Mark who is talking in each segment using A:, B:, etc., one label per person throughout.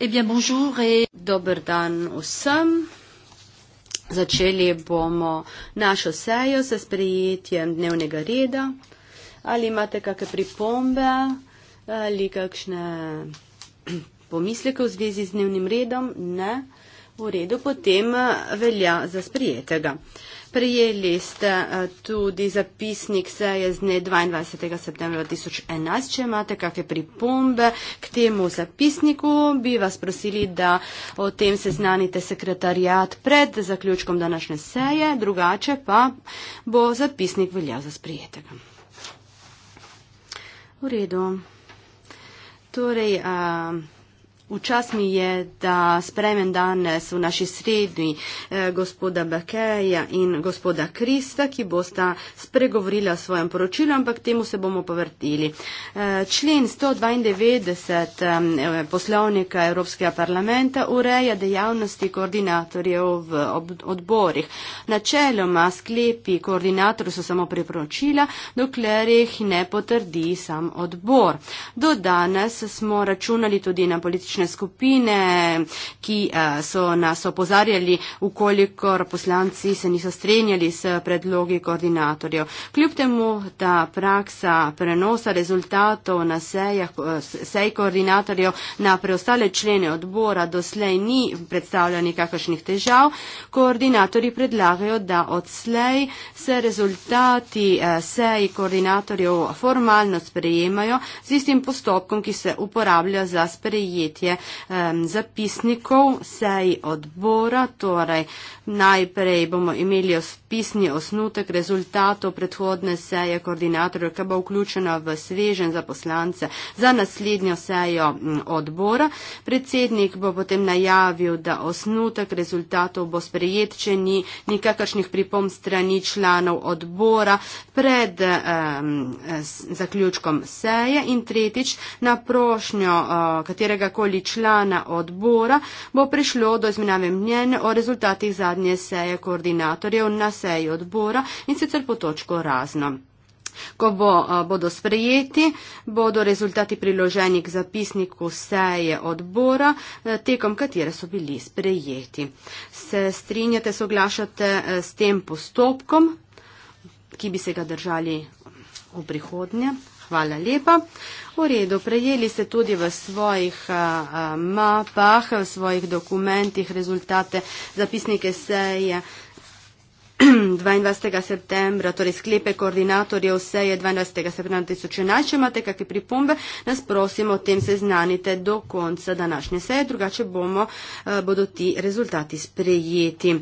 A: Eh bien, bonjour et dober dan vsem. Začeli bomo našo sejo s sprejetjem dnevnega reda. Ali imate kakšne pripombe ali kakšne pomisleke v zvezi z dnevnim redom? Ne. V redu potem velja za sprijetega. Uh, Prijeli ste eh, tudi zapisnik seje z dne 22. septembra 2011. Če imate kakšne pripombe k temu zapisniku, bi vas prosili, da o tem seznanite sekretarijat pred zaključkom današnje seje, drugače pa bo zapisnik veljal za sprijetega. V redu. Torej, a, eh, V čas mi je, da spremem danes v naši srednji eh, gospoda Bakeja in gospoda Krista, ki bosta spregovorila o svojem poročilu, ampak temu se bomo povrtili. Eh, člen 192 eh, poslovnika Evropskega parlamenta ureja dejavnosti koordinatorjev v odborih. Načeloma sklepi koordinatorjev so samo priporočila, dokler jih ne potrdi sam odbor. Do danes smo računali tudi na politično politične skupine, ki eh, so nas opozarjali, ukolikor poslanci se niso strenjali s predlogi koordinatorjev. Kljub temu, da praksa prenosa rezultatov na sejah, eh, sej koordinatorjev na preostale člene odbora doslej ni predstavljala nikakršnih težav, koordinatorji predlagajo, da odslej se rezultati eh, sej koordinatorjev formalno sprejemajo z istim postopkom, ki se uporablja za sprejetje je um, zapisnikov sej odbora, torej najprej bomo imeli ospravljanje pisni osnutek rezultatov predhodne seje koordinatorja, ki bo vključena v svežen za poslance za naslednjo sejo odbora. Predsednik bo potem najavil, da osnutek rezultatov bo sprejet, če ni nikakršnih pripom strani članov odbora pred um, zaključkom seje in tretjič na prošnjo uh, katerega koli člana odbora bo prišlo do izmenave mnen o rezultatih zadnje seje koordinatorjev na seji odbora in sicer po točko razno. Ko bo, bodo sprejeti, bodo rezultati priloženi k zapisniku seje odbora, e, tekom katere so bili sprejeti. Se strinjate, soglašate e, s tem postopkom, ki bi se ga držali v prihodnje? Hvala lepa. V redu, prejeli ste tudi v svojih mapah, v svojih dokumentih rezultate zapisnike seje. 22. septembra, torej sklepe koordinatorjev seje 22. septembra 2011. Če imate kakšne pripombe, nas prosimo o tem seznanite do konca današnje seje, drugače bomo, eh, bodo ti rezultati sprejeti.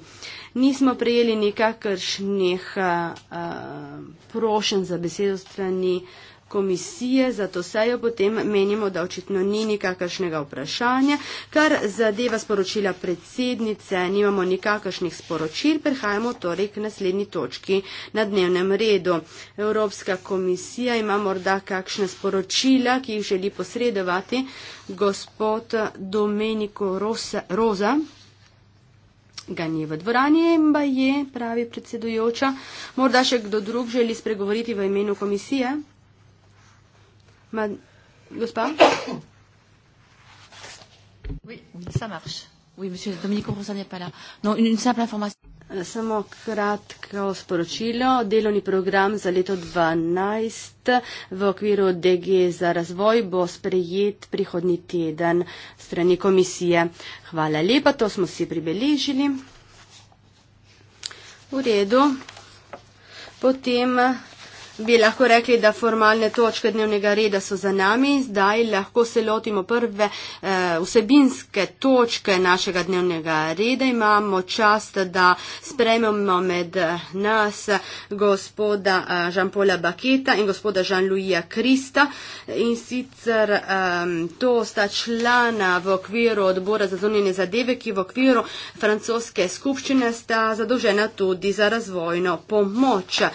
A: Nismo prejeli nekakršnih uh, eh, eh, prošen za besedostranji. Uh, komisije, zato sejo potem menimo, da očitno ni nikakršnega vprašanja, kar zadeva sporočila predsednice, nimamo nikakršnih sporočil, prihajamo torej k naslednji točki na dnevnem redu. Evropska komisija ima morda kakšne sporočila, ki jih želi posredovati gospod Domenico Rosa. Rosa. Ga ni v dvorani, pa je, pravi predsedujoča. Morda še kdo drug želi spregovoriti v imenu komisije? Ma... Gospa oui. oui, ça marche. Oui, monsieur Dominique Rosa n'est pas là. Non, une, une simple information. Eh, samo kratko sporočilo. Delovni program za leto 2012 v okviru DG za razvoj bo sprejet prihodni teden strani komisije. Hvala lepa, to smo si pribeležili. V redu. Potem bi lahko rekli, da formalne točke dnevnega reda so za nami, zdaj lahko se lotimo prve e, vsebinske točke našega dnevnega reda. Imamo čast, da sprememo med eh, nas gospoda Žanpola eh, Baketa in gospoda Žanluija Krista in sicer e, to sta člana v okviru odbora za zunine zadeve, ki v okviru francoske skupščine sta zadolžena tudi za razvojno pomoč. E,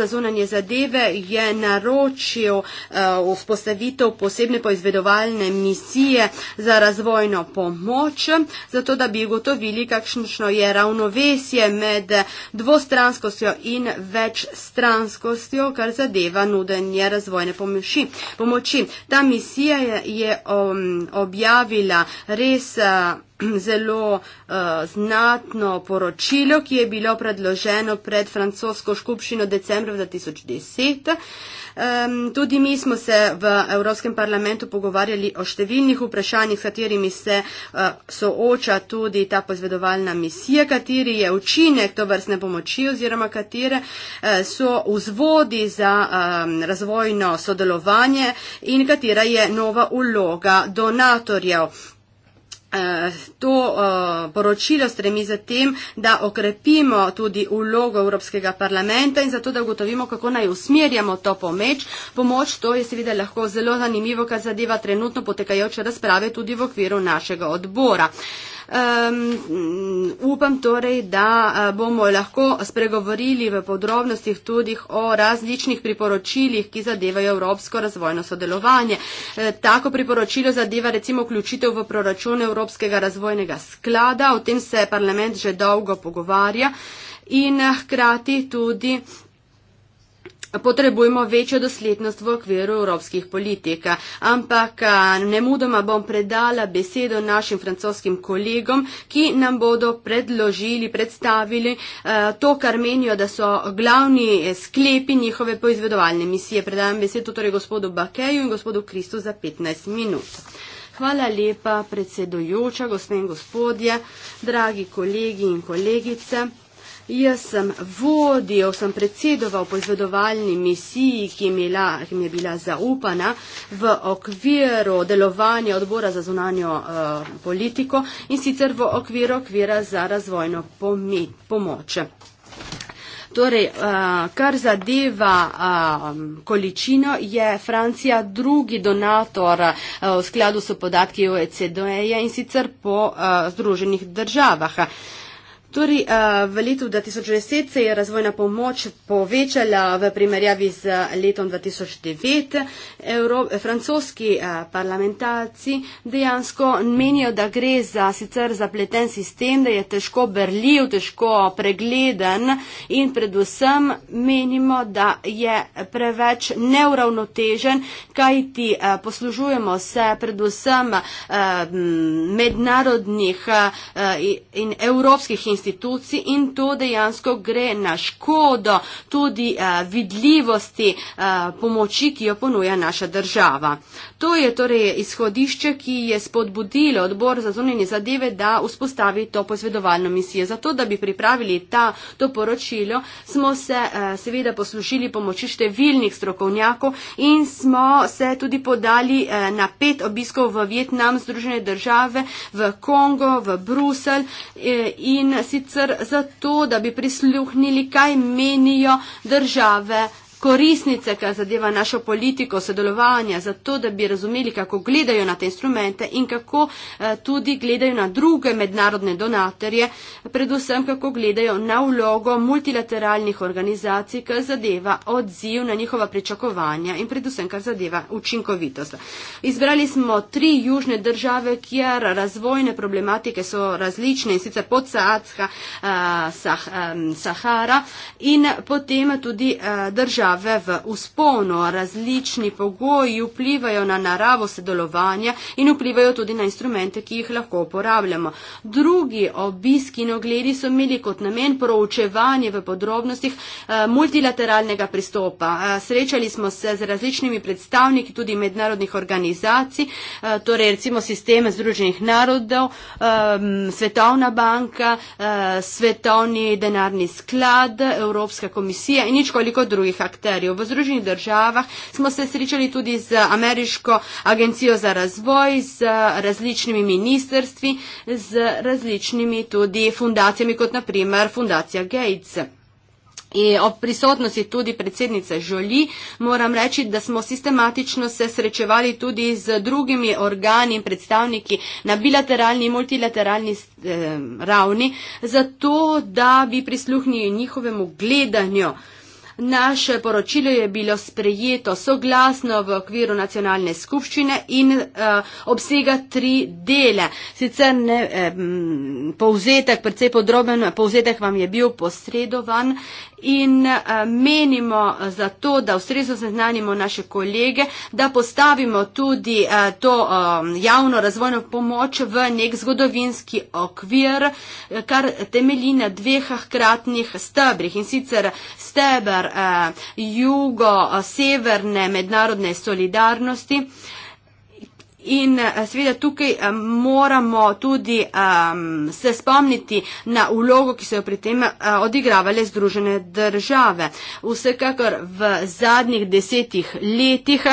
A: za zunanje zadeve je naročil uh, vzpostavitev posebne poizvedovalne misije za razvojno pomoč, zato da bi ugotovili, kakšno je ravnovesje med dvostranskostjo in večstranskostjo, kar zadeva nudenje razvojne pomoči. pomoči. Ta misija je, je um, objavila res. Uh, zelo uh, znatno poročilo, ki je bilo predloženo pred francosko skupščino decembra 2010. Um, tudi mi smo se v Evropskem parlamentu pogovarjali o številnih vprašanjih, s katerimi se uh, sooča tudi ta pozvedovalna misija, kateri je učinek to vrstne pomoči oziroma katere uh, so vzvodi za um, razvojno sodelovanje in katera je nova uloga donatorjev. Eh, to eh, poročilo stremi za tem, da okrepimo tudi ulogo Evropskega parlamenta in zato, da ugotovimo, kako naj usmerjamo to pomoč. Pomoč to je seveda lahko zelo zanimivo, kar zadeva trenutno potekajoče razprave tudi v okviru našega odbora. Um, upam torej, da eh, bomo lahko spregovorili v podrobnostih tudi o različnih priporočilih, ki zadevajo Evropsko razvojno sodelovanje. E, tako priporočilo zadeva recimo vključitev v proračun Evropskega razvojnega sklada, o tem se parlament že dolgo pogovarja in hkrati tudi potrebujemo večjo doslednost v okviru evropskih politik. Ampak ne mudoma bom predala besedo našim francoskim kolegom, ki nam bodo predložili, predstavili to, kar menijo, da so glavni eh, sklepi njihove poizvedovalne misije. Predajam besedo torej gospodu Bakeju in gospodu Kristu za 15 minut. Hvala lepa, predsedojoča, gospod in gospodje, dragi kolegi in kolegice. Jaz sem vodil, sem predsedoval poizvedovalni misiji, ki je, imela, ki je bila zaupana v okviru delovanja odbora za zunanjo uh, politiko in sicer v okviru okvira za razvojno pomoč. Torej, eh, kar zadeva eh, količino, je Francija drugi donator v skladu s podatki OECD-ja in sicer po Združenih državah. Tudi torej, uh, eh, v letu 2010 se je razvojna pomoč povečala v primerjavi z eh, letom 2009. Euro, francoski uh, parlamentarci dejansko menijo, da gre za sicer zapleten sistem, da je težko brljiv, težko pregleden in predvsem menimo, da je preveč neuravnotežen, kajti uh, poslužujemo se predvsem uh, mednarodnih uh, in evropskih institucij institucij in to dejansko gre na škodo tudi uh, vidljivosti uh, pomoči, ki jo ponuja naša država. Uh, To je torej izhodišče, ki je spodbudilo odbor za zunanje zadeve, da vzpostavi to posvedovalno misijo. Zato, da bi pripravili ta, to poročilo, smo se eh, seveda poslušili pomoči številnih strokovnjakov in smo se tudi podali eh, na pet obiskov v Vietnam, Združene države, v Kongo, v Brusel eh, in sicer zato, da bi prisluhnili, kaj menijo države korisnice, kar zadeva našo politiko sodelovanja, zato da bi razumeli, kako gledajo na te instrumente in kako eh, tudi gledajo na druge mednarodne donatorje, predvsem kako gledajo na vlogo multilateralnih organizacij, kar zadeva odziv na njihova pričakovanja in predvsem kar zadeva učinkovitost. Izbrali smo tri južne države, kjer razvojne problematike so različne in sicer pod Saatska, eh, Sahara in potem tudi eh, država države v usponu. Različni pogoji vplivajo na naravo sodelovanja in vplivajo tudi na instrumente, ki jih lahko uporabljamo. Drugi obiski in ogledi so imeli kot namen proučevanje v podrobnostih eh, multilateralnega pristopa. Eh, srečali smo se z različnimi predstavniki tudi mednarodnih organizacij, eh, torej recimo sisteme Združenih narodov, Svetovna banka, Svetovni denarni sklad, Evropska komisija in nič koliko drugih aktivnosti helikopterjev. V Združenih državah smo se srečali tudi z Ameriško agencijo za razvoj, z različnimi ministrstvi, z različnimi tudi fundacijami, kot naprimer fundacija Gates. In ob prisotnosti tudi predsednice Žoli moram reči, da smo sistematično se srečevali tudi z drugimi organi in predstavniki na bilateralni in multilateralni eh, ravni, zato da bi prisluhnili njihovemu gledanju. Naše poročilo je bilo sprejeto soglasno v okviru nacionalne skupščine in uh, obsega tri dele. Sicer ne, eh, povzetek, predvsej podroben povzetek vam je bil posredovan, eh, in eh, menimo eh, za to, da ustrezno seznanimo naše kolege, da postavimo tudi eh, to javno razvojno pomoč v nek zgodovinski okvir, kar temelji na dveh hkratnih stebrih in sicer steber jugo-severne mednarodne solidarnosti, In eh, seveda tukaj eh, moramo tudi um, se spomniti na ulogo, ki so jo pri tem uh, odigravale Združene države. Vsekakor v zadnjih desetih letih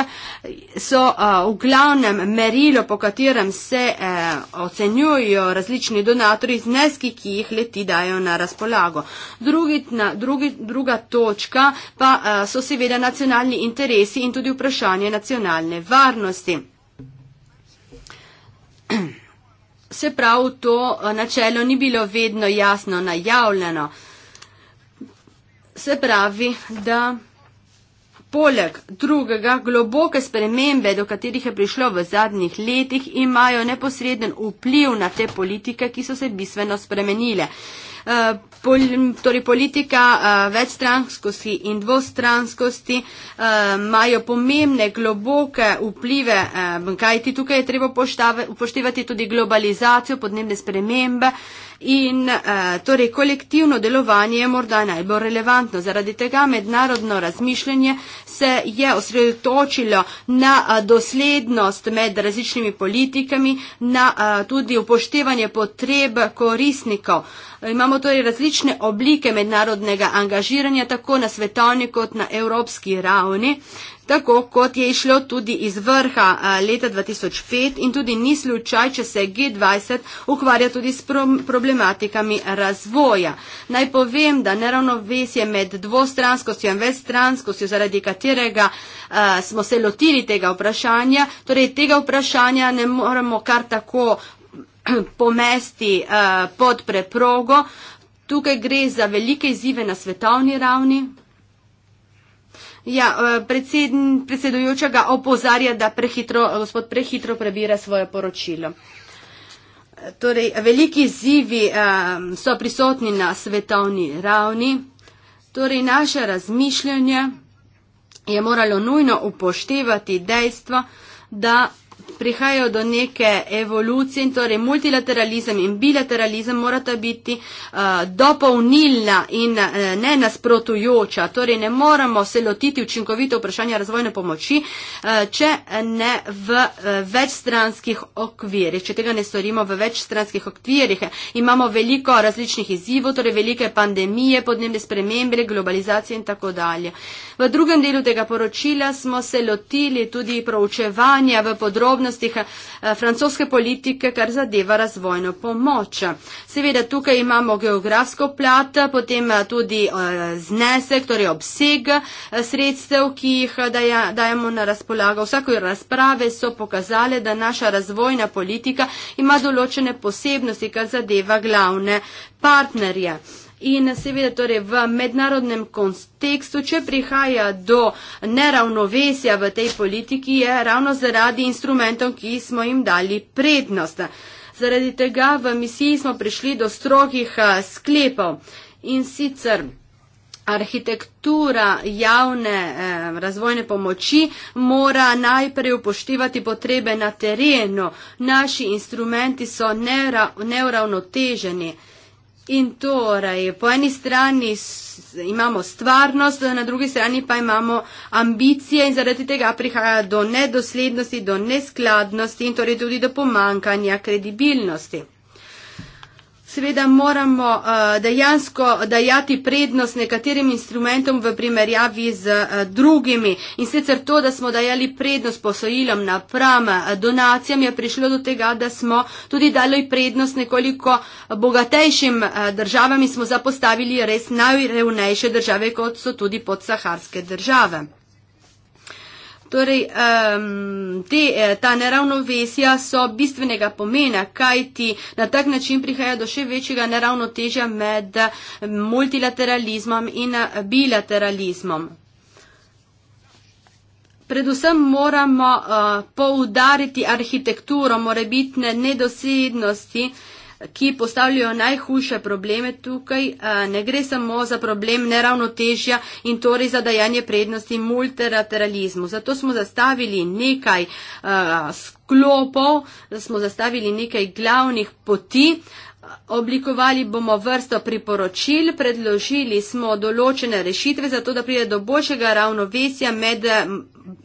A: so uh, v glavnem merilo, po katerem se uh, ocenjujo različni donatori zneski, ki jih leti dajo na razpolago. Drugi, na, drugi, druga točka pa uh, so seveda nacionalni interesi in tudi vprašanje nacionalne varnosti. Se prav to eh, načelo ni bilo vedno jasno najavljeno. Se pravi, da poleg drugega globoke spremembe, do katerih je prišlo v zadnjih letih, imajo neposreden vpliv na te politike, ki so se bistveno spremenile. Eh, pol, torej politika uh, večstranskosti in dvostranskosti eh, imajo uh, pomembne, globoke vplive, uh, kajti tukaj je treba upoštevati tudi globalizacijo, podnebne spremembe. In eh, torej kolektivno delovanje je morda najbolj relevantno. Zaradi tega mednarodno razmišljanje se je osredotočilo na a, doslednost med različnimi politikami, na a, tudi upoštevanje potreb koristnikov. Imamo torej različne različne oblike mednarodnega angažiranja tako na svetovni kot na evropski ravni, tako kot je išlo tudi iz vrha leta 2005 in tudi ni slučaj, če se G20 ukvarja tudi s problematikami razvoja. Naj povem, da neravnovesje med dvostranskostjo in večstranskostjo, zaradi katerega a, smo se lotili tega vprašanja, torej tega vprašanja ne moremo kar tako pomesti uh, pod preprogo, Tukaj gre za velike izzive na svetovni ravni. Ja, eh, predseden, predsedujočega opozarja, da prehitro, gospod prehitro prebira svoje poročilo. Torej, veliki izzivi um, so prisotni na svetovni ravni. Torej, naše razmišljanje je moralo nujno upoštevati dejstvo, da prihajajo do neke evolucije in torej multilateralizem in bilateralizem morata biti uh, dopolnilna in uh, ne nasprotujoča. Torej ne moramo se lotiti učinkovito vprašanja razvojne pomoči, uh, če ne v uh, večstranskih okvirih. Če tega ne storimo v večstranskih okvirih, imamo veliko različnih izzivov, torej velike pandemije, podnebne spremembe, globalizacije in tako dalje. V drugem delu tega poročila smo se lotili tudi proučevanja v podrobnosti, podrobnostih eh, francoske politike, kar zadeva razvojno pomoč. Seveda tukaj imamo geografsko plat, potem eh, tudi eh, znesek, torej obseg sredstev, ki jih dajemo na razpolago. Vsako razprave so pokazale, da naša razvojna politika ima določene posebnosti, kar zadeva glavne partnerje in seveda torej v mednarodnem kontekstu, če prihaja do neravnovesja v tej politiki, je ravno zaradi instrumentov, ki smo jim dali prednost. Zaradi tega v misiji smo prišli do strogih eh, sklepov in sicer. Arhitektura javne eh, razvojne pomoči mora najprej upoštevati potrebe na terenu. Naši instrumenti so neuravnoteženi. Nera In torej, po eni strani imamo stvarnost, na drugi strani pa imamo ambicije in zaradi tega prihaja do nedoslednosti, do neskladnosti in torej tudi do pomankanja kredibilnosti. Seveda moramo eh, dejansko dajati prednost nekaterim instrumentom v primerjavi z eh, drugimi. In sicer to, da smo dajali prednost posojilom napram eh, donacijam, je prišlo do tega, da smo tudi dali prednost nekoliko bogatejšim državam in smo zapostavili res najrevnejše države, kot so tudi podsaharske države. Torej, um, te, eh, ta neravnovesja so bistvenega pomena, kajti na tak način prihaja do še večjega neravnotežja med eh, multilateralizmom in eh, bilateralizmom. Predvsem moramo uh, poudariti arhitekturo morebitne nedosednosti uh, ki postavljajo najhujše probleme tukaj. Eh, ne gre samo za problem neravnotežja in torej za dajanje prednosti multilateralizmu. Zato smo zastavili nekaj eh, sklopov, smo zastavili nekaj glavnih poti, Oblikovali bomo vrsto priporočil, predložili smo določene rešitve, zato da pride do boljšega ravnovesja med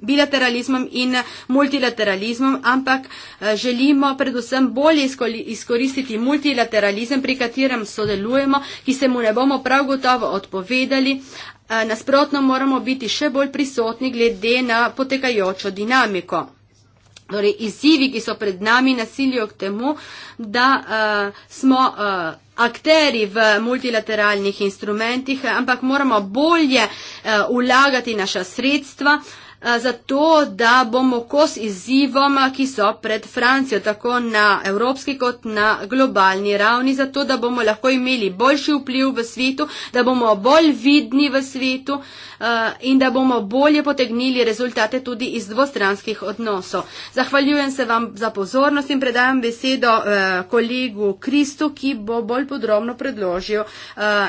A: bilateralizmom in multilateralizmom, ampak eh, želimo predvsem bolje izkoristiti multilateralizem, pri katerem sodelujemo, ki se mu ne bomo prav gotovo odpovedali. Eh, nasprotno moramo biti še bolj prisotni glede na potekajočo dinamiko torej izzivi, ki so pred nami, nasilijo k temu, da uh, smo uh, eh, akteri v multilateralnih instrumentih, ampak moramo bolje uh, eh, ulagati naša sredstva. Uh, zato da bomo kos izzivom, ki so pred Francijo, tako na evropski kot na globalni ravni, zato da bomo lahko imeli boljši vpliv v svetu, da bomo bolj vidni v svetu in da bomo bolje potegnili rezultate tudi iz dvostranskih odnosov. Zahvaljujem se vam za pozornost in predajam besedo kolegu Kristu, ki bo bolj podrobno predložil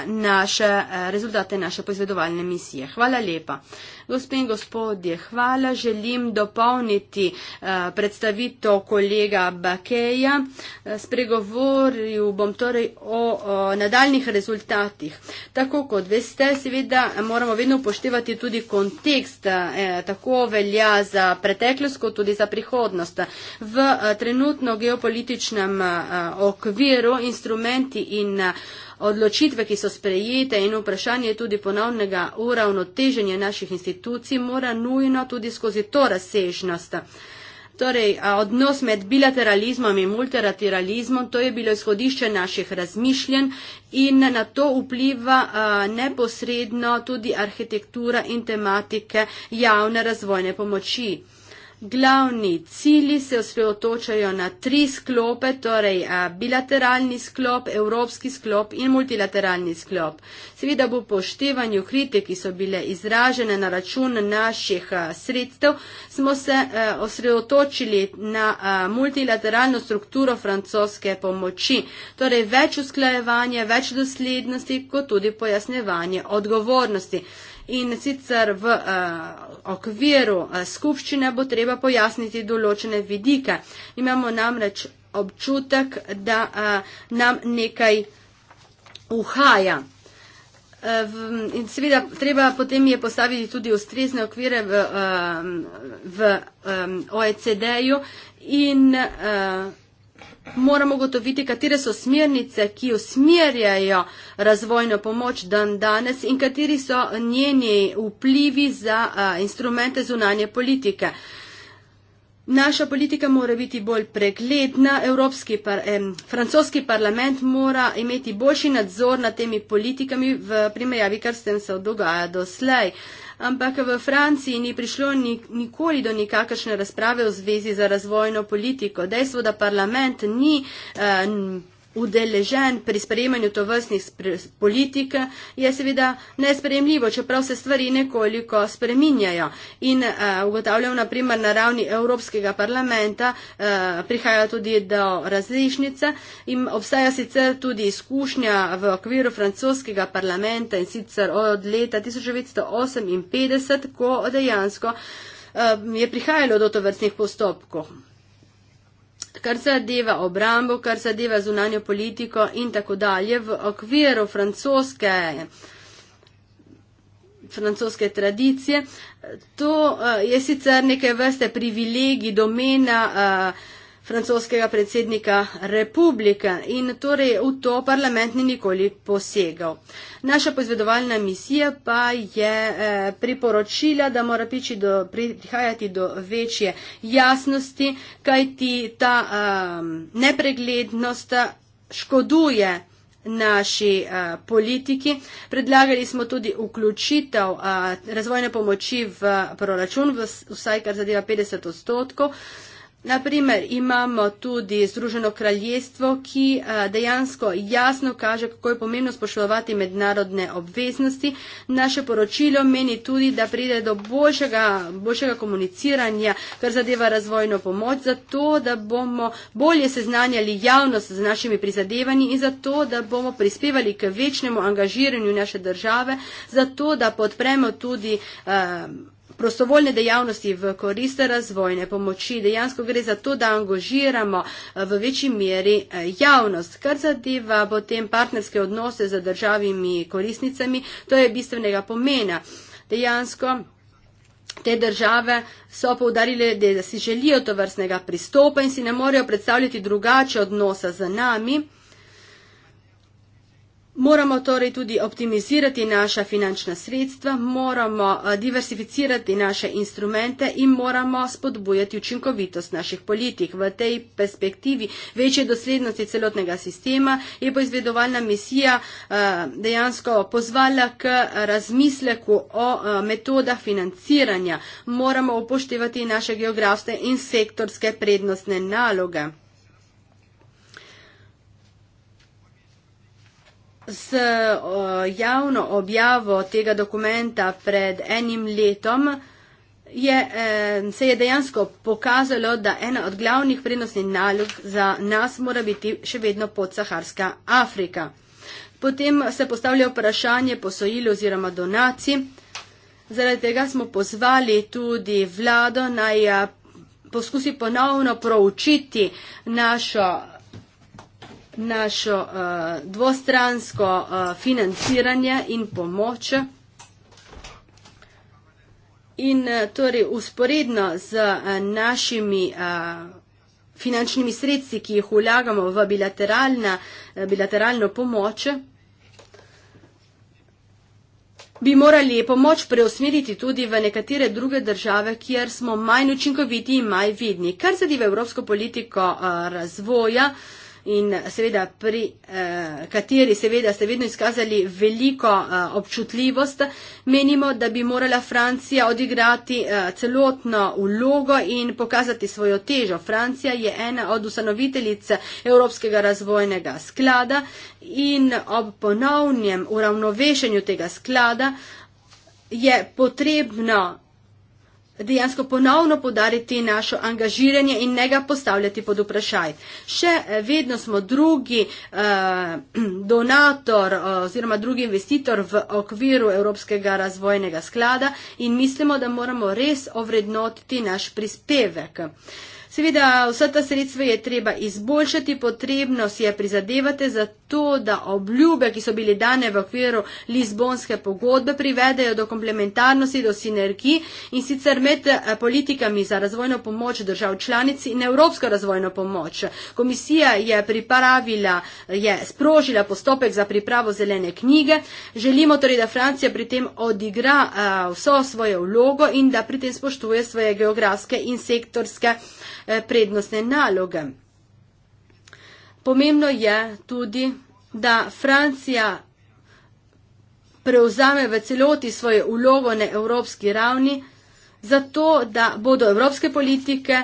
A: naše rezultate naše poizvedovalne misije. Hvala lepa. Gospe in gospodje, hvala. Želim dopolniti eh, predstavitev kolega Bakeja. Eh, spregovoril bom torej o nadaljnih rezultatih. Tako kot veste, seveda moramo vedno upoštevati tudi kontekst, eh, tako velja za preteklost, kot tudi za prihodnost. V trenutno geopolitičnem okviru instrumenti in odločitve, ki so sprejete in vprašanje tudi ponovnega uravnoteženja naših institucij mora nujno tudi skozi to razsežnost. Torej, odnos med bilateralizmom in multilateralizmom, to je bilo izhodišče naših razmišljenj in na to vpliva neposredno tudi arhitektura in tematike javne razvojne pomoči. Glavni cilji se osredotočajo na tri sklope, torej bilateralni sklop, evropski sklop in multilateralni sklop. Seveda bo po števanju kritik, ki so bile izražene na račun naših sredstev, smo se osredotočili na multilateralno strukturo francoske pomoči, torej več usklajevanja, več doslednosti, kot tudi pojasnevanje odgovornosti in sicer v uh, okviru eh, skupščine bo treba pojasniti določene vidike. Imamo namreč občutek, da uh, nam nekaj uhaja. In seveda, treba potem je postaviti tudi ustrezne okvire v, v OECD-ju in moramo gotoviti, katere so smernice, ki usmerjajo razvojno pomoč dan danes in kateri so njeni vplivi za instrumente zunanje politike. Naša politika mora biti bolj pregledna, Evropski par, eh, francoski parlament mora imeti boljši nadzor nad temi politikami v primerjavi, kar se jim dogaja doslej. Eh, ampak v Franciji ni prišlo nikoli do nikakršne razprave v zvezi za razvojno politiko. Dejstvo, da parlament ni. Eh, udeležen pri sprejemanju tovrstnih politik, je seveda nespremljivo, čeprav se stvari nekoliko spreminjajo. In uh, ugotavljam, naprimer, na ravni Evropskega parlamenta uh, prihaja tudi do različnice in obstaja sicer tudi izkušnja v okviru francoskega parlamenta in sicer od leta 1958, ko dejansko uh, je prihajalo do tovrstnih postopkov kar zadeva obrambo, kar zadeva zunanjo politiko in tako dalje v okviru francoske, francoske tradicije. To eh, je sicer neke vrste privilegij, domena. Eh, francoskega predsednika republike in torej v to parlament ni nikoli posegal. Naša poizvedovalna misija pa je eh, priporočila, da mora priči do, prihajati do večje jasnosti, kaj ti ta um, nepreglednost škoduje naši uh, politiki. Predlagali smo tudi vključitev uh, razvojne pomoči v proračun, v, vsaj kar zadeva 50 odstotkov. Uh, Naprimer, imamo tudi Združeno kraljestvo, ki eh, dejansko jasno kaže, kako je pomembno spoštovati mednarodne obveznosti. Naše poročilo meni tudi, da pride do boljšega, boljšega komuniciranja, kar zadeva razvojno pomoč, zato da bomo bolje seznanjali javnost z našimi prizadevanji in zato da bomo prispevali k večnemu angažiranju naše države, zato da podpremo tudi. Um, prostovoljne dejavnosti v korist razvojne pomoči. Dejansko gre za to, da angažiramo eh, v večji meri eh, javnost. Kar zadeva potem partnerske odnose z državimi korisnicami, to je bistvenega pomena. Dejansko te države so povdarile, da si želijo to vrstnega pristopa in si ne morejo predstavljati drugače odnosa z nami. Moramo torej tudi optimizirati naša finančna sredstva, moramo eh, diversificirati naše instrumente in moramo spodbujati učinkovitost naših politik. V tej perspektivi večje doslednosti celotnega sistema je poizvedovalna misija eh, dejansko pozvala k razmisleku o eh, metodah financiranja. Moramo upoštevati naše geografske in sektorske prednostne naloge. S javno objavo tega dokumenta pred enim letom je, se je dejansko pokazalo, da ena od glavnih prednostnih nalog za nas mora biti še vedno podsaharska Afrika. Potem se postavlja vprašanje posojil oziroma donaci. Zaradi tega smo pozvali tudi vlado naj poskusi ponovno proučiti našo našo uh, dvostransko uh, financiranje in pomoč. In uh, torej usporedno z uh, našimi uh, finančnimi sredstvi, ki jih vlagamo v bilateralna, uh, bilateralno pomoč, bi morali pomoč preusmeriti tudi v nekatere druge države, kjer smo manj učinkoviti in manj vidni. Kar zadeva Evropsko politiko uh, razvoja, uh, in seveda pri eh, kateri seveda ste vedno izkazali veliko eh, občutljivost, menimo, da bi morala Francija odigrati eh, celotno vlogo in pokazati svojo težo. Francija je ena od ustanoviteljic Evropskega razvojnega sklada in ob ponovnem uravnovešenju tega sklada je potrebno dejansko ponovno podariti našo angažiranje in ne ga postavljati pod vprašaj. Še eh, vedno smo drugi eh, donator eh, oziroma drugi investitor v okviru Evropskega razvojnega sklada in mislimo, da moramo res ovrednotiti naš prispevek. Eh, Seveda, vsa ta sredstva je treba izboljšati, potrebno si je prizadevati za to, da obljube, ki so bile dane v okviru Lizbonske pogodbe, privedejo do komplementarnosti, do sinergij in sicer med eh, politikami za razvojno pomoč držav članici in Evropsko razvojno pomoč. Komisija je pripravila, je sprožila postopek za pripravo zelene knjige. Želimo torej, da Francija pri tem odigra eh, vso svojo vlogo in da pri tem spoštuje svoje geografske in sektorske Eh, prednostne naloge. Pomembno je tudi, da Francija preuzame v celoti svoje ulogo na evropski ravni, zato da bodo evropske politike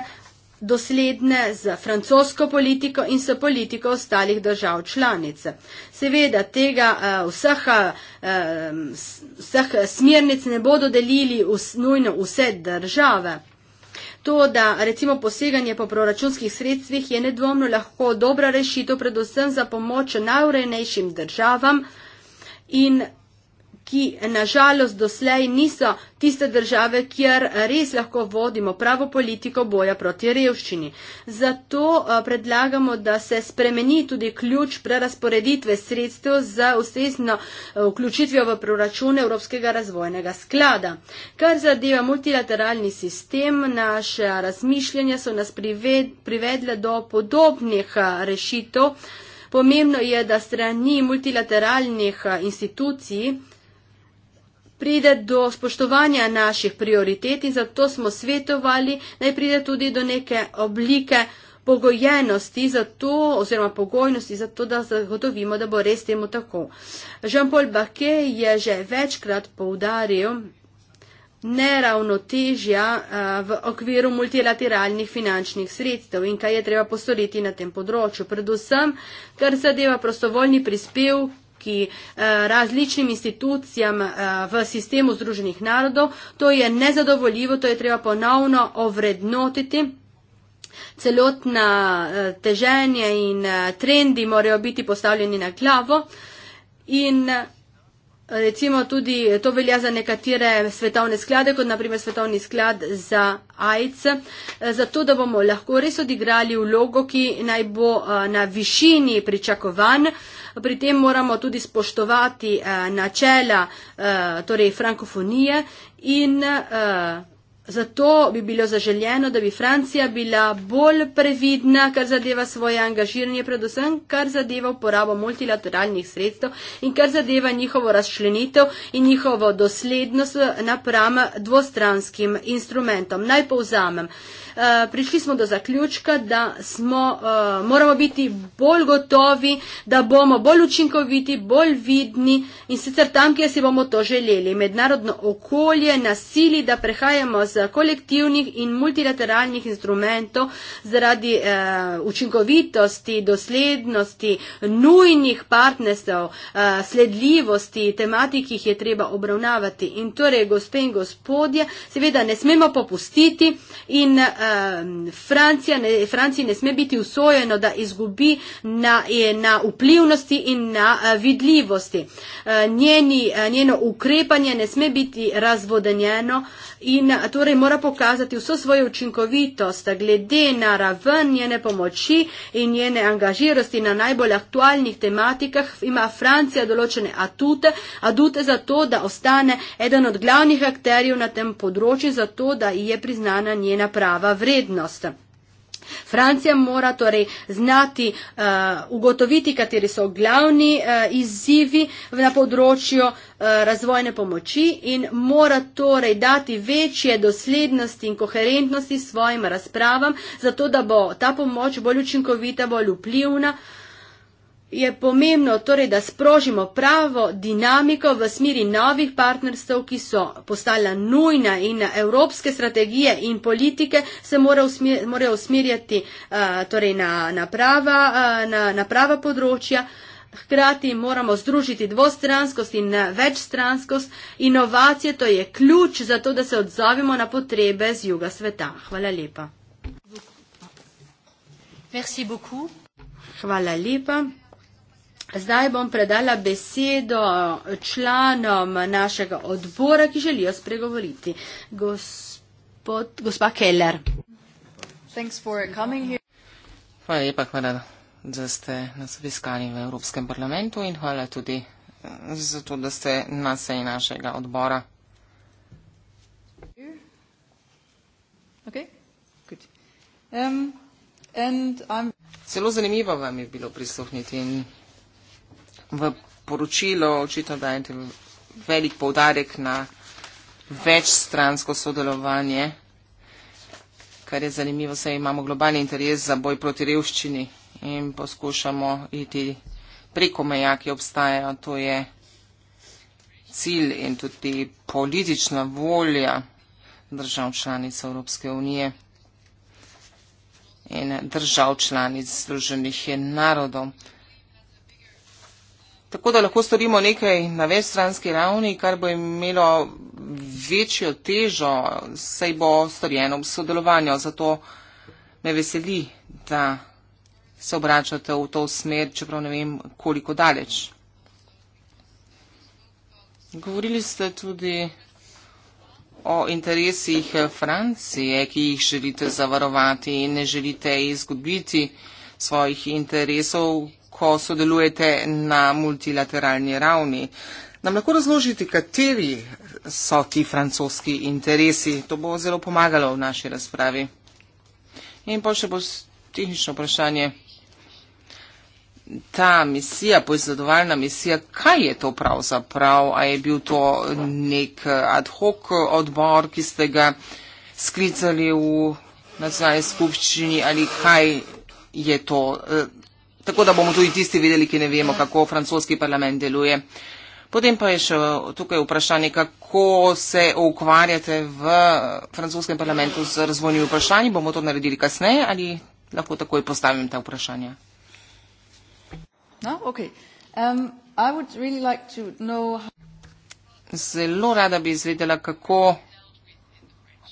A: dosledne z francosko politiko in s politiko ostalih držav članice. Seveda tega eh, vseh, eh, vseh smernic ne bodo delili nujno vse države. To, da recimo poseganje po proračunskih sredstvih je nedvomno lahko dobra rešitev, predvsem za pomoč najurejnejšim državam in ki nažalost doslej niso tiste države, kjer res lahko vodimo pravo politiko boja proti revščini. Zato eh, predlagamo, da se spremeni tudi ključ prerasporeditve sredstev za ustrezno eh, vključitvijo v proračune Evropskega razvojnega sklada. Kar zadeva multilateralni sistem, naše razmišljanja so nas privedle do podobnih eh, rešitev. Pomembno je, da strani multilateralnih institucij pride do spoštovanja naših prioritet in zato smo svetovali, naj pride tudi do neke oblike pogojenosti za to oziroma pogojnosti za to, da zagotovimo, da bo res temu tako. Jean-Paul Baquet je že večkrat poudaril neravnotežja eh, v okviru multilateralnih finančnih sredstev in kaj je treba postoriti na tem področju. Predvsem, kar zadeva prostovoljni prispevki, ki eh, različnim institucijam eh, v sistemu Združenih narodov. To je nezadovoljivo, to je treba ponovno ovrednotiti. Celotna eh, teženje in trendi morajo biti postavljeni na glavo. In Recimo tudi to velja za nekatere svetovne sklade, kot naprimer svetovni sklad za AIDS, zato da bomo lahko res odigrali vlogo, ki naj bo na višini pričakovanj. Pri tem moramo tudi spoštovati načela torej frankofonije in Zato bi bilo zaželjeno, da bi Francija bila bolj previdna, kar zadeva svoje angažiranje, predvsem kar zadeva uporabo multilateralnih sredstev in kar zadeva njihovo razčlenitev in njihovo doslednost napram dvostranskim instrumentom. Naj povzamem. Eh, prišli smo do zaključka, da smo, eh, moramo biti bolj gotovi, da bomo bolj učinkoviti, bolj vidni in sicer tam, kjer si bomo to želeli. Mednarodno okolje nasili, da prehajamo z kolektivnih in multilateralnih instrumentov zaradi eh, učinkovitosti, doslednosti, nujnih partnerstev, eh, sledljivosti, tematik, ki jih je treba obravnavati. In torej, gospe in gospodje, seveda ne smemo popustiti in eh, Francija, ne, Franciji ne sme biti usvojeno, da izgubi na, eh, na vplivnosti in na eh, vidljivosti. Eh, njeni, eh, njeno ukrepanje ne sme biti razvodenjeno. Eh, in torej mora pokazati vso svojo učinkovitost glede na raven njene pomoči in njene angažirosti na najbolj aktualnih tematikah. Ima Francija določene atute, adute za to, da ostane eden od glavnih akterjev na tem področju, zato da je priznana njena prava vrednost. Francija mora torej znati uh, ugotoviti, kateri so glavni uh, izzivi na področju uh, razvojne pomoči in mora torej dati večje doslednosti in koherentnosti svojim razpravam, zato da bo ta pomoč bolj učinkovita, bolj vplivna. Uh, je pomembno torej, da sprožimo pravo dinamiko v smeri novih partnerstv, ki so postala nujna in evropske strategije in politike se morajo usmer, mora usmerjati uh, torej na, na, prava, uh, na, na prava področja. Hkrati moramo združiti dvostranskost in eh, večstranskost. Inovacije to je ključ za to, da se odzovemo na potrebe z juga sveta. Hvala lepa. Hvala lepa. Zdaj bom predala besedo članom našega odbora, ki želijo spregovoriti. Gospod, gospa Keller. Hvala lepa, hvala,
B: da ste nas obiskali v Evropskem parlamentu in hvala tudi eh, za to, da ste na seji našega odbora. Um, Zelo zanimivo vam je bilo prisluhniti in v poročilo očitno dajete velik povdarek na večstransko sodelovanje, kar je zanimivo, saj imamo globalni interes za boj proti revščini in poskušamo iti preko meja, ki obstajajo. To je cilj in tudi politična volja držav članic Evropske unije in držav članic Združenih narodov. Tako da lahko storimo nekaj na večstranski ravni, kar bo imelo večjo težo, saj bo storjeno v sodelovanju. Zato me veseli, da se obračate v to smer, čeprav ne vem, koliko daleč. Govorili ste tudi o interesih Francije, ki jih želite zavarovati in ne želite izgubiti svojih interesov, ko sodelujete na multilateralni ravni. Nam lahko razložite, kateri so ti francoski interesi? To bo zelo pomagalo v naši razpravi. In pa še bo tehnično vprašanje. Ta misija, poizvedovalna misija, kaj je to pravzaprav? A je bil to nek ad hoc odbor, ki ste ga sklicali v nacionalni skupščini ali kaj je to? tako da bomo tudi tisti videli, ki ne vemo, kako francoski parlament deluje. Potem pa je še tukaj vprašanje, kako se ukvarjate v francoskem parlamentu z razvojnimi vprašanji. Bomo to naredili kasneje ali lahko takoj postavim ta vprašanja?
A: No? Okay. Um, really like how...
B: Zelo rada bi izvedela, kako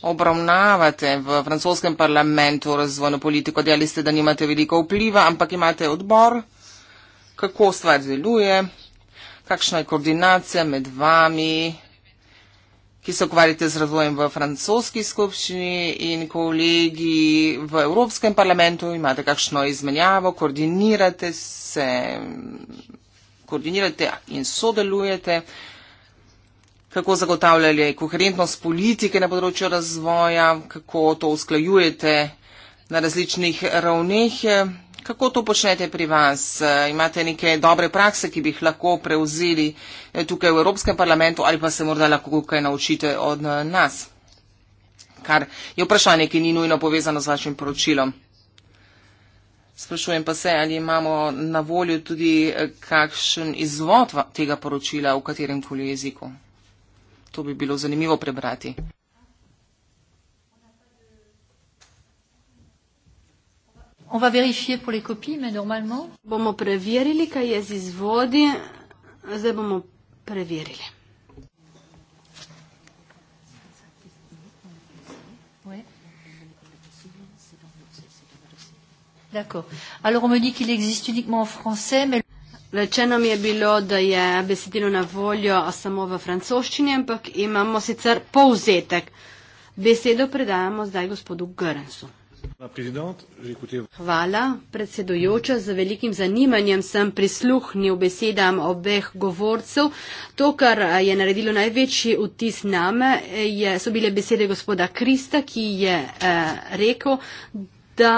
B: obravnavate v francoskem parlamentu razvojno politiko. Dejali ste, da nimate veliko vpliva, ampak imate odbor. Kako stvar deluje? Kakšna je koordinacija med vami, ki se ukvarjate z razvojem v francoski skupščini in kolegi v Evropskem parlamentu? Imate kakšno izmenjavo? Koordinirate se? Koordinirate in sodelujete? kako zagotavljali koherentnost politike na področju razvoja, kako to usklajujete na različnih ravneh. Kako to počnete pri vas? Imate neke dobre prakse, ki bi jih lahko prevzeli eh, tukaj v Evropskem parlamentu ali pa se morda lahko kaj naučite od eh, nas? Kar je vprašanje, ki ni nujno povezano z vašim poročilom. Sprašujem pa se, ali imamo na voljo tudi eh, kakšen izvod tega poročila v katerem koli jeziku to bi bilo zanimivo prebrati.
A: Bomo preverili, kaj je z izvodi. Zdaj bomo preverili. D'accord. Alors on me dit qu'il existe uniquement en français, mais... Rečeno mi je bilo, da je besedilo na voljo samo v francoščini, ampak imamo sicer povzetek. Besedo predajamo zdaj gospodu Grensu. Hvala, predsedujoča. Z velikim zanimanjem sem prisluhnil besedam obeh govorcev. To, kar je naredilo največji vtis name, je, so bile besede gospoda Krista, ki je eh, rekel, da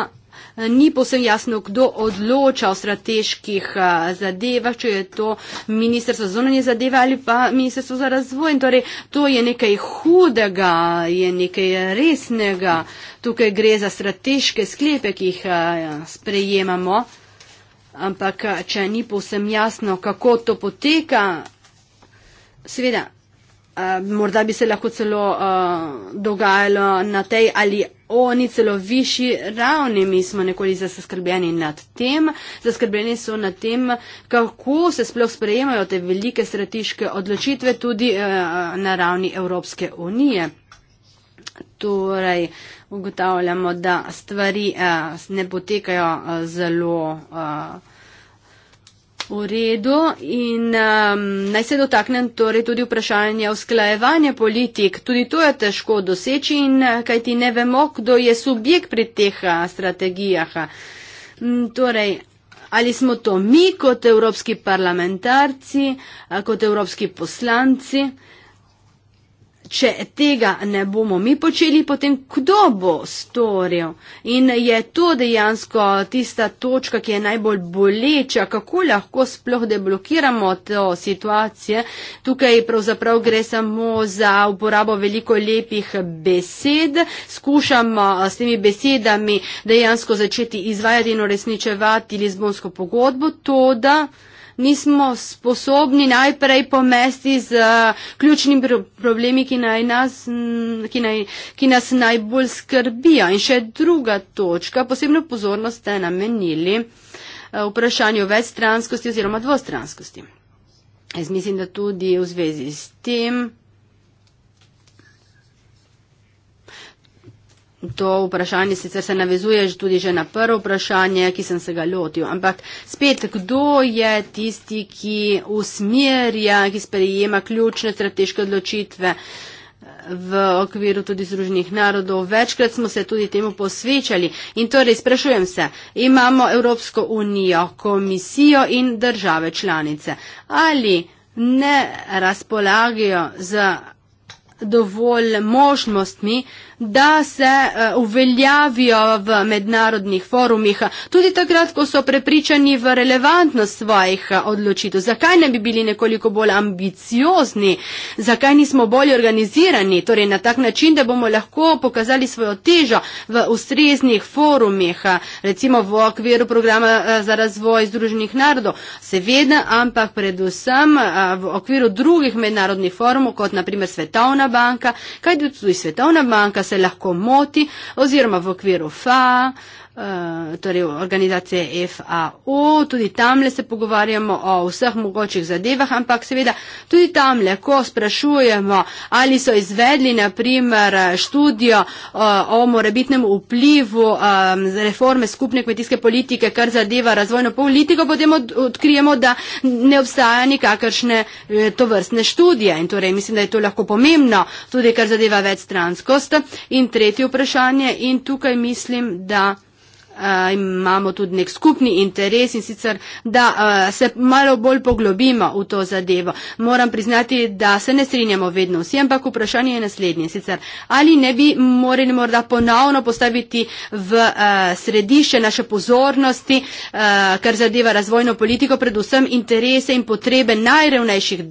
A: Eh, ni posebno jasno, kdo odloča o strateških eh, zadevah, če je to ministrstvo za zonanje zadeve ali pa ministrstvo za razvoj. In torej, to je nekaj hudega, je nekaj resnega. Tukaj gre za strateške sklepe, ki jih eh, sprejemamo. Ampak, če ni povsem jasno, kako to poteka, seveda, uh, morda bi se lahko celo uh, dogajalo na tej ali o ni celo višji ravni. Mi smo nekoli zaskrbljeni nad tem, zaskrbljeni so nad tem, kako se sploh sprejemajo te velike strateške odločitve tudi eh, na ravni Evropske unije. Torej, ugotavljamo, da stvari eh, ne potekajo eh, zelo. Eh, V redu in um, naj se dotaknem torej tudi vprašanja usklajevanja politik. Tudi to je težko doseči in eh, kaj ti ne vemo, kdo je subjekt pri teh eh, strategijah. Um, torej, ali smo to mi kot evropski parlamentarci, eh, kot evropski poslanci? če tega ne bomo mi počeli, potem kdo bo storil? In je to dejansko tista točka, ki je najbolj boleča, kako lahko sploh deblokiramo to situacijo. Tukaj pravzaprav gre samo za uporabo veliko lepih besed. Skušamo s temi besedami dejansko začeti izvajati in uresničevati Lizbonsko pogodbo, to da nismo sposobni najprej pomesti z eh, ključnimi problemi, ki, naj nas, ki, naj, ki nas najbolj skrbijo. In še druga točka, posebno pozornost ste namenili eh, vprašanju večstranskosti oziroma dvostranskosti. Jaz mislim, da tudi v zvezi s tem To vprašanje sicer se navezuje tudi že na prvo vprašanje, ki sem se ga lotil, ampak spet, kdo je tisti, ki usmerja, ki sprejema ključne strateške odločitve v okviru tudi Združenih narodov. Večkrat smo se tudi temu posvečali in torej sprašujem se, imamo Evropsko unijo, komisijo in države članice. Ali ne razpolagajo z dovolj možnostmi, da se eh, uveljavijo v mednarodnih forumih, tudi takrat, ko so prepričani v relevantnost svojih eh, odločitev. Zakaj ne bi bili nekoliko bolj ambiciozni, zakaj nismo bolj organizirani, torej na tak način, da bomo lahko pokazali svojo težo v ustreznih forumih, eh, recimo v okviru programa za razvoj Združenih narodov. Seveda, ampak predvsem v okviru drugih mednarodnih forumov, kot naprimer Svetovna banka, kaj tudi Svetovna banka, se lahko moti oziroma v okviru fa, Eh, torej organizacije FAO, tudi tamle se pogovarjamo o vseh mogočih zadevah, ampak seveda tudi tamle, ko sprašujemo, ali so izvedli naprimer študijo eh, o morebitnem vplivu eh, reforme skupne kmetijske politike, kar zadeva razvojno politiko, potem odkrijemo, da ne obstaja nikakršne tovrstne študije. In torej mislim, da je to lahko pomembno, tudi kar zadeva večstranskost. In tretje vprašanje, in tukaj mislim, da imamo tudi nek skupni interes in sicer, da se malo bolj poglobimo v to zadevo. Moram priznati, da se ne strinjamo vedno vsi, ampak vprašanje je naslednje. Sicer, ali ne bi morali morda ponovno postaviti v središče naše pozornosti, kar zadeva razvojno politiko, predvsem interese in potrebe najrevnejših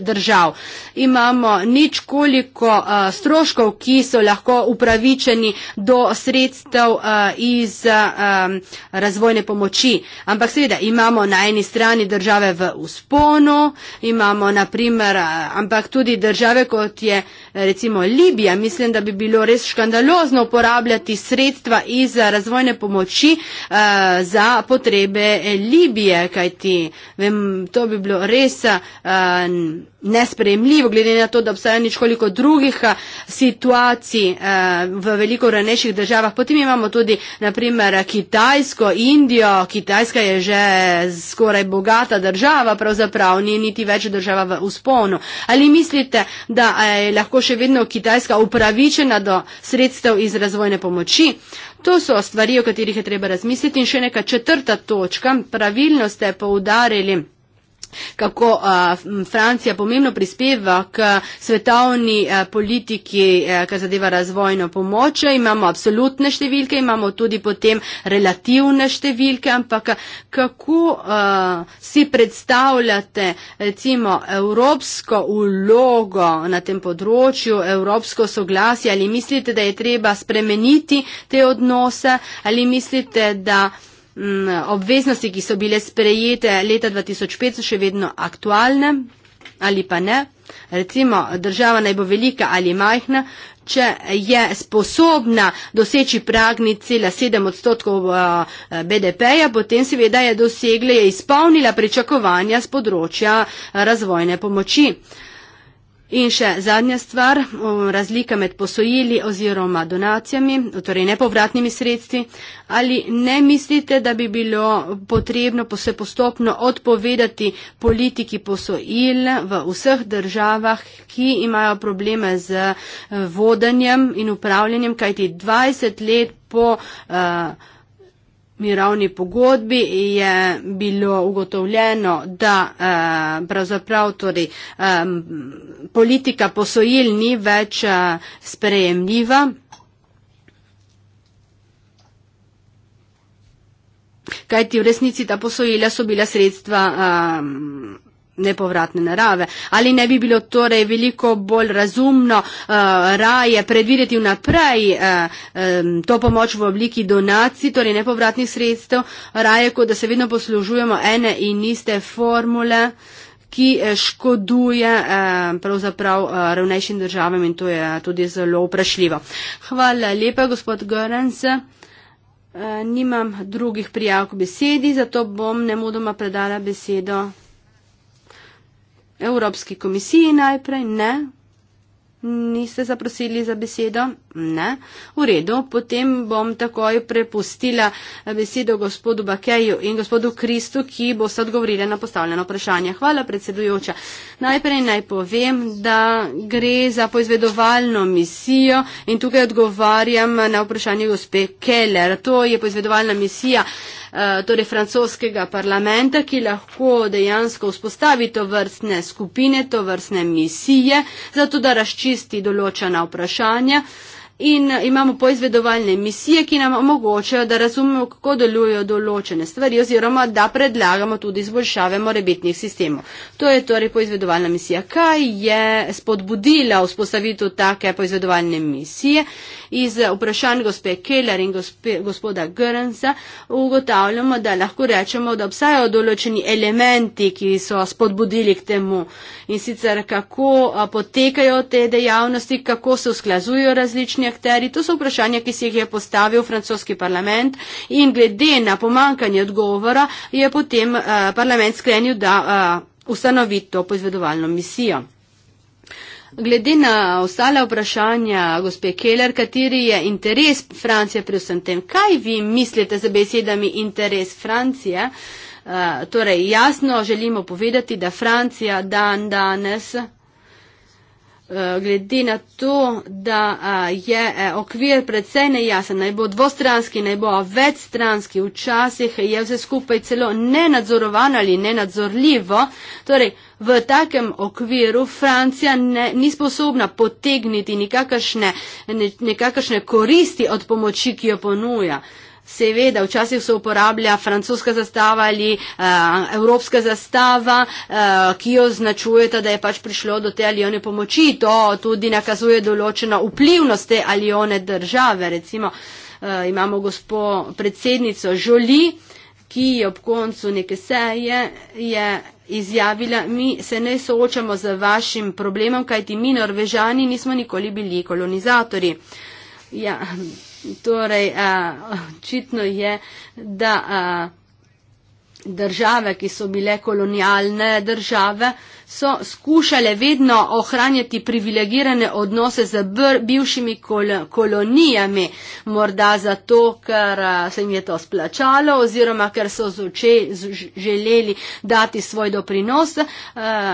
A: držav. Imamo nič koliko stroškov, ki so lahko upravičeni do sredstev iz iz um, razvojne pomoči. Ampak seveda imamo na eni strani države v usponu, imamo naprimer, ampak tudi države kot je recimo Libija. Mislim, da bi bilo res škandalozno uporabljati sredstva iz razvojne pomoči uh, za potrebe e, Libije, kajti vem, to bi bilo res. Uh, nesprejemljivo, glede na to, da obstaja nič koliko drugih situacij v veliko ranejših državah. Potem imamo tudi na naprimer Kitajsko, Indijo, Kitajska je že skoraj bogata država, pravzaprav ni niti več država v usponu. Ali mislite, da je eh, lahko še vedno Kitajska upravičena do sredstev iz razvojne pomoči? To so stvari, o katerih je treba razmisliti. In še neka četrta točka, pravilno ste poudarili kako Francija pomembno prispeva k svetovni politiki, kar zadeva razvojno pomoč. Imamo absolutne številke, imamo tudi potem relativne številke, ampak kako si predstavljate recimo evropsko ulogo na tem področju, evropsko soglasje, ali mislite, da je treba spremeniti te odnose, ali mislite, da obveznosti, ki so bile sprejete leta 2005, so še vedno aktualne ali pa ne. Recimo, država naj bo velika ali majhna, če je sposobna doseči pragni cela 7 odstotkov eh, BDP-ja, potem seveda je dosegla, je izpolnila pričakovanja z področja eh, razvojne pomoči. In še zadnja stvar, razlika med posojili oziroma donacijami, torej nepovratnimi sredstvi. Ali ne mislite, da bi bilo potrebno se postopno odpovedati politiki posojil v vseh državah, ki imajo probleme z eh, vodenjem in upravljanjem, kajti 20 let po. Uh, mirovni pogodbi je bilo ugotovljeno, da eh, pravzaprav torej, eh, politika posojil ni več eh, sprejemljiva. Kajti v resnici ta posojila so bila sredstva. Eh, nepovratne narave. Ali ne bi bilo torej veliko bolj razumno uh, raje predvideti vnaprej uh, um, to pomoč v obliki donacij, torej nepovratnih sredstev, raje kot da se vedno poslužujemo ene in iste formule, ki eh, škoduje uh, pravzaprav uh, ravnejšim državam in to je tudi zelo vprašljivo. Hvala lepa, gospod Görens. Nimam drugih prijav k besedi, zato bom nemudoma predala besedo Evropski komisiji najprej ne. Niste zaprosili za besedo? Ne. V redu, potem bom takoj prepustila besedo gospodu Bakeju in gospodu Kristu, ki bo sad govorila na postavljeno vprašanje. Hvala, predsedujoča. Najprej naj povem, da gre za poizvedovalno misijo in tukaj odgovarjam na vprašanje gospe Keller. To je poizvedovalna misija. Uh, Eh, torej francoskega parlamenta, ki lahko dejansko vzpostavi to vrstne skupine, to vrstne misije, zato da razčisti določena vprašanja. In imamo poizvedovalne misije, ki nam omogočajo, da razumemo, kako delujejo določene stvari oziroma da predlagamo tudi izboljšave morebitnih sistemov. To je torej poizvedovalna misija. Kaj je spodbudila vzpostavitev take poizvedovalne misije? Iz vprašanj gospe Keller in gospe, gospoda Grnsa ugotavljamo, da lahko rečemo, da obstajajo določeni elementi, ki so spodbudili k temu in sicer kako potekajo te dejavnosti, kako se usklazujo različni akteri. To so vprašanja, ki si jih je postavil francoski parlament in glede na pomankanje odgovora je potem parlament sklenil, da ustanovi to poizvedovalno misijo. Glede na ostale vprašanja, gospe Keller, kateri je interes Francije pri vsem tem, kaj vi mislite za besedami interes Francije? Uh, torej, jasno želimo povedati, da Francija dan danes Eh, glede na to, da eh, je eh, okvir predvsej nejasen, naj bo dvostranski, naj bo večstranski, včasih je vse skupaj celo nenadzorovano ali nenadzorljivo. Torej, v takem okviru Francija ne, ni sposobna potegniti nikakršne, ne, nikakršne koristi od pomoči, ki jo ponuja. Seveda, včasih se uporablja francoska zastava ali uh, evropska zastava, uh, ki jo označujeta, da je pač prišlo do te ali one pomoči. To tudi nakazuje določena vplivnost te ali one države. Recimo uh, imamo gospo predsednico Žoli, ki je ob koncu neke seje je izjavila, mi se ne soočamo z vašim problemom, kajti mi norvežani nismo nikoli bili kolonizatori. Ja. Torej, očitno je, da države, ki so bile kolonialne države, so skušale vedno ohranjati privilegirane odnose z bivšimi kol kolonijami, morda zato, ker se jim je to splačalo oziroma ker so želeli dati svoj doprinos,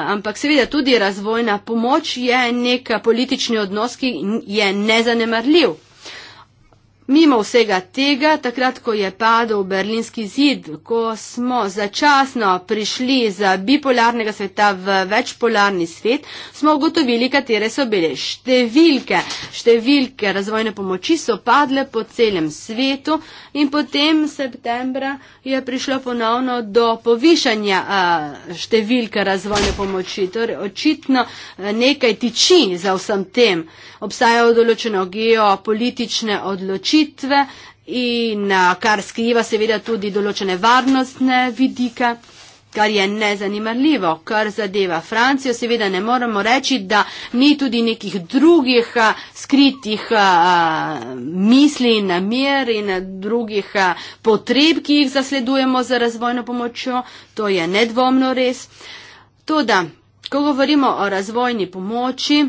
A: ampak seveda tudi razvojna pomoč je nek politični odnos, ki je nezanemarljiv. Mimo vsega tega, takrat, ko je padel berlinski zid, ko smo začasno prišli iz bipolarnega sveta v večpolarni svet, smo ugotovili, katere so bile številke. Številke razvojne pomoči so padle po celem svetu in potem septembra je prišlo ponovno do povišanja številke razvojne pomoči. Torej, očitno nekaj tiči za vsem tem. Obstajajo določene geopolitične odločitve rešitve in kar skriva seveda tudi določene varnostne vidike, kar je nezanimljivo, kar zadeva Francijo. Seveda ne moremo reči, da ni tudi nekih drugih skritih misli in namer in drugih potreb, ki jih zasledujemo za razvojno pomočjo. To je nedvomno res. Toda, ko govorimo o razvojni pomoči,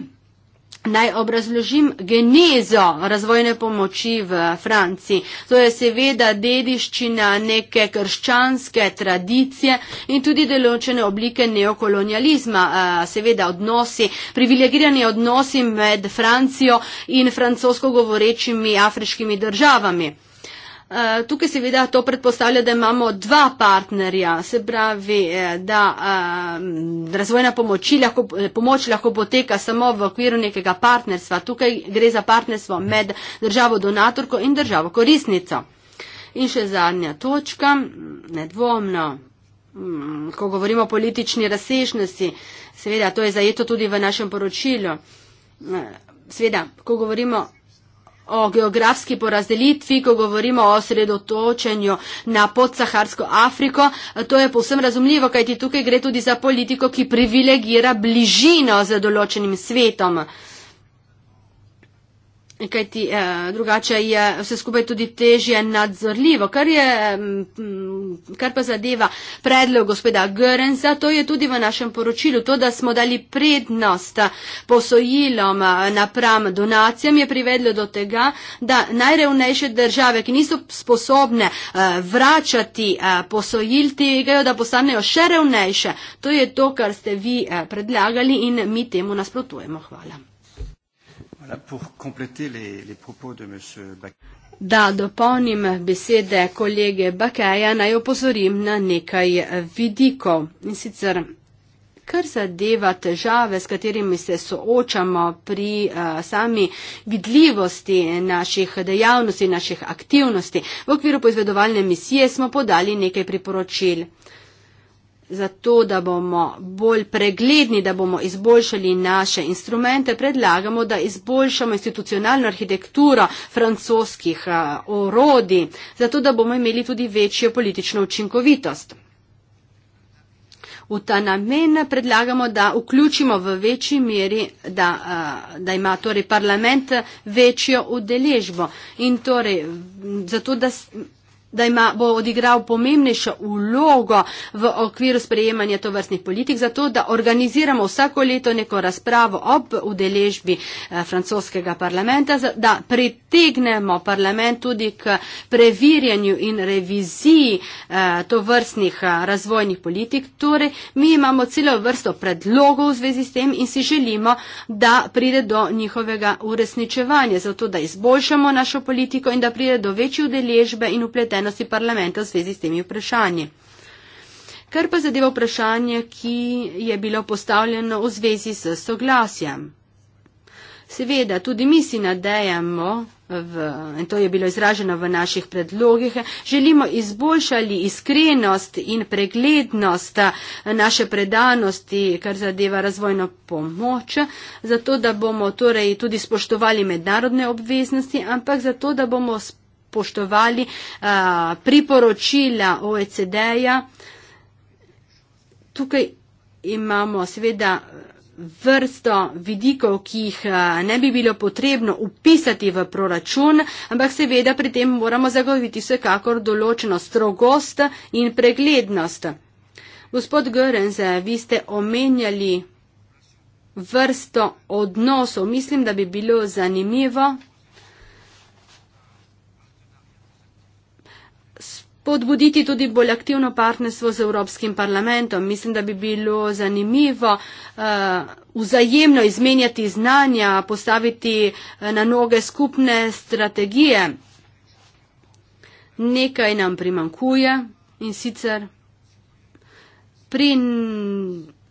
A: Naj obrazložim genezo razvojne pomoči v Franciji. To je seveda dediščina neke krščanske tradicije in tudi deločene oblike neokolonializma, seveda odnosi, privilegirani odnosi med Francijo in francosko govorečimi afriškimi državami. Eh, tukaj seveda to predpostavlja, da imamo dva partnerja, se pravi, eh, da eh, razvojna lahko, pomoč lahko poteka samo v okviru nekega partnerstva. Tukaj gre za partnerstvo med državo donatorko in državo korisnico. In še zadnja točka, nedvomno, mm, ko govorimo o politični razsežnosti, seveda to je zajeto tudi v našem poročilu. Seveda, ko govorimo o geografski porazdelitvi, ko govorimo o osredotočenju na podsaharsko Afriko. To je povsem razumljivo, kajti tukaj gre tudi za politiko, ki privilegira bližino z določenim svetom. Kaj ti eh, drugače je vse skupaj tudi težje nadzorljivo. Kar, je, mm, mm, kar pa zadeva predlog gospoda Görenza, to je tudi v našem poročilu. To, da smo dali prednost posojilom eh, napram donacijam, je privedlo do tega, da najrevnejše države, ki niso sposobne eh, vračati eh, posojil, tegajo, da postanejo še revnejše. To je to, kar ste vi eh, predlagali in mi temu nasprotujemo. Hvala. Da dopolnim besede kolege Bakeja, naj opozorim na nekaj vidikov. In sicer, kar zadeva težave, s katerimi se soočamo pri uh, sami vidljivosti naših dejavnosti, naših aktivnosti. V okviru poizvedovalne misije smo podali nekaj priporočil. Zato, da bomo bolj pregledni, da bomo izboljšali naše instrumente, predlagamo, da izboljšamo institucionalno arhitekturo francoskih orodij, zato da bomo imeli tudi večjo politično učinkovitost. V ta namen predlagamo, da vključimo v večji meri, da, da ima torej parlament večjo udeležbo in torej zato, da da ima, bo odigral pomembnejšo ulogo v okviru sprejemanja tovrstnih politik, zato da organiziramo vsako leto neko razpravo ob udeležbi eh, francoskega parlamenta, da pritegnemo parlament tudi k preverjanju in reviziji eh, tovrstnih eh, razvojnih politik. Torej, mi imamo celo vrsto predlogov v zvezi s tem in si želimo, da pride do njihovega uresničevanja, zato da izboljšamo našo politiko in da pride do večje udeležbe in upletenja zaposlenosti parlamenta v zvezi s temi vprašanji. Kar pa zadeva vprašanje, ki je bilo postavljeno v zvezi s soglasjem. Seveda, tudi mi si nadejamo, v, in to je bilo izraženo v naših predlogih, želimo izboljšati iskrenost in preglednost naše predanosti, kar zadeva razvojno pomoč, zato da bomo torej tudi spoštovali mednarodne obveznosti, ampak zato da bomo spoštovali poštovali uh, eh, priporočila OECD-ja. Tukaj imamo seveda vrsto vidikov, ki jih eh, ne bi bilo potrebno upisati v proračun, ampak seveda pri tem moramo zagoviti vsekakor določeno strogost in preglednost. Gospod Görenz, vi ste omenjali vrsto odnosov. Mislim, da bi bilo zanimivo podbuditi tudi bolj aktivno partnerstvo z Evropskim parlamentom. Mislim, da bi bilo zanimivo eh, vzajemno izmenjati znanja, postaviti eh, na noge skupne strategije. Nekaj nam primankuje in sicer pri,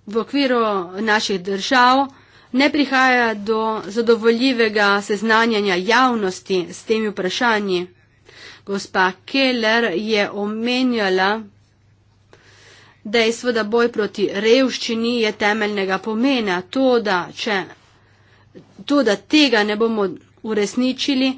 A: v okviru naših držav ne prihaja do zadovoljivega seznanjanja javnosti s temi vprašanji. Gospa Keller je omenjala, dejstvo, da boj proti revščini je temeljnega pomena. To, da, če, to, da tega ne bomo uresničili,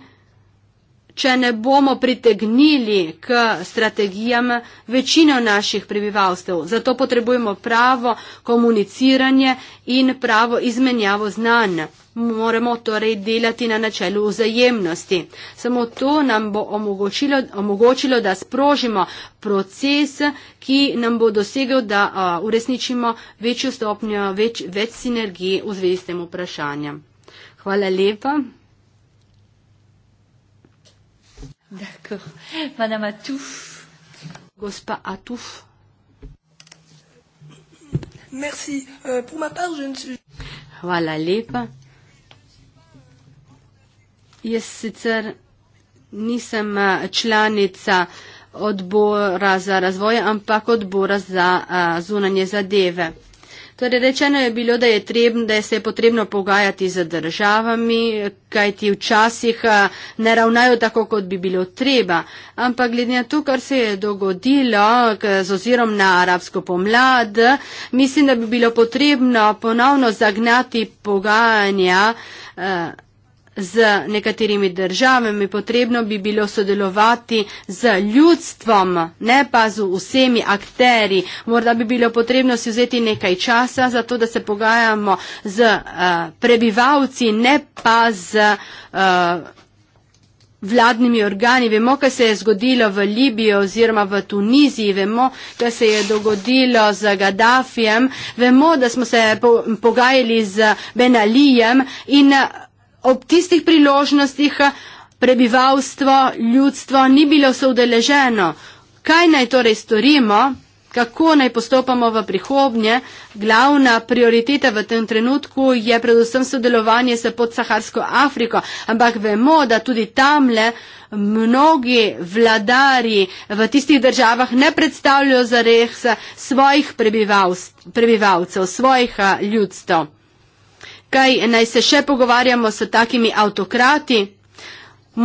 A: če ne bomo pritegnili k strategijam večino naših prebivalstev. Zato potrebujemo pravo komuniciranje in pravo izmenjavo znanja moramo torej delati na načelu vzajemnosti. Samo to nam bo omogočilo, omogočilo da sprožimo proces, ki nam bo dosegel, da a, uresničimo večjo stopnjo, več, več sinergije v zvezi s tem vprašanjem. Hvala lepa. Gospa Atuf. Merci. Uh, pour ma part, je ne suis... Voilà, les pas. Jaz sicer nisem članica odbora za razvoj, ampak odbora za zunanje zadeve. Torej, rečeno je bilo, da, je treb, da se je potrebno pogajati z državami, kajti včasih ne ravnajo tako, kot bi bilo treba. Ampak glede na to, kar se je dogodilo z ozirom na arabsko pomlad, mislim, da bi bilo potrebno ponovno zagnati pogajanja. Eh, z nekaterimi državami, potrebno bi bilo sodelovati z ljudstvom, ne pa z vsemi akteri. Morda bi bilo potrebno si vzeti nekaj časa za to, da se pogajamo z uh, prebivalci, ne pa z. Uh, vladnimi organi. Vemo, kaj se je zgodilo v Libiji oziroma v Tuniziji, vemo, kaj se je dogodilo z Gaddafijem, vemo, da smo se po pogajali z Benalijem in ob tistih priložnostih eh, prebivalstvo, ljudstvo ni bilo soudeleženo. Kaj naj torej storimo, kako naj postopamo v prihodnje? Glavna prioriteta v tem trenutku je predvsem sodelovanje s podsaharsko Afriko, ampak vemo, da tudi tamle mnogi vladarji v tistih državah ne predstavljajo zares svojih prebivalcev, svojih eh, ljudstv kaj naj se še pogovarjamo s takimi avtokrati.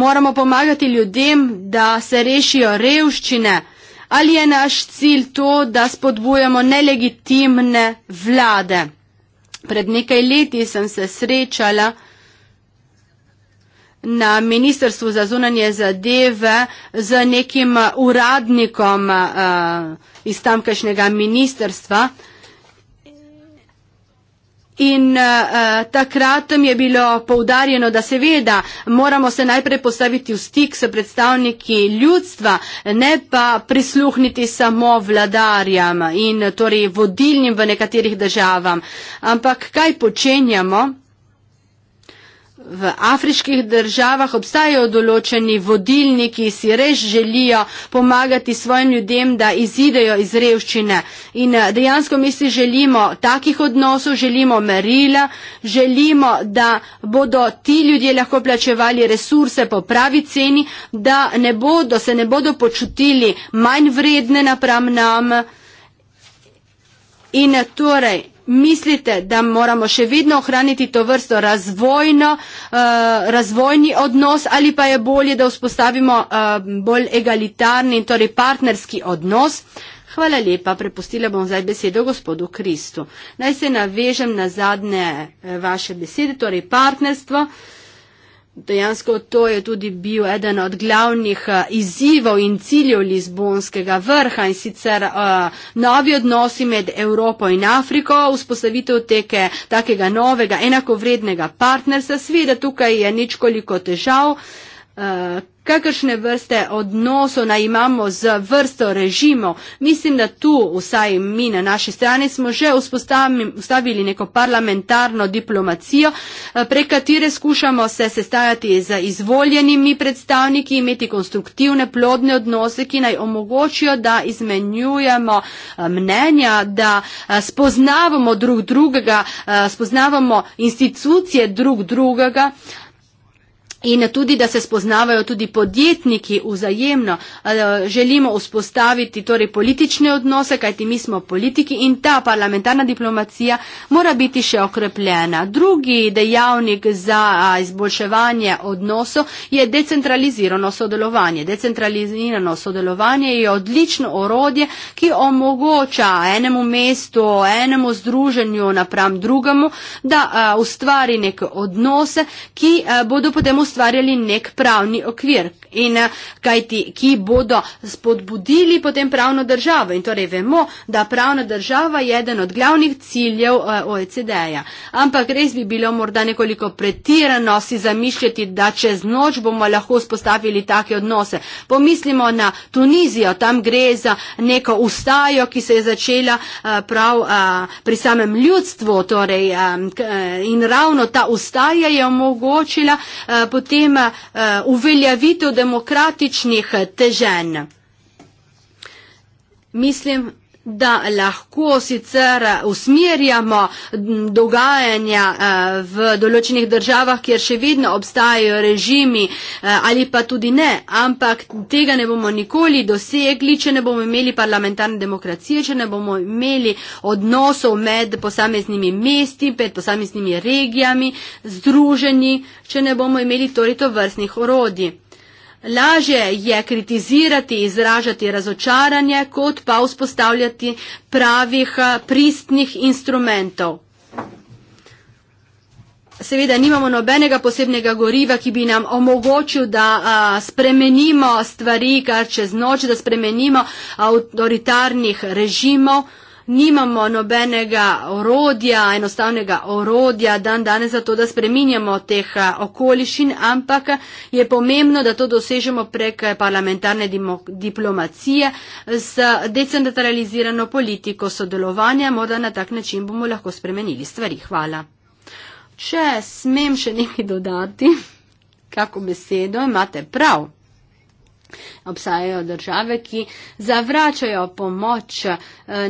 A: Moramo pomagati ljudem, da se rešijo revščine. Ali je naš cilj to, da spodbujamo nelegitimne vlade? Pred nekaj leti sem se srečala na Ministrstvu za zunanje zadeve z nekim uradnikom uh, iz tamkajšnjega ministrstva. Uh, In uh, takrat mi je bilo poudarjeno, da seveda moramo se najprej postaviti v stik s predstavniki ljudstva, ne pa prisluhniti samo vladarjem in torej vodilnim v nekaterih državam. Ampak kaj počenjamo? v afriških državah obstajajo določeni vodilni, ki si res želijo pomagati svojim ljudem, da izidejo iz revščine. In eh, dejansko mi si želimo takih odnosov, želimo merila, želimo, da bodo ti ljudje lahko plačevali resurse po pravi ceni, da ne bodo, se ne bodo počutili manj vredne napram nam. In eh, torej, mislite, da moramo še vedno ohraniti to vrsto razvojno, uh, razvojni odnos ali pa je bolje, da vzpostavimo uh, bolj egalitarni, torej partnerski odnos? Hvala lepa, prepustila bom zdaj besedo gospodu Kristu. Naj se navežem na zadnje eh, vaše besede, torej partnerstvo. Uh, dejansko to je tudi bil eden od glavnih eh, izzivov in ciljev Lizbonskega vrha in sicer uh, novi odnosi med Evropo in Afriko, vzpostavitev teke takega novega enakovrednega partnerstva. Sveda tukaj je ničkoliko težav. Uh, kakršne vrste odnosov naj imamo z vrsto režimo. Mislim, da tu vsaj mi na naši strani smo že ustavili neko parlamentarno diplomacijo, eh, prek katere skušamo se sestajati z izvoljenimi predstavniki, imeti konstruktivne plodne odnose, ki naj omogočijo, da izmenjujemo eh, mnenja, da eh, spoznavamo drug drugega, spoznavamo institucije drug drugega. In tudi, da se spoznavajo tudi podjetniki vzajemno. Eh, želimo vzpostaviti torej politične odnose, kajti mi smo politiki in ta parlamentarna diplomacija mora biti še okrepljena. Drugi dejavnik za izboljševanje odnosov je decentralizirano sodelovanje. Decentralizirano sodelovanje je odlično orodje, ki omogoča enemu mestu, enemu združenju napram drugemu, da ustvari neke odnose, ki bodo potem ustvarjali ustvarjali nek pravni okvir in eh, kajti, ki bodo spodbudili potem pravno državo. In torej vemo, da pravna država je eden od glavnih ciljev eh, OECD-ja. Ampak res bi bilo morda nekoliko pretirano si zamišljati, da čez noč bomo lahko spostavili take odnose. Pomislimo na Tunizijo, tam gre za neko ustajo, ki se je začela eh, prav pri samem ljudstvu. Torej, in ravno ta ustaja je omogočila potem eh, uveljavitev demokratičnih eh, težen. Mislim, da lahko sicer usmerjamo dogajanja eh, v določenih državah, kjer še vedno obstajajo režimi eh, ali pa tudi ne, ampak tega ne bomo nikoli dosegli, če ne bomo imeli parlamentarne demokracije, če ne bomo imeli odnosov med posameznimi mesti, med posameznimi regijami, združeni, če ne bomo imeli torej to vrstnih orodij. Lažje je kritizirati, izražati razočaranje, kot pa vzpostavljati pravih eh, pristnih instrumentov. Seveda nimamo nobenega posebnega goriva, ki bi nam omogočil, da a, eh, spremenimo stvari kar čez noč, da spremenimo avtoritarnih režimov nimamo nobenega orodja, enostavnega orodja dan danes za to, da spreminjamo teh eh, okolišin, ampak je pomembno, da to dosežemo prek eh, parlamentarne diplomacije z decentralizirano politiko sodelovanja, morda na tak način bomo lahko spremenili stvari. Hvala. Če smem še nekaj dodati, kako besedo, imate prav. Obstajajo države, ki zavračajo pomoč, eh,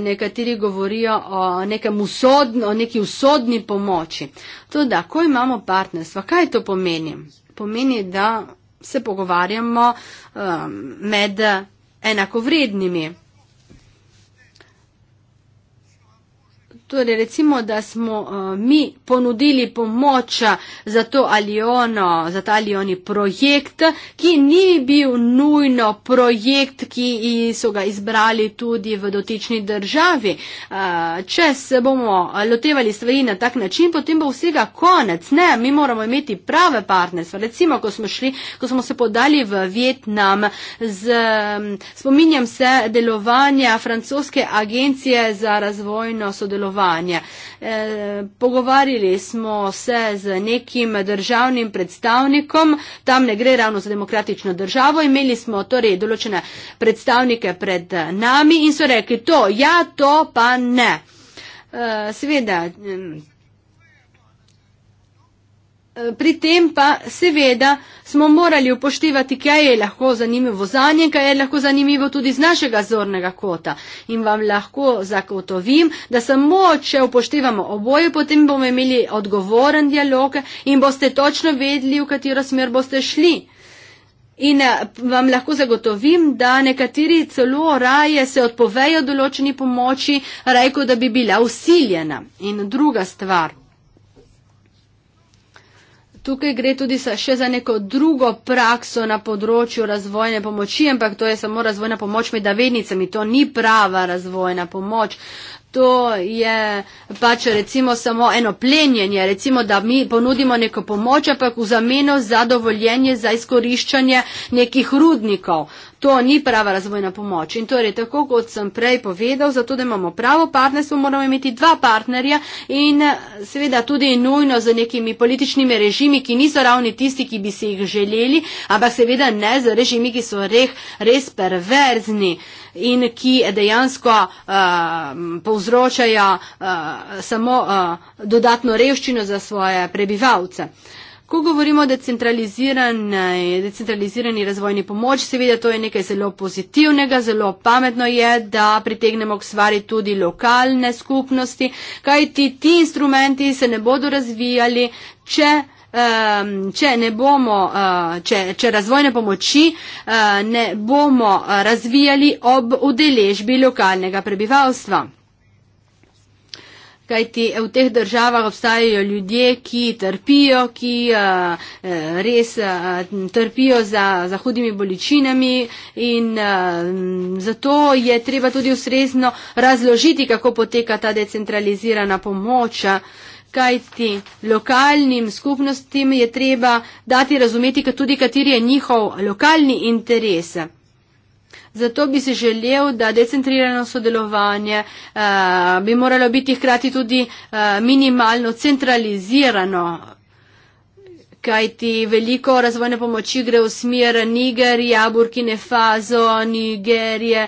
A: nekateri govorijo o, usodno, o neki usodni pomoči. To, da ko imamo partnerstva, kaj to pomeni? Pomeni, da se pogovarjamo um, med enakovrednimi Torej, recimo, da smo uh, mi ponudili pomoč uh, za, aliono, za ta ali oni projekt, ki ni bil nujno projekt, ki so ga izbrali tudi v dotični državi. Uh, če se bomo lotevali stvari na tak način, potem bo vsega konec. Ne, mi moramo imeti prave partnerstva. Recimo, ko smo, šli, ko smo se podali v Vietnam, z, um, spominjam se delovanja francoske agencije za razvojno sodelovanje stanovanje. E, pogovarjali smo se z nekim državnim predstavnikom, tam ne gre ravno za demokratično državo, imeli smo torej določene predstavnike pred nami in so rekli to, ja, to pa ne. E, seveda, pri tem pa seveda smo morali upoštevati, kaj je lahko zanimivo zanje, kaj je lahko zanimivo tudi z našega zornega kota. In vam lahko zakotovim, da samo če upoštevamo oboje, potem bomo imeli odgovoren dialog in boste točno vedeli, v katero smer boste šli. In eh, vam lahko zagotovim, da nekateri celo raje se odpovejo določeni pomoči, rajko da bi bila usiljena. In druga stvar. Tukaj gre tudi še za neko drugo prakso na področju razvojne pomoči, ampak to je samo razvojna pomoč med avednicami, to ni prava razvojna pomoč. To je pač recimo samo eno plenjenje, recimo da mi ponudimo neko pomoč, ampak v zameno za dovoljenje za izkoriščanje nekih rudnikov. To ni prava razvojna pomoč in torej, tako kot sem prej povedal, zato da imamo pravo partnerstvo, moramo imeti dva partnerja in seveda tudi nujno z nekimi političnimi režimi, ki niso ravni tisti, ki bi si jih želeli, ampak seveda ne z režimi, ki so reh, res perverzni in ki dejansko uh, povzročajo uh, samo uh, dodatno revščino za svoje prebivalce. Uh, Ko govorimo o decentralizirani razvojni pomoč, seveda to je nekaj zelo pozitivnega, zelo pametno je, da pritegnemo k stvari tudi lokalne skupnosti, kajti ti instrumenti se ne bodo razvijali, če. Če, bomo, eh, če, če razvojne pomoči eh, ne bomo eh, razvijali ob udeležbi lokalnega prebivalstva. Kajti eh, v teh državah obstajajo ljudje, ki trpijo, ki uh, res uh, trpijo za, za hudimi bolečinami in uh, zato je treba tudi ustrezno razložiti, kako poteka ta decentralizirana pomoč. Kajti lokalnim skupnostim je treba dati razumeti tudi, kateri je njihov lokalni interes. Zato bi si želel, da decentrirano sodelovanje uh, bi moralo biti hkrati tudi uh, minimalno centralizirano kajti veliko razvojne pomoči gre v smer Nigerija, Burkine Faso, Nigerije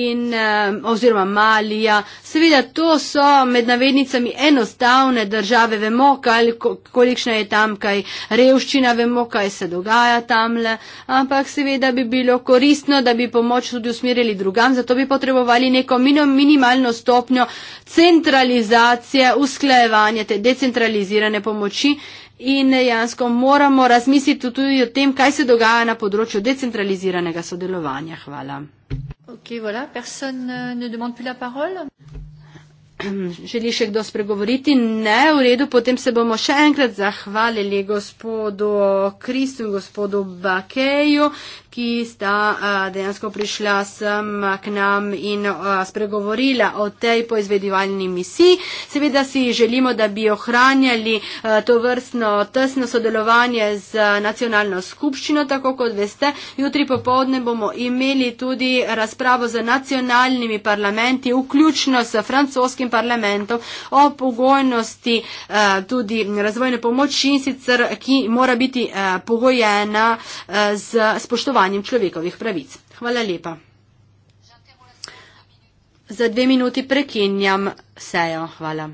A: in, eh, oziroma Malija. Seveda to so med navednicami enostavne države, vemo, kaj, kolikšna je tam kaj revščina, vemo, kaj se dogaja tamle, ampak seveda bi bilo koristno, da bi pomoč tudi usmerili drugam, zato bi potrebovali neko minimalno stopnjo centralizacije, usklajevanje te decentralizirane pomoči in dejansko moramo razmisliti tudi o tem, kaj se dogaja na področju decentraliziranega sodelovanja. Hvala. Okay, voilà. Personne ne plus la parole. Želi še kdo spregovoriti? Ne, v redu, potem se bomo še enkrat zahvalili gospodu Kristu in gospodu Bakeju, ki sta dejansko prišla sem k nam in spregovorila o tej poizvedivalni misiji. Seveda si želimo, da bi ohranjali to vrstno tesno sodelovanje z nacionalno skupščino, tako kot veste. Jutri popovdne bomo imeli tudi razpravo z nacionalnimi parlamenti, vključno s francoskim parlamentom, o pogojnosti tudi razvojne pomoči in sicer, ki mora biti pogojena z spoštovanjem spoštovanjem človekovih pravic. Hvala lepa. Za dve minuti prekinjam sejo. Hvala.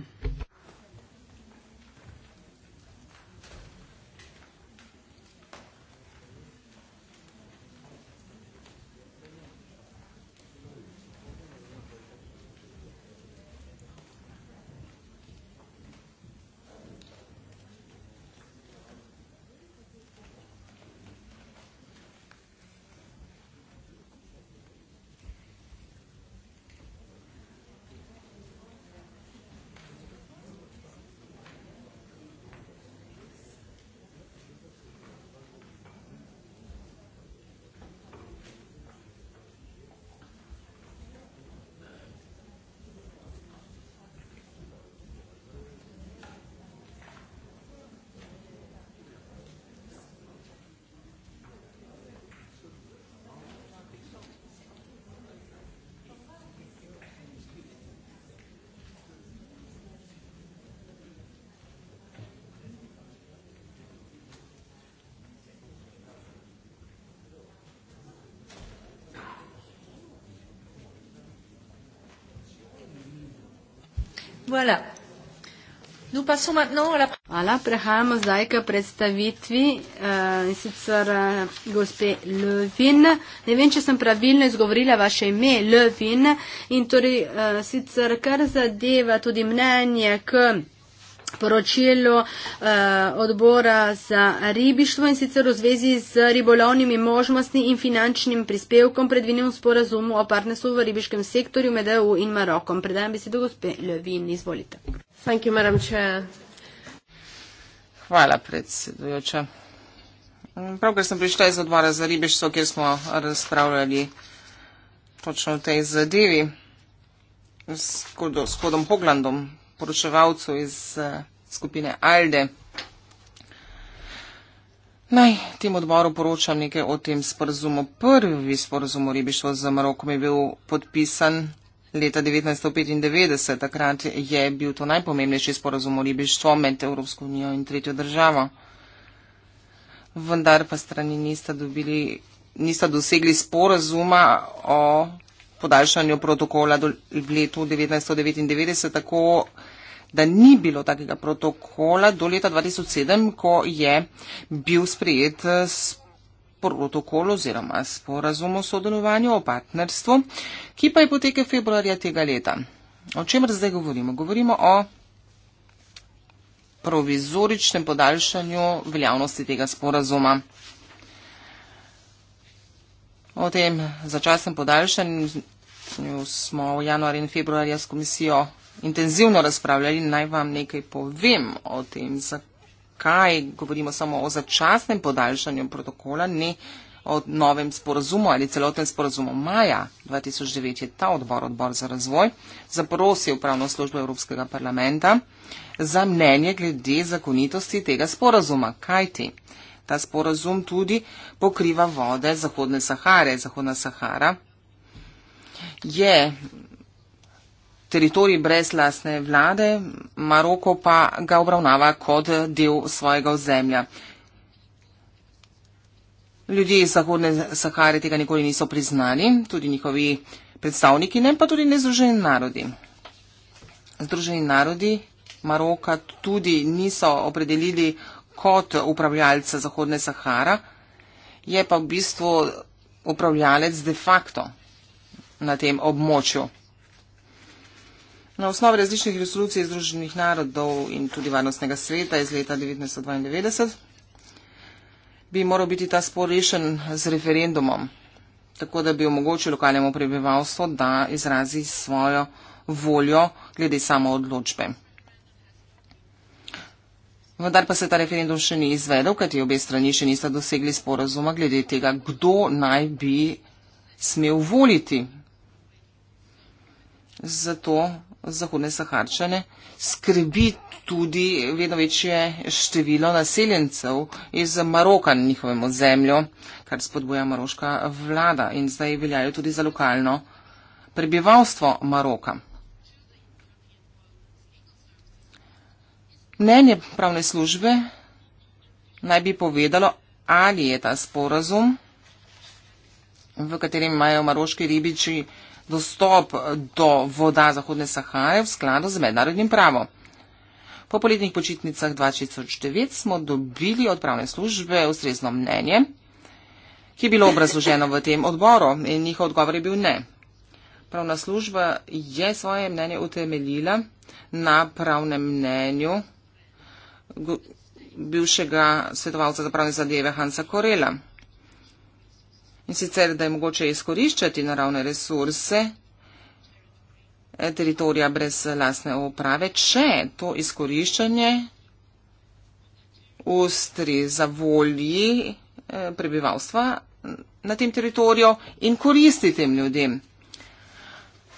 A: Voilà. Nous passons maintenant à la... Voilà, prehajamo zdaj k predstavitvi uh, in sicer uh, gospe Levin. Ne vem, če sem pravilno izgovorila vaše ime, Levin, in torej uh, sicer kar zadeva tudi mnenje k poročilo eh, odbora za ribištvo in sicer v zvezi z ribolovnimi možnostmi in finančnim prispevkom predvinjen v sporazumu o partnerstvu v ribiškem sektorju med EU in Marokom. Predajam besedo gospe Levin, izvolite. You,
B: Hvala, predsedujoča. Pravkar sem prišla iz odbora za ribištvo, kjer smo razpravljali točno o tej zadevi s kodom Hoglandom poročevalcev iz eh, skupine Alde. Naj tem odboru poročam nekaj o tem sporazumu. Prvi sporazum o ribištvu z Marokom je bil podpisan leta 1995. Takrat je bil to najpomembnejši sporazum o ribištvu med Evropsko unijo in tretjo državo. Vendar pa strani nista, dobili, nista dosegli sporazuma o podaljšanju protokola do, v letu 1999, tako da ni bilo takega protokola do leta 2007, ko je bil sprejet protokol oziroma sporazum o sodelovanju, o partnerstvu, ki pa je potekel februarja tega leta. O čemer zdaj govorimo? Govorimo o provizoričnem podaljšanju veljavnosti tega sporazuma. O tem začasnem podaljšanju smo v januarju in februarju s komisijo intenzivno razpravljali. Naj vam nekaj povem o tem, zakaj govorimo samo o začasnem podaljšanju protokola, ne o novem sporazumu ali celotnem sporazumu. Maja 2009 je ta odbor, odbor za razvoj, zaprosil pravno službo Evropskega parlamenta za mnenje glede zakonitosti tega sporazuma. Kaj ti? Te? Ta sporazum tudi pokriva vode Zahodne Sahare. Zahodna Sahara je teritorij brez lastne vlade, Maroko pa ga obravnava kot del svojega ozemlja. Ljudje iz Zahodne Sahare tega nikoli niso priznali, tudi njihovi predstavniki, ne pa tudi nezruženi narodi. Združeni narodi Maroka tudi niso opredelili kot upravljalca Zahodne Sahara, je pa v bistvu upravljalec de facto na tem območju. Na osnovi različnih resolucij Združenih narodov in tudi Varnostnega sveta iz leta 1992 bi moral biti ta spor rešen z referendumom, tako da bi omogočil lokalnemu prebivalstvu, da izrazi svojo voljo glede samo odločbe. Vendar pa se ta referendum še ni izvedel, kajti obe strani še nista dosegli sporazuma glede tega, kdo naj bi smel voliti. Zato zahodne saharčane skrbi tudi vedno večje število naseljencev iz Maroka na njihovemu zemlju, kar spodbuja maroška vlada in zdaj veljajo tudi za lokalno prebivalstvo Maroka. Mnenje pravne službe naj bi povedalo, ali je ta sporazum, v katerem imajo maroški ribiči dostop do voda Zahodne Sahare v skladu z mednarodnim pravom. Po poletnih počitnicah 2009 smo dobili od pravne službe ustrezno mnenje, ki je bilo obrazloženo v tem odboru in njihov odgovor je bil ne. Pravna služba je svoje mnenje utemeljila na pravnem mnenju bivšega svetovalca za pravne zadeve Hansa Korela. In sicer, da je mogoče izkoriščati naravne resurse eh, teritorija brez lasne oprave, če to izkoriščanje ustri za volji eh, prebivalstva na tem teritoriju in koristi tem ljudem.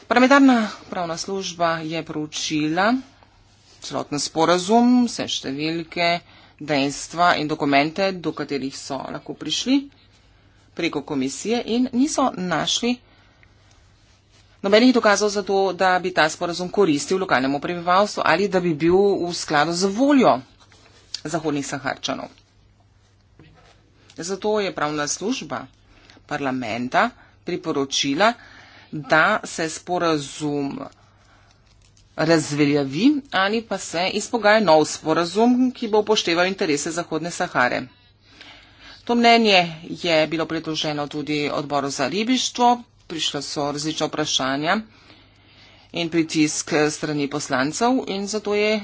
B: Parlamentarna pravna služba je poročila, celoten sporazum, vse številke, dejstva in dokumente, do katerih so lahko prišli preko komisije in niso našli nobenih dokazov za to, da bi ta sporazum koristil lokalnemu prebivalstvu ali da bi bil v skladu z voljo zahodnih saharčanov. Zato je pravna služba parlamenta priporočila, da se sporazum razveljavi ali pa se izpogaja nov sporazum, ki bo upošteval interese Zahodne Sahare. To mnenje je bilo predloženo tudi odboru za ribištvo, prišla so različna vprašanja in pritisk strani poslancev in zato je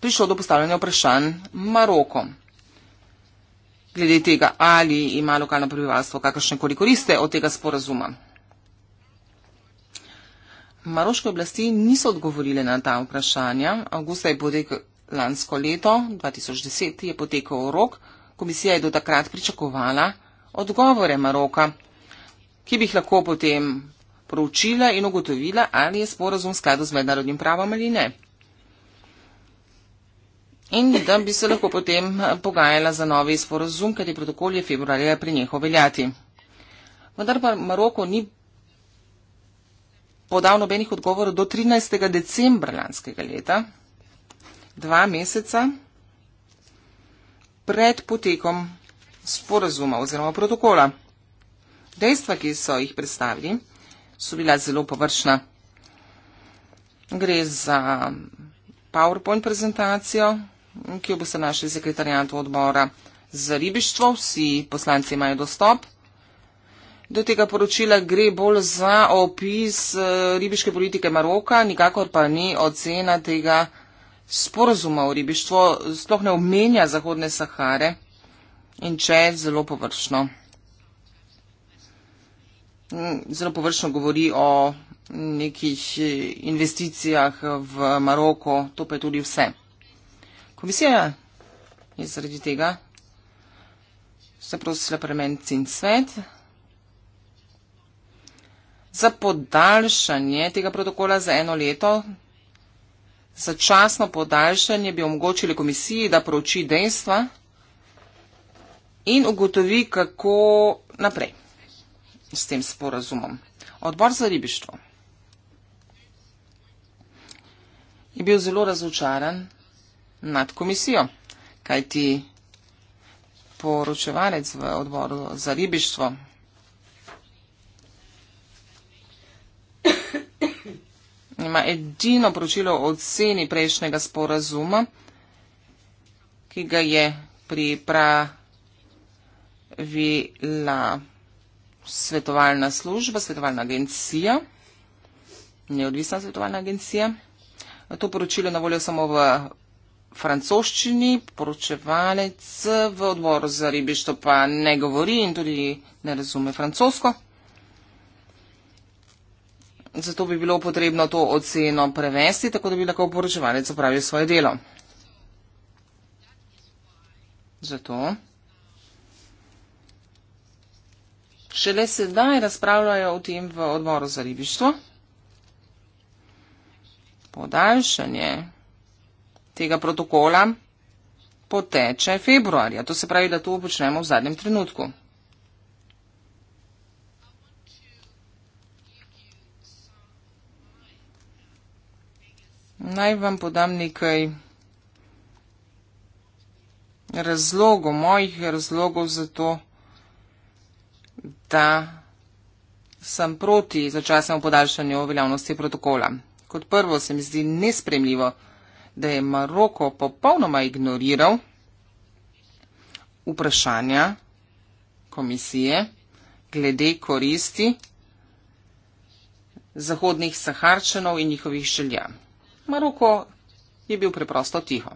B: prišlo do postavljanja vprašanj Maroko. Glede tega, ali ima lokalno prebivalstvo kakršne koli koriste od tega sporazuma. Maroške oblasti niso odgovorile na ta vprašanja. Augusta je potekel lansko leto, 2010 je potekel rok. Komisija je do takrat pričakovala odgovore Maroka, ki bi jih lahko potem proučila in ugotovila, ali je sporozum skladu z mednarodnim pravom ali ne. In da bi se lahko potem pogajala za novi sporozum, ker je protokol je februarja prenehal veljati. Vendar pa Maroko ni podal nobenih odgovorov do 13. decembra lanskega leta, dva meseca pred potekom sporazuma oziroma protokola. Dejstva, ki so jih predstavili, so bila zelo površna. Gre za PowerPoint prezentacijo, ki jo boste našli sekretarjantu odbora za ribištvo. Vsi poslanci imajo dostop do tega poročila gre bolj za opis eh, ribiške politike Maroka, nikakor pa ni ocena tega sporozuma o ribištvu, sploh ne omenja Zahodne Sahare in če zelo površno. Mm, zelo površno govori o nekih eh, investicijah v Maroko, to pa je tudi vse. Komisija je zaradi tega zaprosila parlament in svet za podaljšanje tega protokola za eno leto. Začasno podaljšanje bi omogočili komisiji, da prouči dejstva in ugotovi, kako naprej s tem sporazumom. Odbor za ribištvo je bil zelo razočaran nad komisijo, kajti poročevalec v odboru za ribištvo ima edino poročilo o ceni prejšnjega sporazuma, ki ga je pripravila svetovalna služba, svetovalna agencija, neodvisna svetovalna agencija. To poročilo je na voljo samo v francoščini, poročevalec v odboru za ribištvo pa ne govori in tudi ne razume francosko zato bi bilo potrebno to oceno prevesti, tako da bi lahko poročevalec opravil svoje delo. Zato. Šele sedaj razpravljajo o tem v odboru za ribištvo. Podaljšanje tega protokola poteče februarja, to se pravi, da to počnemo v zadnjem trenutku. Naj vam podam nekaj razlogov, mojih razlogov za to, da sem proti začasnemu podaljšanju veljavnosti protokola. Kot prvo se mi zdi nespremljivo, da je Maroko popolnoma ignoriral vprašanja komisije glede koristi zahodnih saharčanov in njihovih željam. Maroko je bil preprosto tiho.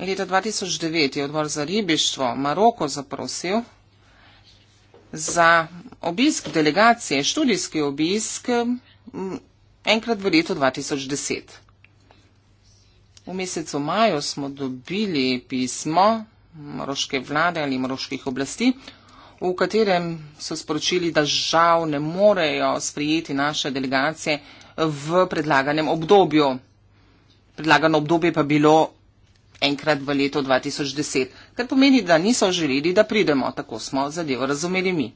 B: Leta 2009 je odbor za ribištvo Maroko zaprosil za obisk delegacije, študijski obisk, enkrat v letu 2010. V mesecu maju smo dobili pismo moroške vlade ali moroških oblasti, v katerem so sporočili, da žal ne morejo sprijeti naše delegacije v predlaganem obdobju. Predlagano obdobje pa bilo enkrat v letu 2010, kar pomeni, da niso želeli, da pridemo. Tako smo zadevo razumeli mi.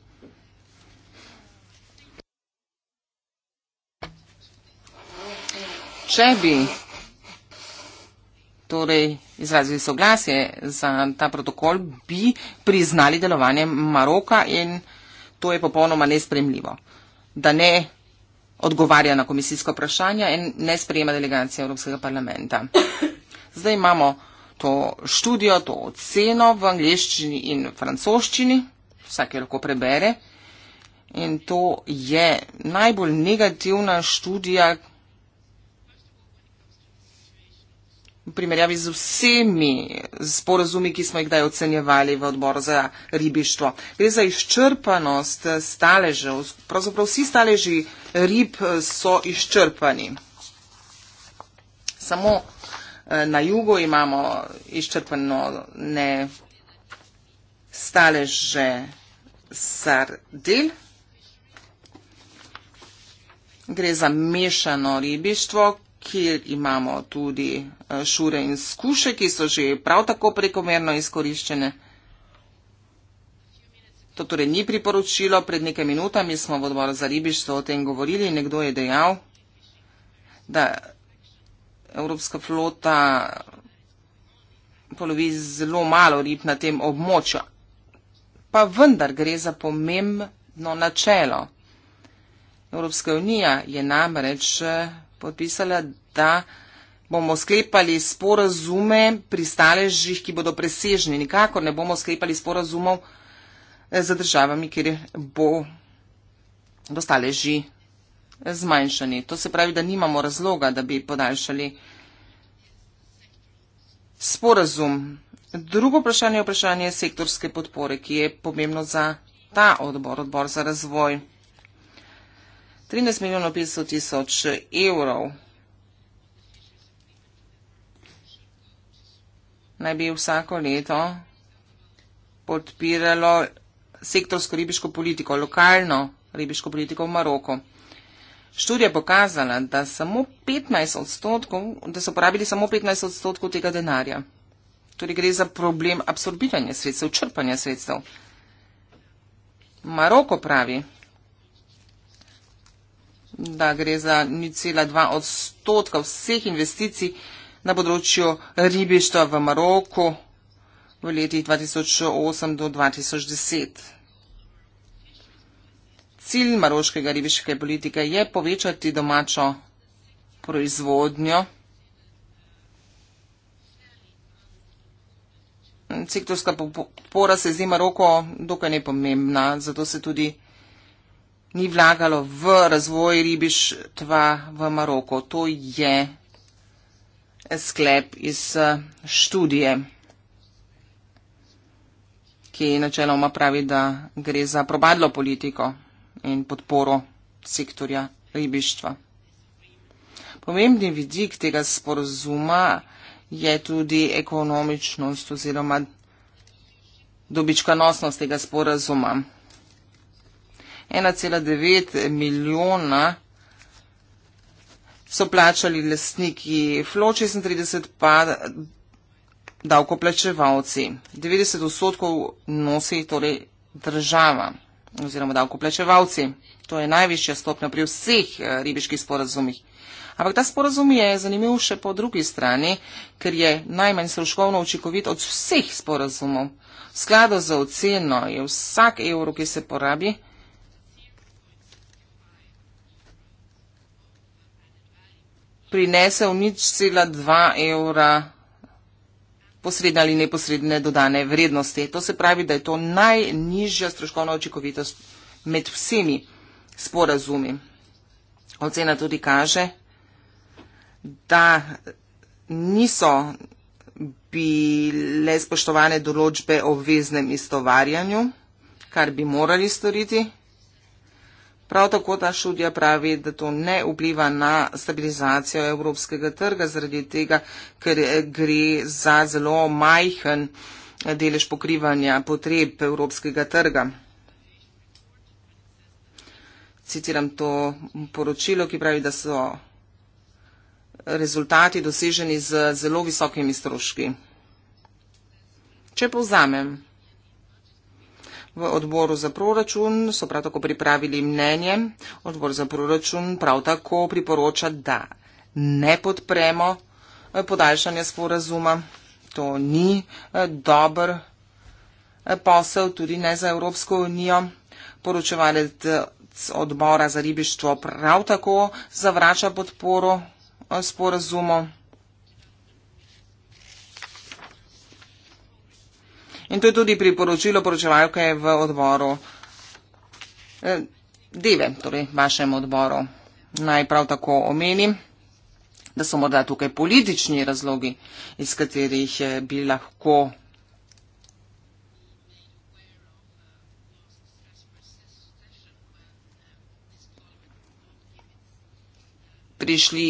B: Če bi torej izrazili soglasje za ta protokol, bi priznali delovanje Maroka in to je popolnoma nespremljivo, da ne odgovarja na komisijsko vprašanje in ne sprejema delegacije Evropskega parlamenta. Zdaj imamo to študijo, to oceno v angliščini in francoščini, vsak jo lahko prebere. In to je najbolj negativna študija, v primerjavi z vsemi sporazumi, ki smo jih kdaj ocenjevali v odboru za ribištvo. Gre za izčrpanost staležev, pravzaprav vsi staleži rib so izčrpani. Samo eh, na jugu imamo izčrpano ne staleže sardel. Gre za mešano ribištvo, kjer imamo tudi eh, šure in skuše, ki so že prav tako prekomerno izkoriščene. To torej ni priporočilo, pred nekaj minutami smo v odboru za ribištvo o tem govorili in nekdo je dejal, da Evropska flota polovi zelo malo rib na tem območju. Pa vendar gre za pomembno načelo. Evropska unija je namreč eh, podpisala, da bomo sklepali sporazume pri staležih, ki bodo presežni. Nikakor ne bomo sklepali sporazumov eh, za državami, kjer bo dostaleži zmanjšani. To se pravi, da nimamo razloga, da bi podaljšali sporazum. Drugo vprašanje je vprašanje sektorske podpore, ki je pomembno za ta odbor, odbor za razvoj. 13 milijonov 500 tisoč evrov. Naj bi vsako leto podpiralo sektorsko ribiško politiko, lokalno ribiško politiko v Maroku. Študija je pokazala, da, samo 15 odstotkov, da so porabili samo 15 odstotkov tega denarja. Torej gre za problem absorbiranja sredstev, črpanja sredstev. Maroko pravi, da gre za 0,2 odstotka vseh investicij na področju ribištva v Maroku v letih 2008 do 2010. Cilj maroškega ribiške politike je povečati domačo proizvodnjo. Sektorska podpora se zdi Maroko dokaj nepomembna, zato se tudi ni vlagalo v razvoj ribištva v Maroko. To je sklep iz eh, študije, ki načeloma pravi, da gre za probadlo politiko in podporo sektorja ribištva. Pomembni vidik tega sporozuma je tudi ekonomičnost oziroma dobičkonosnost tega sporozuma. 1,9 milijona so plačali lastniki Flo 36, pa davkoplačevalci. 90 odstotkov nosi torej država oziroma davkoplačevalci. To je najvišja stopnja pri vseh eh, ribiških sporazumih. Ampak ta sporazum je zanimiv še po drugi strani, ker je najmanj stroškovno učinkovit od vseh sporazumov. Skladu za oceno je vsak evro, ki se porabi, prinesel nič cela dva evra posredne ali neposredne dodane vrednosti. To se pravi, da je to najnižja stroškovna očekovitost med vsemi sporazumi. Ocena tudi kaže, da niso bile spoštovane določbe o veznem istovarjanju, kar bi morali storiti. Prav tako ta študija pravi, da to ne vpliva na stabilizacijo evropskega trga, zaradi tega, ker gre za zelo majhen delež pokrivanja potreb evropskega trga. Citiram to poročilo, ki pravi, da so rezultati doseženi z zelo visokimi stroški. Če povzamem, V odboru za proračun so prav tako pripravili mnenje. Odbor za proračun prav tako priporoča, da ne podpremo eh, podaljšanja sporazuma. To ni eh, dober eh, posel, tudi ne za Evropsko unijo. Poročevalec odbora za ribištvo prav tako zavrača podporo sporazumu. In to je tudi priporočilo poročevalke v odboru eh, Deve, torej vašem odboru. Naj prav tako omenim, da so morda tukaj politični razlogi, iz katerih eh, bi lahko. prišli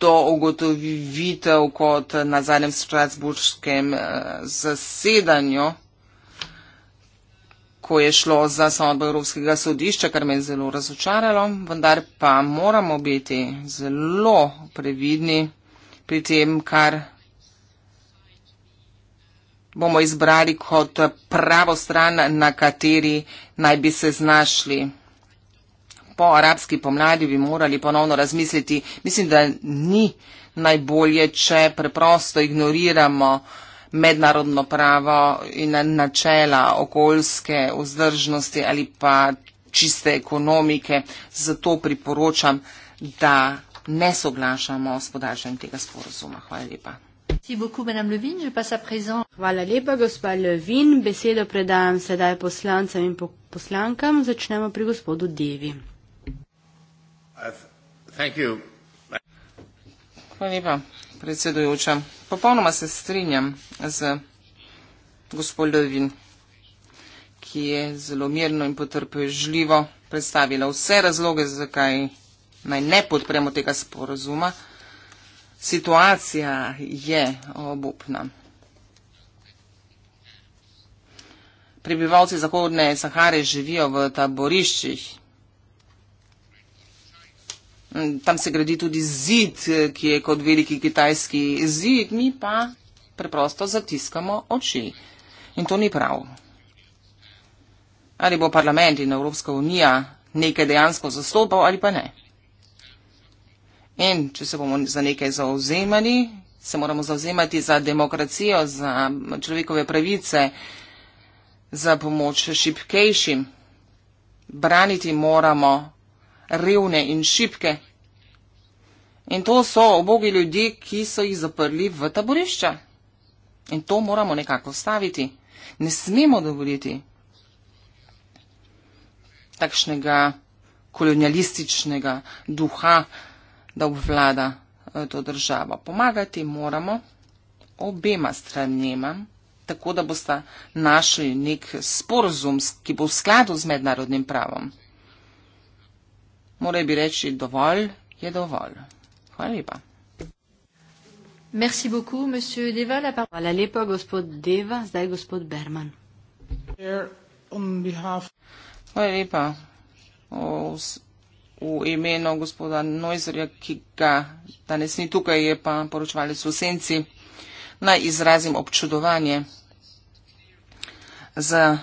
B: to ugotovitev kot na zadnjem strasburškem eh, zasedanju, ko je šlo za sodbo Evropskega sodišča, kar me je zelo razočaralo, vendar pa moramo biti zelo previdni pri tem, kar bomo izbrali kot pravo stran, na kateri naj bi se znašli po arabski pomladi bi morali ponovno razmisliti. Mislim, da ni najbolje, če preprosto ignoriramo mednarodno pravo in načela okoljske vzdržnosti ali pa čiste ekonomike. Zato priporočam, da ne soglašamo s podaljšanjem tega sporozuma.
A: Hvala lepa. Hvala lepa, gospa Levin. Besedo predajam sedaj poslancem in poslankam. Začnemo pri gospodu Devi. Uh,
B: Hvala lepa, predsedujoča. Popolnoma se strinjam z gospodovin, ki je zelo mirno in potrpežljivo predstavila vse razloge, zakaj naj ne podpremo tega sporozuma. Situacija je obupna. Prebivalci Zahodne Sahare živijo v taboriščih, Tam se gradi tudi zid, ki je kot veliki kitajski zid, mi pa preprosto zatiskamo oči. In to ni prav. Ali bo parlament in Evropska unija nekaj dejansko zastopal ali pa ne. In če se bomo za nekaj zauzemali, se moramo zauzemati za demokracijo, za človekove pravice, za pomoč šipkejšim. Braniti moramo revne in šibke. In to so obogi ljudje, ki so jih zaprli v taborišča. In to moramo nekako staviti. Ne smemo dovoliti takšnega kolonialističnega duha, da obvlada eh, to državo. Pomagati moramo obema stranema, tako da boste našli nek sporozum, ki bo v skladu z mednarodnim pravom. Moraj bi reči, dovolj je dovolj. Hvala lepa.
A: Merci beaucoup, monsieur Deva. La parole. Hvala lepa, gospod Deva. Zdaj gospod Berman. Hvala lepa. O, v,
B: v imenu gospoda Nojzerja, ki ga danes ni tukaj, je pa poročvalec v senci, naj izrazim občudovanje za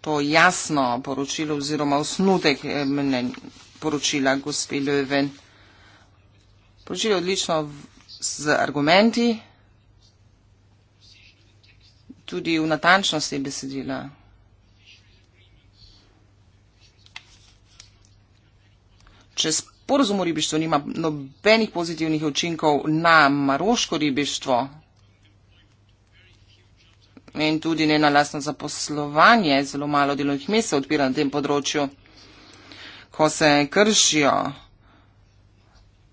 B: to jasno poročilo oziroma osnutek eh, mnen, poročila gospe Löwen. Poročilo odlično z argumenti, tudi v natančnosti besedila. Če sporozum o ribištvu nima nobenih pozitivnih učinkov na maroško ribištvo, in tudi ne na lastno zaposlovanje, zelo malo delovnih mest se odpira na tem področju, ko se kršijo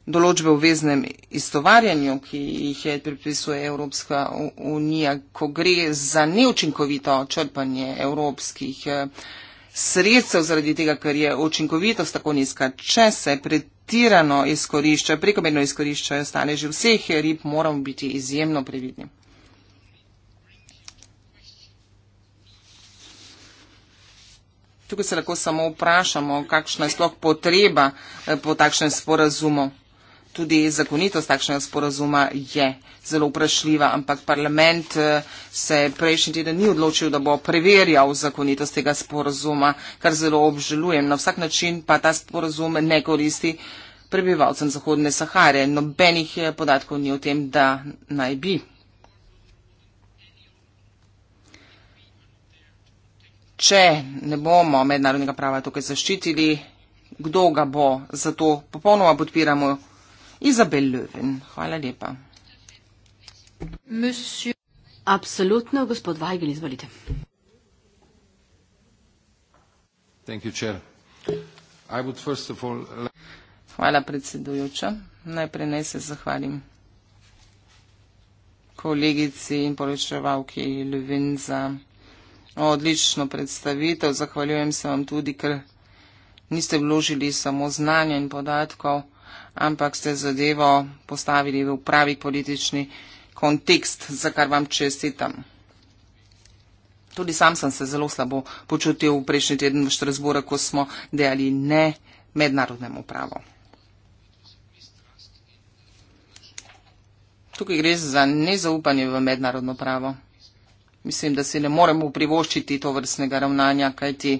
B: določbe v veznem istovarjanju, ki jih je pripisuje Evropska unija, ko gre za neučinkovito črpanje evropskih eh, sredstev zaradi tega, ker je učinkovitost tako nizka, če se pretirano izkorišča, prekomerno izkorišča ostane že vseh rib, moramo biti izjemno previdni. Tukaj se lahko samo vprašamo, kakšna je sploh potreba eh, po takšnem sporazumu. Tudi zakonitost takšnega sporazuma je zelo vprašljiva, ampak parlament eh, se prejšnji teden ni odločil, da bo preverjal zakonitost tega sporazuma, kar zelo obžalujem. Na vsak način pa ta sporazum ne koristi prebivalcem Zahodne Sahare. Nobenih eh, podatkov ni o tem, da naj bi. če ne bomo mednarodnega prava tukaj zaščitili, kdo ga bo. Zato popolnoma podpiramo Izabel Löwen. Hvala lepa.
A: Monsieur. Absolutno, gospod Vajgen, izvolite.
B: Uh, Hvala, predsedujoča. Najprej naj se zahvalim kolegici in poročevalki Ljubin za. No, odlično predstavitev, zahvaljujem se vam tudi, ker niste vložili samo znanja in podatkov, ampak ste zadevo postavili v pravi politični kontekst, za kar vam čestitam. Tudi sam sem se zelo slabo počutil v prejšnji teden v Štrasbore, ko smo dejali ne mednarodnemu pravu. Tukaj gre za nezaupanje v mednarodno pravo mislim, da si ne moremo privoščiti to vrstnega ravnanja, kaj ti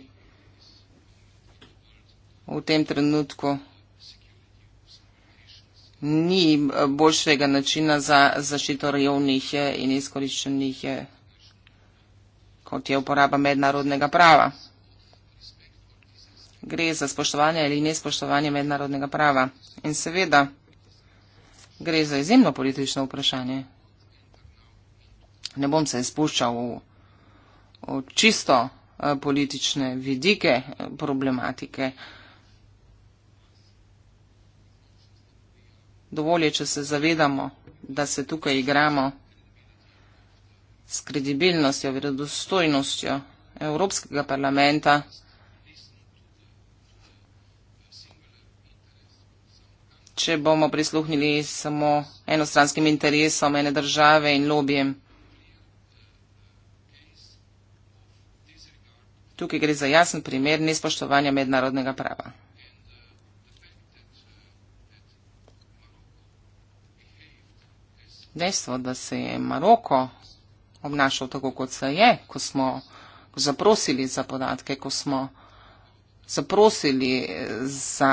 B: v tem trenutku ni boljšega načina za zaščito revnih in izkoriščenih, kot je uporaba mednarodnega prava. Gre za spoštovanje ali nespoštovanje mednarodnega prava. In seveda, gre za izjemno politično vprašanje ne bom se izpuščal v, v čisto eh, politične vidike eh, problematike. Dovolj je, če se zavedamo, da se tukaj igramo s kredibilnostjo, verodostojnostjo Evropskega parlamenta. Če bomo prisluhnili samo enostranskim interesom ene države in lobijem, Tukaj gre za jasen primer nespoštovanja mednarodnega prava. Dejstvo, da se je Maroko obnašal tako, kot se je, ko smo zaprosili za podatke, ko smo zaprosili za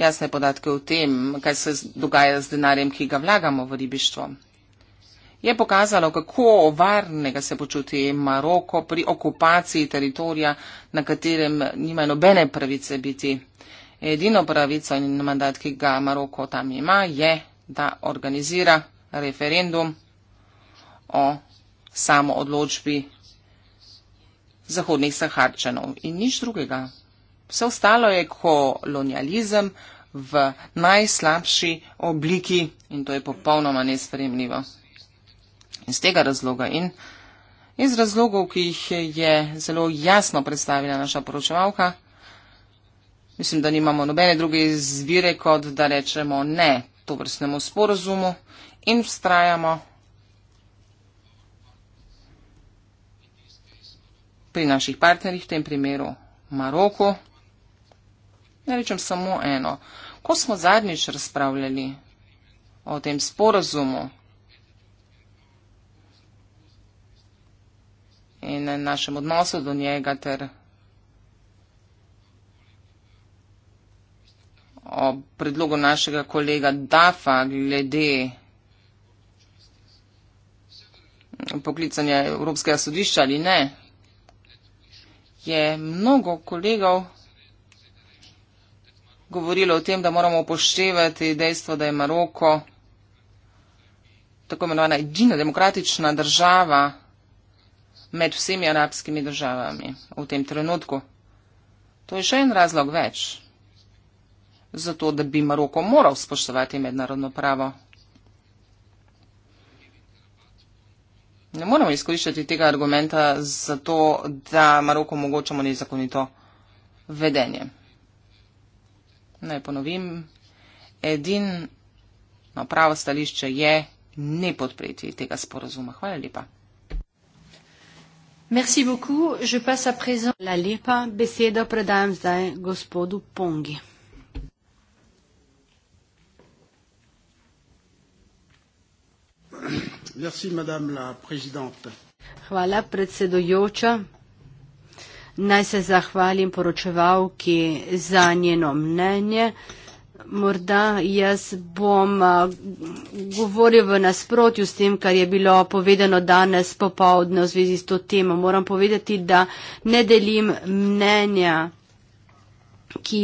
B: jasne podatke o tem, kaj se dogaja z denarjem, ki ga vlagamo v ribištvo je pokazalo, kako varnega se počuti Maroko pri okupaciji teritorija, na katerem nima nobene pravice biti. Edino pravico in mandat, ki ga Maroko tam ima, je, da organizira referendum o samo odločbi zahodnih saharčanov in nič drugega. Vse ostalo je kolonializem v najslabši obliki in to je popolnoma nespremljivo. Iz tega razloga in iz razlogov, ki jih je zelo jasno predstavila naša poročevalka, mislim, da nimamo nobene druge izbire, kot da rečemo ne to vrstnemu sporozumu in vztrajamo pri naših partnerjih, v tem primeru Maroku. Ne rečem samo eno. Ko smo zadnjič razpravljali o tem sporozumu, in našem odnosu do njega ter o predlogu našega kolega Dafa glede poklicanja Evropskega sodišča ali ne, je mnogo kolegov govorilo o tem, da moramo upoštevati dejstvo, da je Maroko tako imenovana edina demokratična država, med vsemi arabskimi državami v tem trenutku. To je še en razlog več, zato da bi Maroko moral spoštovati mednarodno pravo. Ne moremo izkoriščati tega argumenta zato, da Maroko omogočamo nezakonito vedenje. Naj ponovim, edino pravo stališče je ne podpreti tega sporozuma. Hvala lepa.
A: Merci beaucoup. Je passe à présent la lepa besedo predajam zdaj gospodu Pongi. Merci madame la présidente. Hvala predsedujoča. Naj se zahvalim poročevalki za njeno mnenje. Uh, Morda jaz bom govoril v nasprotju s tem, kar je bilo povedano danes popovdne v zvezi s to temo. Moram povedati, da ne delim mnenja, ki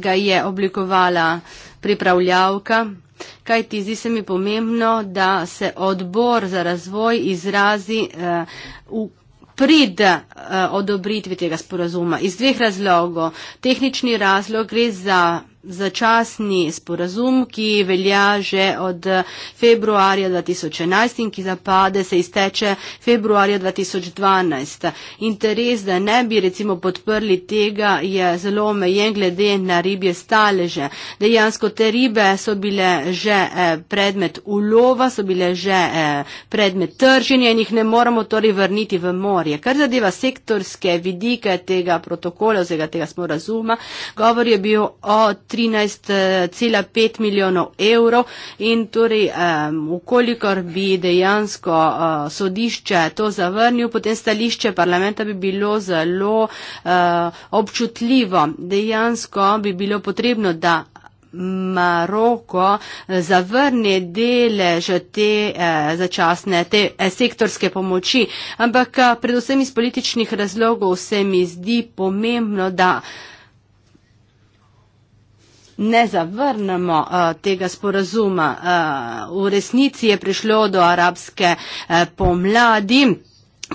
A: ga je oblikovala pripravljavka, kaj ti zdi se mi pomembno, da se odbor za razvoj izrazi v prid odobritvi tega sporazuma. Iz dveh razlogov. Tehnični razlog gre za začasni sporazum, ki velja že od februarja 2011 in ki zapade, se izteče februarja 2012. Interes, da ne bi recimo podprli tega, je zelo omejen glede na ribje staleže. Dejansko te ribe so bile že eh, predmet ulova, so bile že eh, predmet trženja in jih ne moramo torej vrniti v morje. Kar zadeva sektorske vidike tega protokola, vsega tega sporazuma, govor je bil o 13,5 eh, milijonov evrov in torej, um, ukolikor bi dejansko uh, sodišče to zavrnil, potem stališče parlamenta bi bilo zelo uh, občutljivo. Dejansko bi bilo potrebno, da. Maroko zavrne delež te eh, začasne, te eh, sektorske pomoči. Ampak predvsem iz političnih razlogov se mi zdi pomembno, da eh, ne zavrnemo uh, tega sporazuma. Uh, v resnici je prišlo do arabske uh, pomladi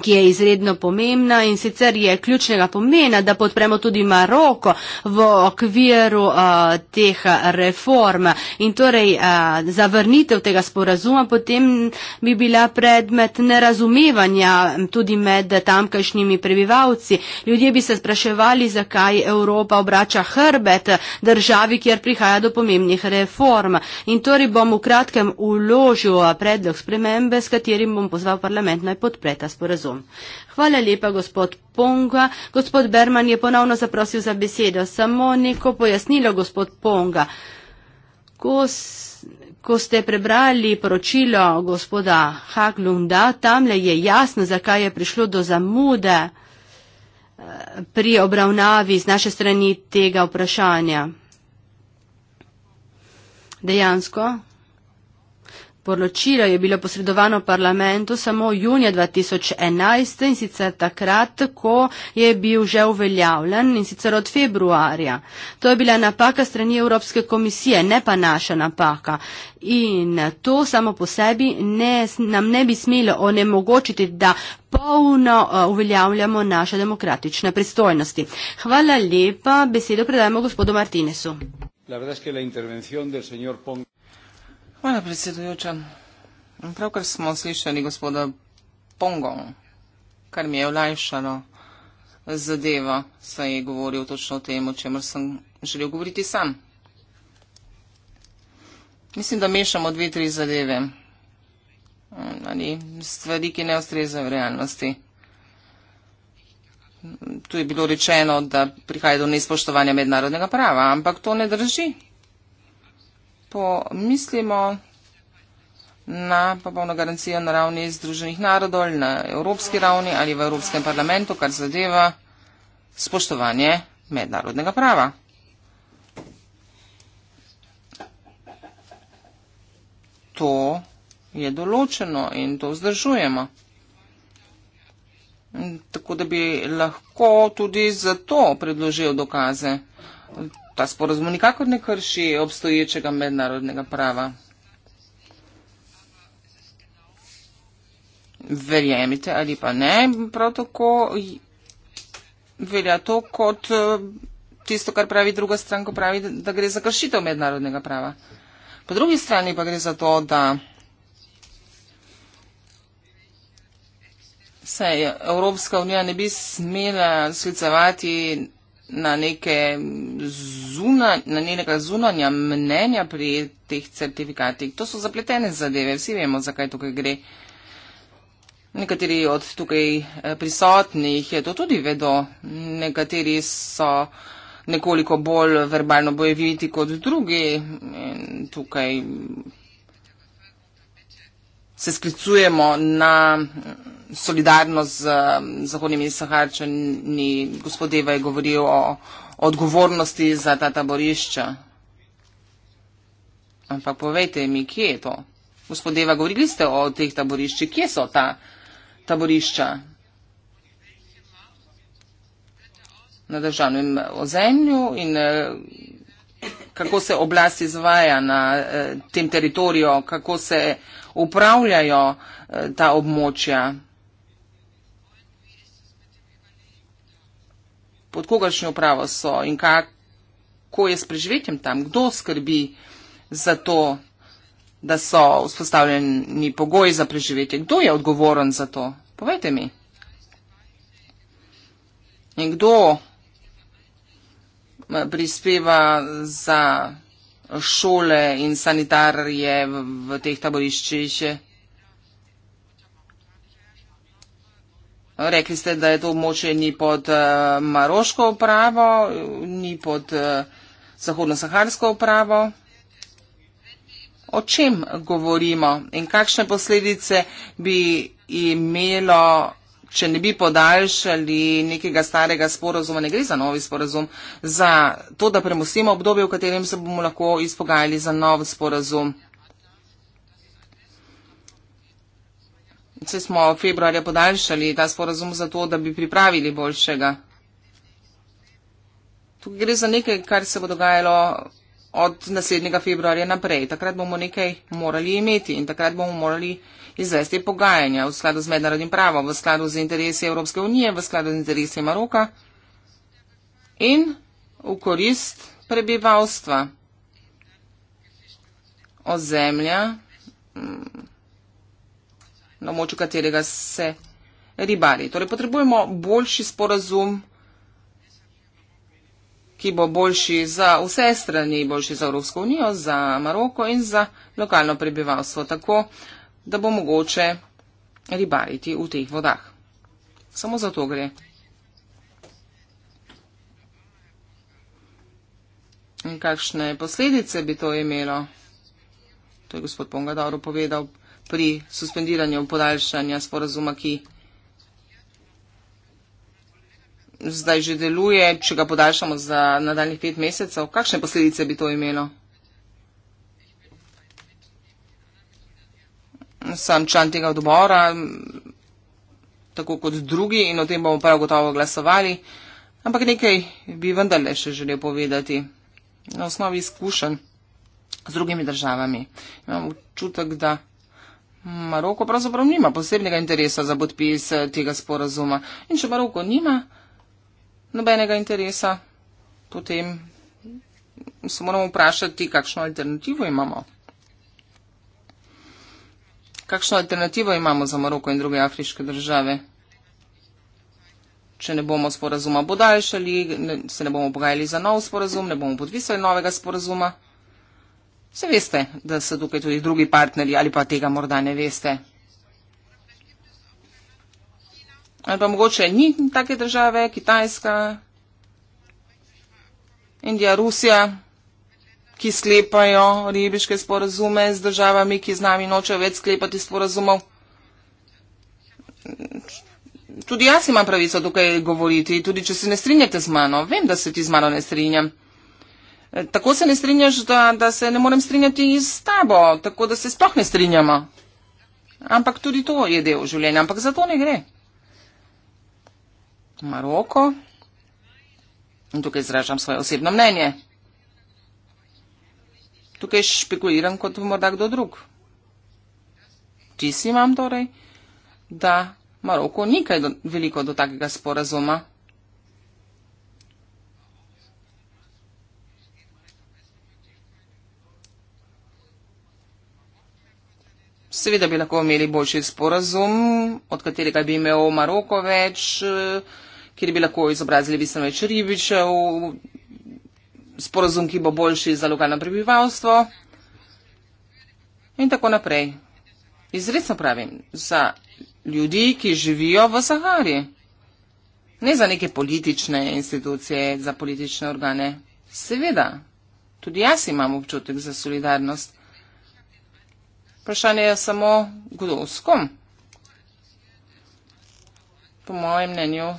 A: ki je izredno pomembna in sicer je ključnega pomena, da podpremo tudi Maroko v okviru uh, teh reform in torej uh, zavrnitev tega sporazuma potem bi bila predmet nerazumevanja tudi med tamkajšnjimi prebivalci. Ljudje bi se spraševali, zakaj Evropa obrača hrbet državi, kjer prihaja do pomembnih reform. In torej bom v kratkem uložil uh, predlog spremembe, s katerim bom pozval parlament naj podpreta sporazum izvozu. Hvala lepa, gospod Ponga. Gospod Berman je ponovno zaprosil za besedo. Samo neko pojasnilo, gospod Ponga. Ko, ko ste prebrali poročilo gospoda Haglunda, tamle je jasno, zakaj je prišlo do zamude eh, pri obravnavi z naše strani tega vprašanja. Dejansko. Poročilo je bilo posredovano parlamentu samo junija 2011 in sicer takrat, ko je bil že uveljavljen in sicer od februarja. To je bila napaka strani Evropske komisije, ne pa naša napaka. In to samo po sebi ne, nam ne bi smelo onemogočiti, da polno eh, uveljavljamo naše demokratične pristojnosti. Hvala lepa, besedo predajamo gospodu Martinesu. La verdad es que la intervención del señor Pong... Hvala,
B: predsedujoča. Pravkar smo slišali gospoda Pongo, kar mi je olajšalo zadeva, saj je govoril točno o tem, o čemer sem želel govoriti sam. Mislim, da mešamo dve, tri zadeve. Ali stvari, ki ne ustrezajo realnosti. Tu je bilo rečeno, da prihaja do nespoštovanja mednarodnega prava, ampak to ne drži lepo mislimo na popolno garancijo na ravni Združenih narodov ali na evropski ravni ali v Evropskem parlamentu, kar zadeva spoštovanje mednarodnega prava. To je določeno in to vzdržujemo. Tako da bi lahko tudi za to predložil dokaze ta sporozum nikakor ne krši obstoječega mednarodnega prava. Verjemite ali pa ne, prav tako velja to kot eh, tisto, kar pravi druga stran, ko pravi, da gre za kršitev mednarodnega prava. Po drugi strani pa gre za to, da se Evropska unija ne bi smela sklicevati na neke zuna, na zunanja mnenja pri teh certifikatih. To so zapletene zadeve, vsi vemo, zakaj tukaj gre. Nekateri od tukaj eh, prisotnih je eh, to tudi vedo, nekateri so nekoliko bolj verbalno bojeviti kot drugi. In tukaj se sklicujemo na solidarnost z um, Zahodnim in Saharčani, gospod Deva je govoril o odgovornosti za ta taborišča. Ampak povejte mi, kje je to? Gospod Deva, govorili ste o teh taboriščih, kje so ta taborišča? Na državnem ozemlju in eh, kako se oblast izvaja na eh, tem teritoriju, kako se upravljajo eh, ta območja. pod kogaršnjo upravo so in kako je s preživetjem tam, kdo skrbi za to, da so vzpostavljeni pogoji za preživetje, kdo je odgovoren za to, povejte mi. In kdo eh, prispeva za šole in sanitarje v, v teh taboriščih? Rekli ste, da je to območje ni pod uh, Maroško upravo, ni pod uh, Zahodno-Saharsko upravo. O čem govorimo in kakšne posledice bi imelo, če ne bi podaljšali nekega starega sporozuma, ne gre za novi sporozum, za to, da premusimo obdobje, v katerem se bomo lahko izpogajali za nov sporozum. Vse smo februarja podaljšali ta sporazum za to, da bi pripravili boljšega. Tukaj gre za nekaj, kar se bo dogajalo od naslednjega februarja naprej. Takrat bomo nekaj morali imeti in takrat bomo morali izvesti pogajanja v skladu z mednarodnim pravom, v skladu z interesi Evropske unije, v skladu z interesi Maroka in v korist prebivalstva ozemlja. Hmm na območju katerega se ribari. Torej potrebujemo boljši sporazum, ki bo boljši za vse strani, boljši za Evropsko unijo, za Maroko in za lokalno prebivalstvo, tako da bo mogoče ribariti v teh vodah. Samo za to gre. In kakšne posledice bi to imelo? To je gospod Pongadoro povedal pri suspendiranju podaljšanja sporazuma, ki zdaj že deluje, če ga podaljšamo za nadaljnih pet mesecev. Kakšne posledice bi to imelo? Sam član tega odbora, tako kot drugi, in o tem bomo prav gotovo glasovali. Ampak nekaj bi vendarle še želel povedati. Na osnovi izkušenj z drugimi državami imamo občutek, da Maroko pravzaprav nima posebnega interesa za podpis eh, tega sporazuma. In če Maroko nima nobenega interesa, potem se moramo vprašati, kakšno alternativo imamo. Kakšno alternativo imamo za Maroko in druge afriške države? Če ne bomo sporazuma podaljšali, se ne bomo pogajali za nov sporazum, ne bomo podpisali novega sporazuma. Se veste, da so tukaj tudi drugi partnerji ali pa tega morda ne veste. Ali pa mogoče ni take države, Kitajska, Indija, Rusija, ki sklepajo ribiške sporazume z državami, ki z nami nočejo več sklepati sporazumov. Tudi jaz imam pravico tukaj govoriti, tudi če se ne strinjate z mano. Vem, da se ti z mano ne strinjam. E, tako se ne strinjaš, da, da se ne morem strinjati s tabo, tako da se sploh ne strinjamo. Ampak tudi to je del življenja, ampak za to ne gre. Maroko. In tukaj izražam svoje osebno mnenje. Tukaj špekuliram kot morda kdo drug. Tisi imam torej, da Maroko ni kaj do, veliko do takega sporazuma. Seveda bi lahko imeli boljši sporazum, od katerega bi imel Maroko več, eh, kjer bi lahko izobrazili bistveno več ribičev, sporazum, ki bo boljši za lokalno prebivalstvo in tako naprej. Izredno pravim, za ljudi, ki živijo v Sahari. Ne za neke politične institucije, za politične organe. Seveda, tudi jaz imam občutek za solidarnost. Vprašanje je samo, kdo s kom. Po mojem mnenju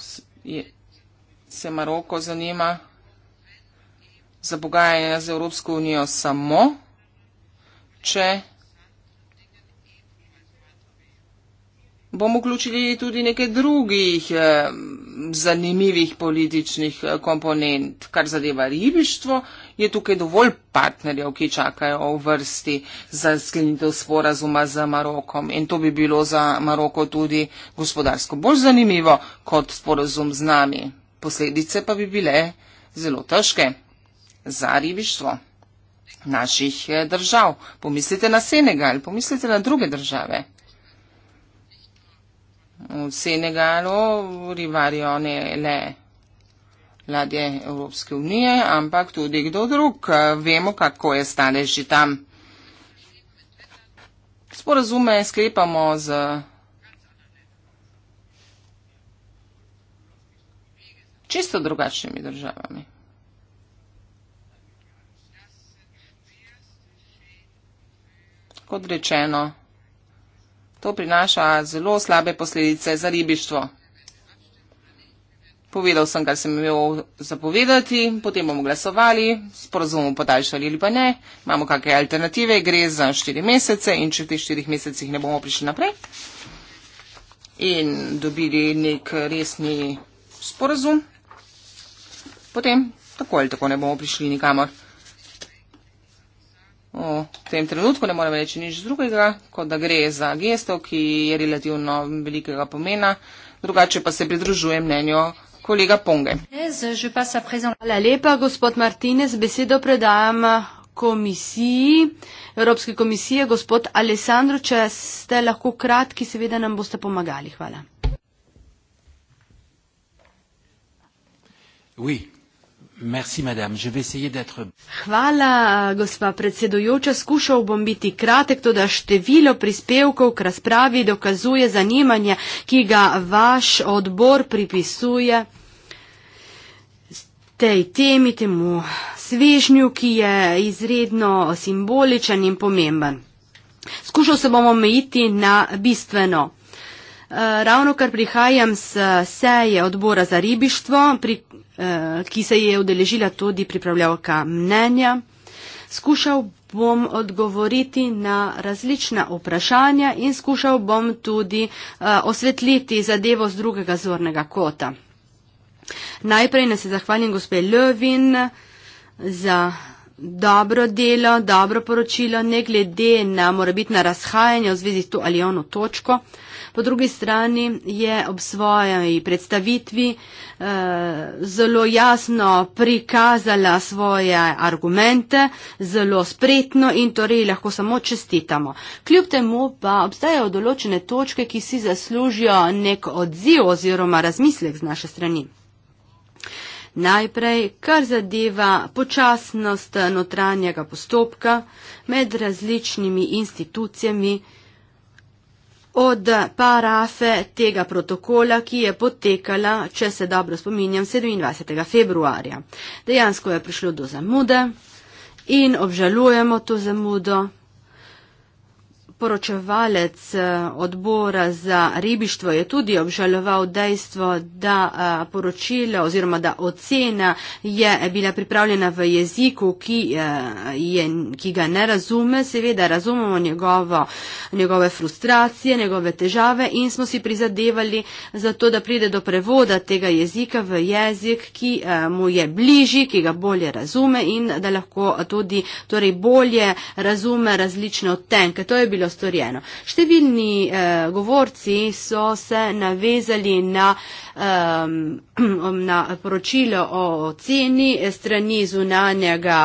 B: se Maroko zanima za pogajanje z Evropsko unijo samo, če bom vključili tudi nekaj drugih eh, zanimivih političnih eh, komponent. Kar zadeva ribištvo, je tukaj dovolj partnerjev, ki čakajo v vrsti za sklenitev sporazuma z Marokom. In to bi bilo za Maroko tudi gospodarsko bolj zanimivo kot sporazum z nami. Posledice pa bi bile zelo težke za ribištvo naših eh, držav. Pomislite na Senegal, pomislite na druge države. V Senegalu ribarijo ne le ladje Evropske unije, ampak tudi kdo drug. Vemo, kako je stane že tam. Sporazume sklepamo z čisto drugačnimi državami. Kot rečeno, To prinaša zelo slabe posledice za ribištvo. Povedal sem, kar sem imel zapovedati, potem bomo glasovali, sporozumu podaljšali ali pa ne. Imamo kakšne alternative, gre za štiri mesece in če v teh štirih mesecih ne bomo prišli naprej in dobili nek resni sporozum, potem tako ali tako ne bomo prišli nikamor v tem trenutku, ne morem reči nič drugega, kot da gre za gesto, ki je relativno velikega pomena. Drugače pa se pridružujem mnenju kolega Ponge.
A: Hvala lepa, gospod Martinez. Besedo predajam eh, komisiji, Evropske komisije. Gospod Alessandro, če ste lahko kratki, seveda nam boste pomagali. Hvala. Merci, Je vais être... Hvala, gospa predsedujoča. Skušal bom biti kratek, to da število prispevkov k razpravi dokazuje zanimanje, ki ga vaš odbor pripisuje tej temi, temu svežnju, ki je izredno simboličen in pomemben. Skušal se bomo omejiti na bistveno. Eh, ravno kar prihajam s seje odbora za ribištvo, pri Eh, ki se je udeležila tudi pripravljavka mnenja. Skušal bom odgovoriti na različna vprašanja in skušal bom tudi eh, osvetliti zadevo z drugega zornega kota. Najprej ne se zahvalim gospe Lövin za dobro delo, dobro poročilo, ne glede na morebitna razhajanja v zvezi s to ali ono točko. Uh, Po drugi strani je ob svoji predstavitvi eh, zelo jasno prikazala svoje argumente, zelo spretno in torej lahko samo čestitamo. Kljub temu pa obstajajo določene točke, ki si zaslužijo nek odziv oziroma razmislek z naše strani. Najprej, kar zadeva počasnost notranjega postopka med različnimi institucijami, od parafe tega protokola, ki je potekala, če se dobro spominjam, 27. februarja. Dejansko je prišlo do zamude in obžalujemo to zamudo poročevalec eh, odbora za ribištvo je tudi obžaloval dejstvo, da eh, poročilo oziroma da ocena je eh, bila pripravljena v jeziku, ki, je, ki ga ne razume. Seveda razumemo njegovo, njegove frustracije, njegove težave in smo si prizadevali za to, da pride do prevoda tega jezika v jezik, ki mu je bližji, ki ga bolje razume in da lahko tudi torej bolje razume različne odtenke. To je bilo bilo storjeno. Številni eh, govorci so se navezali na eh, um, na poročilo o ceni strani zunanjega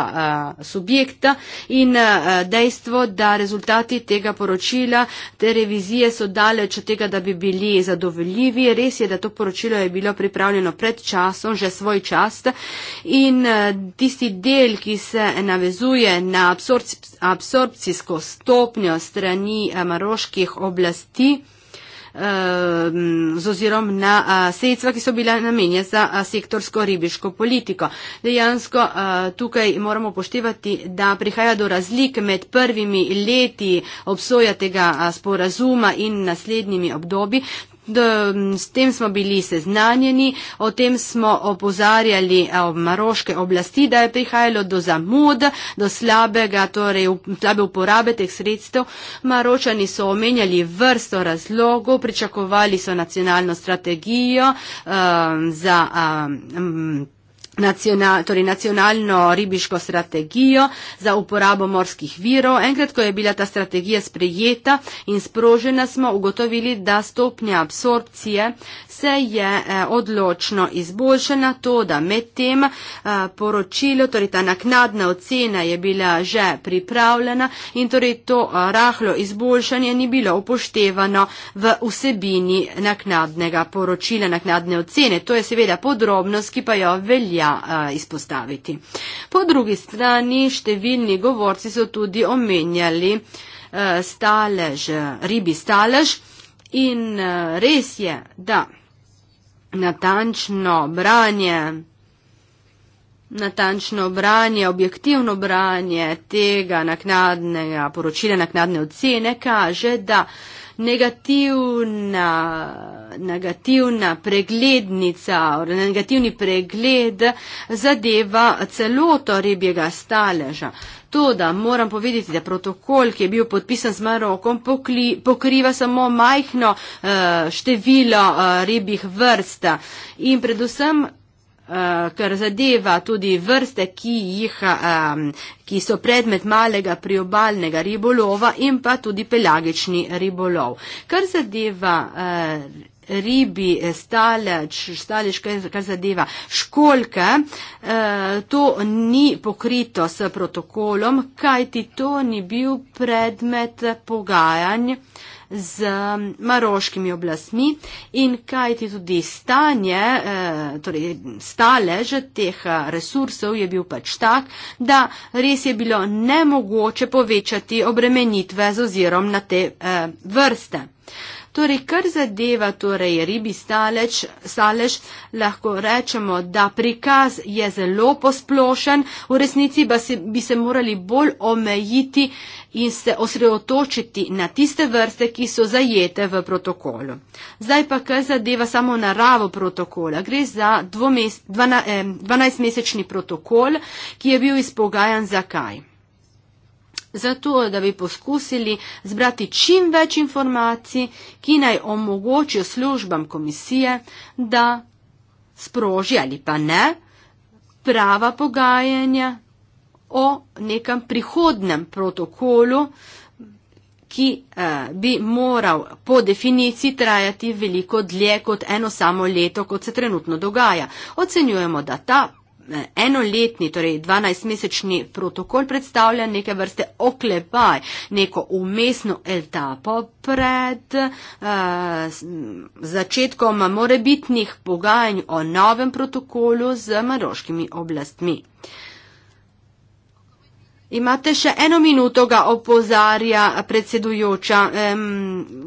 A: uh, subjekta in uh, dejstvo, da rezultati tega poročila, te revizije so daleč od tega, da bi bili zadovoljivi. Res je, da to poročilo je bilo pripravljeno pred časom, že svoj čas in uh, tisti del, ki se navezuje na absorpcijsko stopnjo strani uh, maroških oblasti, Ehm, z ozirom na sredstva, ki so bila namenjena za sektorsko ribiško politiko. Dejansko tukaj moramo poštevati, da prihaja do razlik med prvimi leti obsoja tega sporazuma in naslednjimi obdobji s tem smo bili seznanjeni, o tem smo opozarjali eh, maroške oblasti, da je prihajalo do zamud, do slabega, torej slabe uporabe teh sredstev. Maročani so omenjali vrsto razlogov, pričakovali so nacionalno strategijo um, za. Um, nacional, torej nacionalno ribiško strategijo za uporabo morskih virov. Enkrat, ko je bila ta strategija sprejeta in sprožena, smo ugotovili, da stopnja absorpcije se je eh, odločno izboljšana, to da med tem eh, poročilo, torej ta naknadna ocena je bila že pripravljena in torej to eh, rahlo izboljšanje ni bilo upoštevano v vsebini naknadnega poročila, naknadne ocene. To je seveda podrobnost, ki pa jo velja izpostaviti. Po drugi strani številni govorci so tudi omenjali stalež, ribi stalež. In res je, da natančno branje, natančno branje, objektivno branje tega naknadnega poročila, naknadne ocene kaže, da negativna, negativna preglednica, negativni pregled zadeva celoto ribjega staleža to, da moram povedati, da protokol, ki je bil podpisan z Marokom, pokli, pokriva samo majhno uh, število uh, ribjih vrst in predvsem eh, kar zadeva tudi vrste, ki, jih, um, ki so predmet malega priobalnega ribolova in pa tudi pelagični ribolov. Kar zadeva uh, ribi, staleč, staleč, kar zadeva školjke, eh, to ni pokrito s protokolom, kajti to ni bil predmet pogajanj z maroškimi oblastmi in kajti tudi stanje, eh, torej stalež teh resursov je bil pač tak, da res je bilo nemogoče povečati obremenitve z ozirom na te eh, vrste. Torej, kar zadeva torej ribi stalež, stalež, lahko rečemo, da prikaz je zelo posplošen, v resnici pa si, bi se morali bolj omejiti in se osredotočiti na tiste vrste, ki so zajete v protokolu. Zdaj pa, kar zadeva samo naravo protokola, gre za 12-mesečni eh, protokol, ki je bil izpogajan zakaj zato, da bi poskusili zbrati čim več informacij, ki naj omogočijo službam komisije, da sproži ali pa ne prava pogajanja o nekem prihodnem protokolu, ki eh, bi moral po definiciji trajati veliko dlje kot eno samo leto, kot se trenutno dogaja. Ocenjujemo, da ta Eh, enoletni, torej 12-mesečni protokol predstavlja neke vrste oklepaj, neko umestno etapo pred eh, začetkom morebitnih pogajanj o novem protokolu z maroškimi oblastmi. Imate še eno minuto, ga opozarja predsedujoča. Um,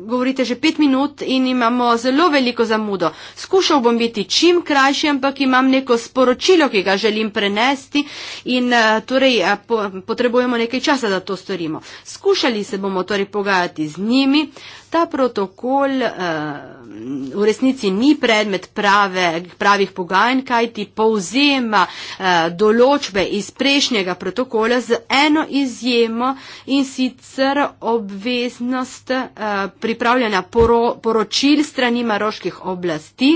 A: govorite že pet minut in imamo zelo veliko zamudo. Skušal bom biti čim krajši, ampak imam neko sporočilo, ki ga želim prenesti in uh, torej uh, po, potrebujemo nekaj časa, da to storimo. Skušali se bomo torej pogajati z njimi. Ta protokol. Uh, v resnici ni predmet prave, pravih pogajanj, kajti povzema eh, določbe iz prejšnjega protokola z eno izjemo in sicer obveznost eh, pripravljanja poro, poročil strani maroških oblasti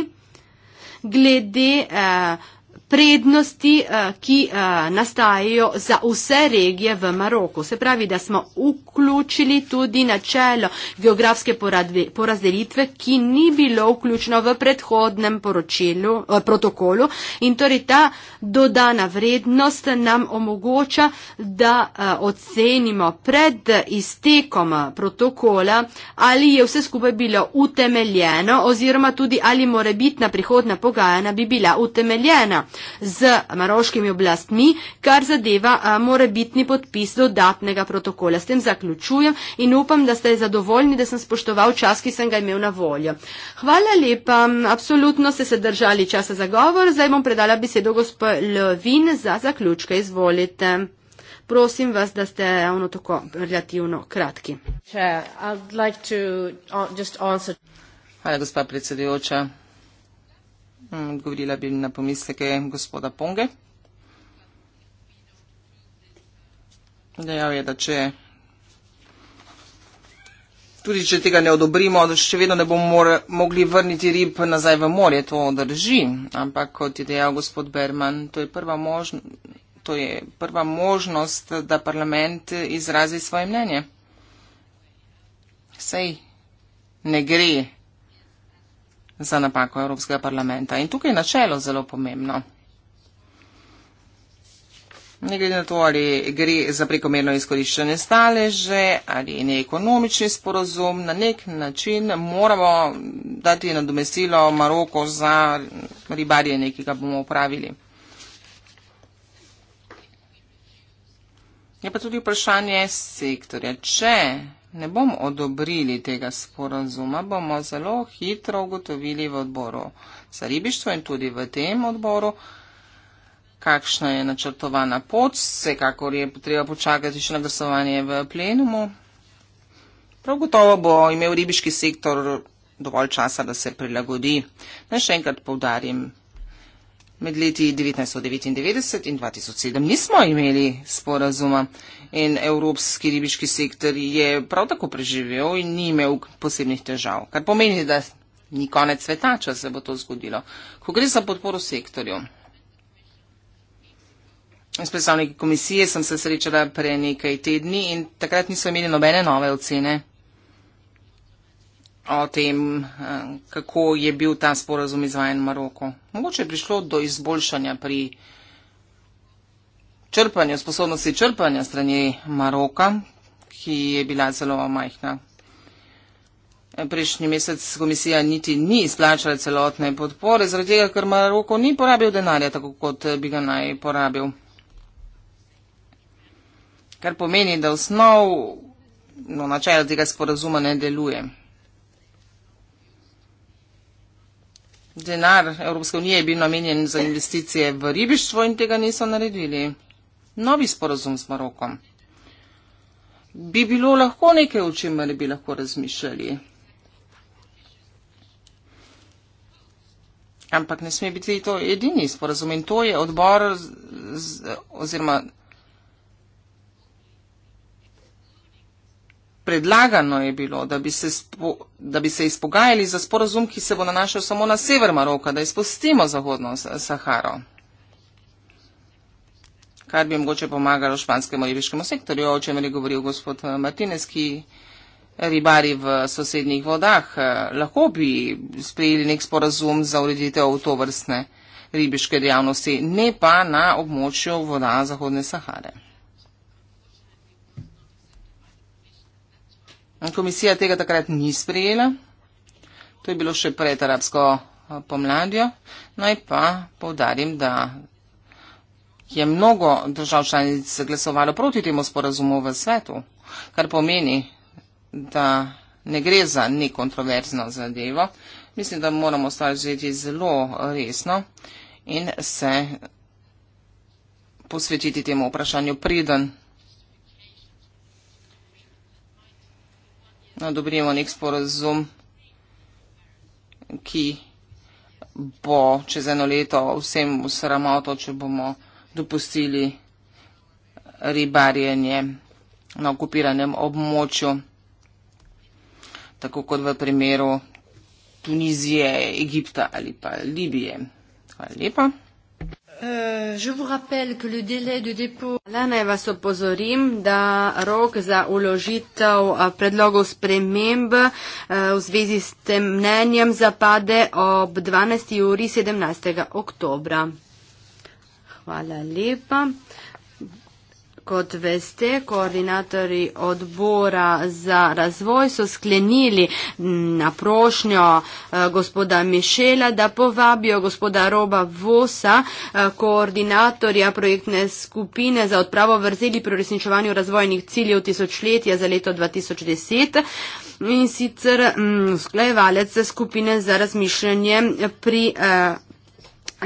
A: glede eh, prednosti, eh, ki eh, nastajajo za vse regije v Maroku. Se pravi, da smo vključili tudi načelo geografske porazdelitve, ki ni bilo vključeno v predhodnem poročilu, eh, protokolu in torej ta dodana vrednost nam omogoča, da ocenimo pred iztekom protokola, ali je vse skupaj bilo utemeljeno oziroma tudi ali more bitna prihodna pogajana bi bila utemeljena z maroškimi oblastmi, kar zadeva more biti podpis dodatnega protokola. S tem zaključujem in upam, da ste zadovoljni, da sem spoštoval čas, ki sem ga imel na voljo. Hvala lepa, absolutno ste se držali časa za govor. Zdaj bom predala besedo gospod Levin za zaključke. Izvolite. Prosim vas, da ste ravno tako relativno kratki.
B: Uh, Hvala, gospa predsedujoča. Mm, odgovorila bi na pomisleke gospoda Ponge. Dejal je, da če tudi če tega ne odobrimo, da še vedno ne bomo mogli vrniti rib nazaj v morje, to drži. Ampak kot je dejal gospod Berman, to je prva, možno, to je prva možnost, da parlament izrazi svoje mnenje. Sej ne gre za napako Evropskega parlamenta. In tukaj je načelo zelo pomembno. Ne glede na to, ali gre za prekomerno izkoriščanje staleže ali neekonomični sporozum, na nek način moramo dati nadomestilo Maroko za ribarjenje, ki ga bomo upravili. Je pa tudi vprašanje sektorja. Če ne bom odobrili tega sporazuma, bomo zelo hitro ugotovili v odboru za ribištvo in tudi v tem odboru, kakšna je načrtovana pot, vsekakor je potreba počakati še na glasovanje v plenumu. Prav gotovo bo imel ribiški sektor dovolj časa, da se prilagodi. Naj še enkrat povdarim, med leti 1999 in 2007 nismo imeli sporazuma in Evropski ribiški sektor je prav tako preživel in ni imel posebnih težav, kar pomeni, da ni konec sveta, če se bo to zgodilo. Ko gre za podporo sektorju. S predstavniki komisije sem se srečala pre nekaj tedni in takrat niso imeli nobene nove ocene o tem, eh, kako je bil ta sporazum izvajen v Maroku. Mogoče je prišlo do izboljšanja pri črpanju, sposobnosti črpanja strani Maroka, ki je bila zelo majhna. Prejšnji mesec komisija niti ni izplačala celotne podpore, zaradi tega, ker Maroko ni porabil denarja tako, kot eh, bi ga naj porabil. Kar pomeni, da osnov, no, načelo tega sporazuma ne deluje. denar Evropske unije je bil namenjen za investicije v ribištvo in tega niso naredili. Novi sporozum s Marokom. Bi bilo lahko nekaj, o čemer bi lahko razmišljali. Ampak ne sme biti to edini sporozum in to je odbor z, oziroma. Predlagano je bilo, da bi, se spo, da bi se izpogajali za sporazum, ki se bo nanašal samo na sever Maroka, da izpustimo Zahodno Saharo, kar bi mogoče pomagalo španskemu ribiškemu sektorju, o čemer je govoril gospod Martinez, ki ribari v sosednjih vodah. Lahko bi sprejeli nek sporazum za ureditev to vrstne ribiške dejavnosti, ne pa na območju voda Zahodne Sahare. Komisija tega takrat ni sprejela, to je bilo še pred arabsko pomladjo. Naj pa povdarim, da je mnogo držav članic glasovalo proti temu sporazumu v svetu, kar pomeni, da ne gre za nekontroverzno zadevo. Mislim, da moramo stvar vzeti zelo resno in se posvetiti temu vprašanju pridan. dobrimo nek sporazum, ki bo čez eno leto vsem sramoto, če bomo dopustili ribarjenje na okupiranem območju, tako kot v primeru Tunizije, Egipta ali pa Libije. Hvala lepa.
A: Euh, je vous rappelle que le délai de dépôt là naj vas opozorim da rok za uložitev eh, predlogov sprememb eh, v zvezi s tem mnenjem zapade ob 12. uri 17. oktobra. Hvala lepa kot veste, koordinatori odbora za razvoj so sklenili na prošnjo eh, gospoda Mišela, da povabijo gospoda Roba Vosa, eh, koordinatorja projektne skupine za odpravo vrzeli pri uresničevanju razvojnih ciljev tisočletja za leto 2010. In sicer mm, sklajevalec skupine za razmišljanje pri eh,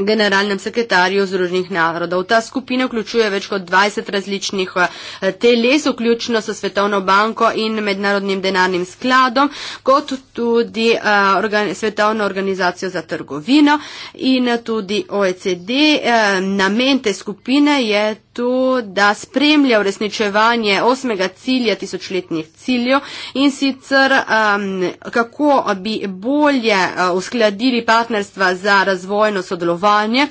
A: generalnem sekretarju Združenih narodov. Ta skupina vključuje več kot 20 različnih eh, teles, vključno s Svetovno banko in Mednarodnim denarnim skladom, kot tudi eh, organ Svetovno organizacijo za trgovino in tudi OECD. Eh, namen te skupine je to, da spremlja uresničevanje osmega cilja tisočletnih ciljev in sicer um, kako bi bolje uh, uskladili uh, partnerstva za razvojno sodelovanje.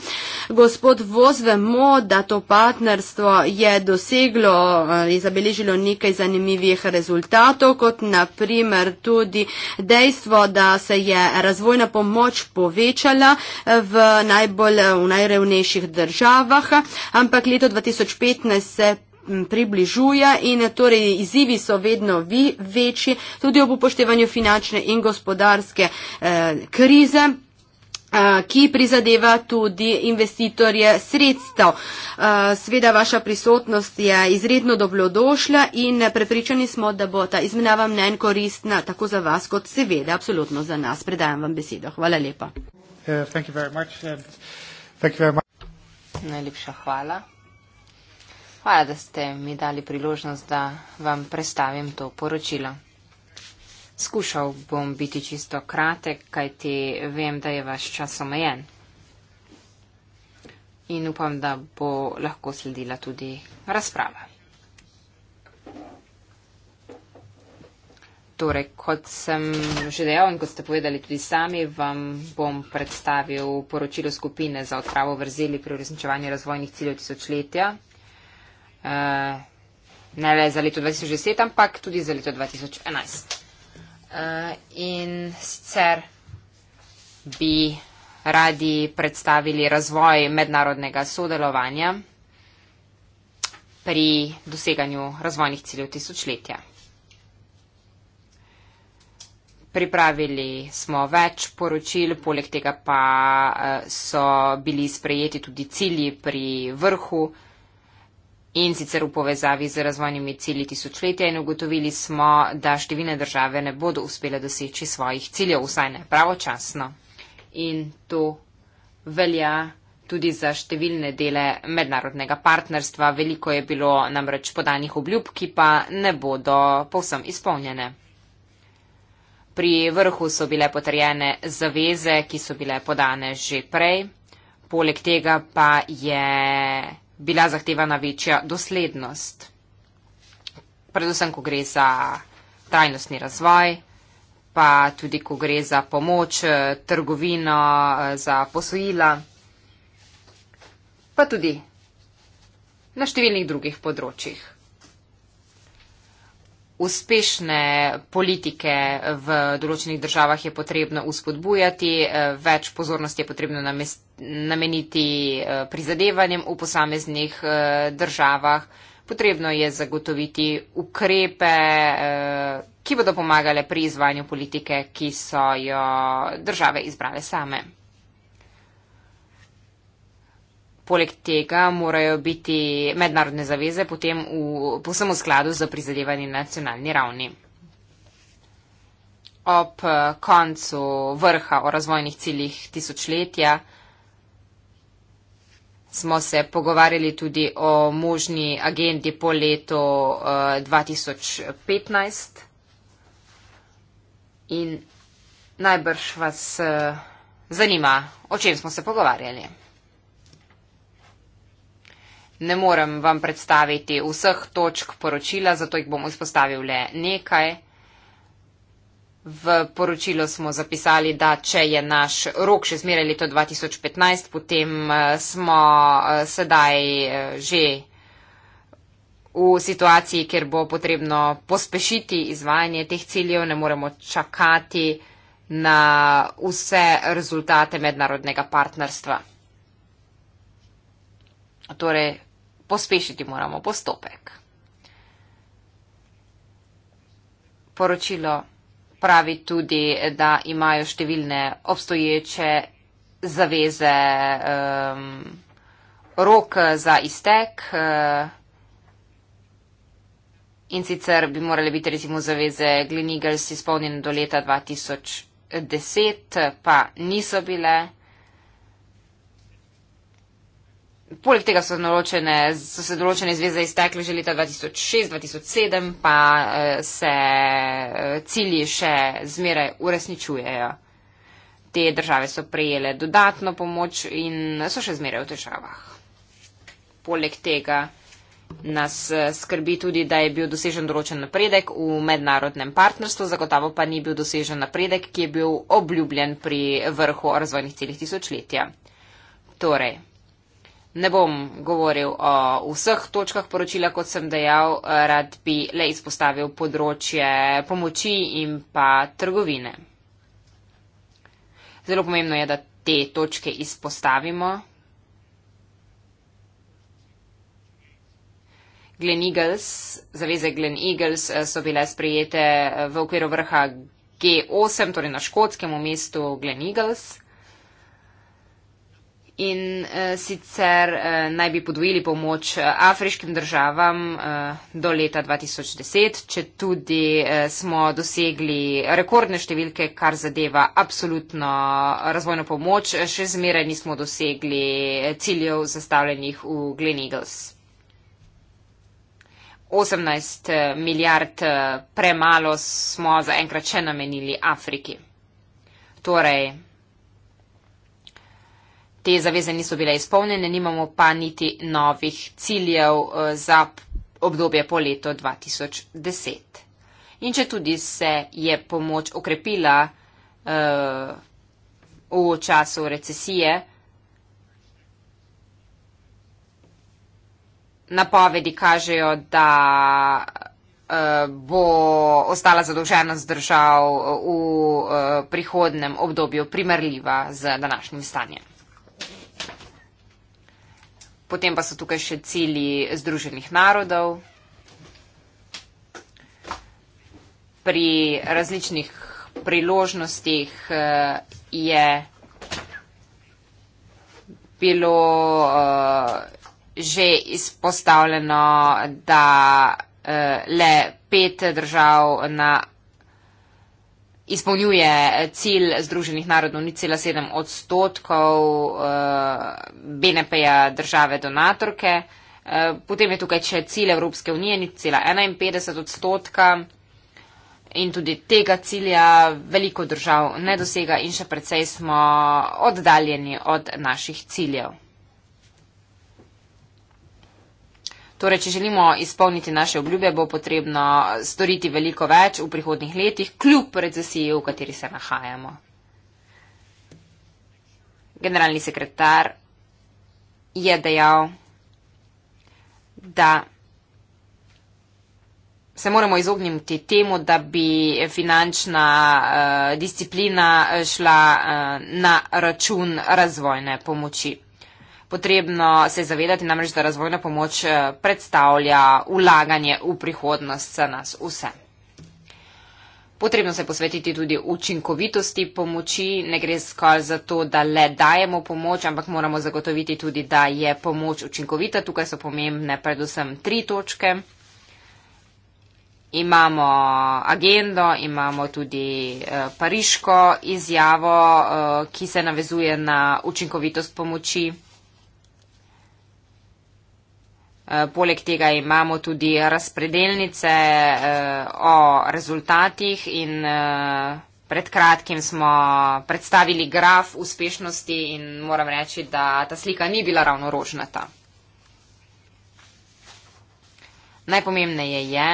A: Gospod Voz, vemo, da to partnerstvo je doseglo in uh, zabeležilo nekaj zanimivih rezultatov, kot naprimer tudi dejstvo, da se je razvojna pomoč povečala uh, v najbolj v najrevnejših državah, ampak leto 2020 2015 se približuje in torej izzivi so vedno vi večji, tudi ob upoštevanju finančne in gospodarske eh, krize eh, ki prizadeva tudi investitorje sredstev. Eh, Sveda vaša prisotnost je izredno dobrodošla in prepričani smo, da bo ta izmenjava mnen koristna tako za vas, kot seveda absolutno za nas. Predajam vam besedo. Hvala lepa.
C: Uh, uh, Najlepša hvala. Hvala, da ste mi dali priložnost, da vam predstavim to poročilo. Skušal bom biti čisto kratek, kajti vem, da je vaš čas omejen. In upam, da bo lahko sledila tudi razprava. Torej, kot sem že dejal in kot ste povedali tudi sami, vam bom predstavil poročilo skupine za odpravo vrzeli pri uresničevanju razvojnih ciljev tisočletja, Eh, ne le za leto 2010, ampak tudi za leto 2011. Eh, in sicer bi radi predstavili razvoj mednarodnega sodelovanja pri doseganju razvojnih ciljev tisočletja. Pripravili smo več poročil, poleg tega pa eh, so bili sprejeti tudi cilji pri vrhu uh, In sicer v povezavi z razvojnimi cilji tisočletja in ugotovili smo, da številne države ne bodo uspele doseči svojih ciljev, vsaj ne pravočasno. In to velja tudi za številne dele mednarodnega partnerstva. Veliko je bilo namreč podanih obljub, ki pa ne bodo povsem izpolnjene. Pri vrhu so bile potrjene zaveze, ki so bile podane že prej. Poleg tega pa je bila zahtevana večja doslednost. Predvsem, ko gre za trajnostni razvoj, pa tudi, ko gre za pomoč, eh, trgovino, eh, za posojila, pa tudi na številnih drugih področjih uspešne politike v določenih državah je potrebno uspodbujati, eh, več pozornosti je potrebno nameniti eh, prizadevanjem v posameznih eh, državah. Potrebno je zagotoviti ukrepe, ki bodo pomagale pri izvajanju politike, ki so jo države izbrale same. Poleg tega morajo biti mednarodne zaveze potem v posem v skladu za prizadevanje na nacionalni ravni. Ob eh, koncu vrha o razvojnih ciljih tisočletja smo se pogovarjali tudi o možni agendi po letu 2015 eh, in najbrž vas eh, zanima, o čem smo se pogovarjali ne morem vam predstaviti vseh točk poročila, zato jih bom izpostavil le nekaj. V poročilu smo zapisali, da če je naš rok še zmeraj leto 2015, potem eh, smo eh, sedaj eh, že v situaciji, kjer bo potrebno pospešiti izvajanje teh ciljev, ne moremo čakati na vse rezultate mednarodnega partnerstva. Torej, pospešiti moramo postopek. Poročilo pravi tudi, da imajo številne obstoječe zaveze um, rok za iztek. Uh, In sicer bi morali biti recimo zaveze Glenigels izpolnjene do leta 2010, pa niso bile. Poleg tega so, naročene, so se določene zveze iztekle že leta 2006-2007, pa eh, se eh, cilji še zmeraj uresničujejo. Te države so prejele dodatno pomoč in so še zmeraj v težavah. Poleg tega nas eh, skrbi tudi, da je bil dosežen določen napredek v mednarodnem partnerstvu, zagotovo pa ni bil dosežen napredek, ki je bil obljubljen pri vrhu o razvojnih celih tisočletja. Torej, Ne bom govoril o vseh točkah poročila, kot sem dejal, rad bi le izpostavil področje pomoči in pa trgovine. Zelo pomembno je, da te točke izpostavimo. Glen Eagles, zaveze Glen Eagles eh, so bile sprejete eh, v okviru vrha G8, torej na škotskem mestu Glen Eagles. In uh, sicer uh, naj bi podvojili pomoč eh, afriškim državam uh, do leta 2010, če tudi uh, smo dosegli rekordne številke, kar zadeva absolutno razvojno pomoč, še zmeraj nismo dosegli ciljev zastavljenih v Glen Eagles. 18 milijard premalo smo zaenkrat še namenili Afriki. Torej, te zaveze niso bile izpolnjene, nimamo pa niti novih ciljev eh, za obdobje po leto 2010. In če tudi se je pomoč okrepila uh, v času recesije, napovedi kažejo, da uh, bo ostala zadolženost držav v uh, prihodnem obdobju primerljiva z današnjim stanjem. Potem pa so tukaj še cilji Združenih narodov. Pri različnih priložnostih eh, je bilo eh, že izpostavljeno, da eh, le pet držav na izpolnjuje eh, cilj Združenih narodov ni cela sedem odstotkov eh, BNP-ja države donatorke. Eh, potem je tukaj še cilj Evropske unije ni cela 51 odstotka in tudi tega cilja veliko držav ne dosega in še precej smo oddaljeni od naših ciljev. Torej, če želimo izpolniti naše obljube, bo potrebno storiti veliko več v prihodnih letih, kljub recesiji, v kateri se nahajamo. Generalni sekretar je dejal, da se moramo izogniti temu, da bi finančna uh, disciplina eh, šla uh, na račun razvojne pomoči. Potrebno se je zavedati namreč, da razvojna pomoč eh, predstavlja ulaganje v prihodnost za nas vse. Potrebno se posvetiti tudi učinkovitosti pomoči. Ne gre skoraj za to, da le dajemo pomoč, ampak moramo zagotoviti tudi, da je pomoč učinkovita. Tukaj so pomembne predvsem tri točke. Imamo agendo, imamo tudi eh, pariško izjavo, eh, ki se navezuje na učinkovitost pomoči. Eh, poleg tega imamo tudi razpredelnice eh, o rezultatih in eh, pred kratkim smo predstavili graf uspešnosti in moram reči, da ta slika ni bila ravno rožnata. Najpomembneje je,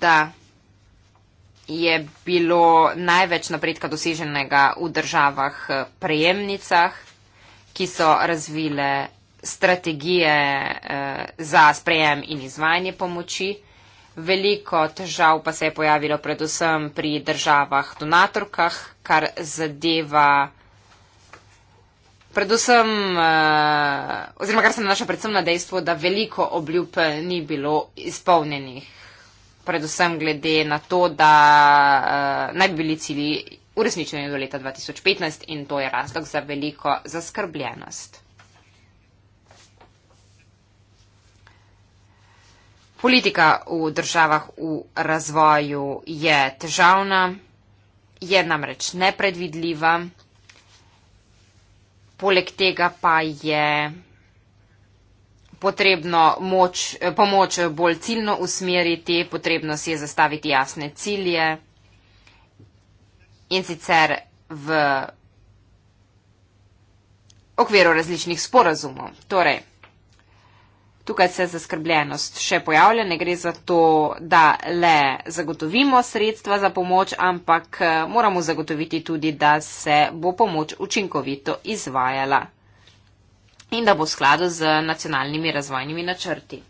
C: da je bilo največ napredka doseženega v državah prejemnicah ki so razvile strategije eh, za sprejem in izvajanje pomoči. Veliko težav pa se je pojavilo predvsem pri državah donatorkah, kar zadeva predvsem, eh, oziroma kar se nanaša predvsem na dejstvo, da veliko obljub ni bilo izpolnjenih. Predvsem glede na to, da eh, naj bi bili cili uresničene do leta 2015 in to je razlog za veliko zaskrbljenost. Politika v državah v razvoju je težavna, je namreč nepredvidljiva, poleg tega pa je potrebno moč, eh, pomoč bolj ciljno usmeriti, potrebno si je zastaviti jasne cilje in sicer v okviru različnih sporazumov. Torej, tukaj se zaskrbljenost še pojavlja, ne gre za to, da le zagotovimo sredstva za pomoč, ampak eh, moramo zagotoviti tudi, da se bo pomoč učinkovito izvajala in da bo v skladu z nacionalnimi razvojnimi načrti.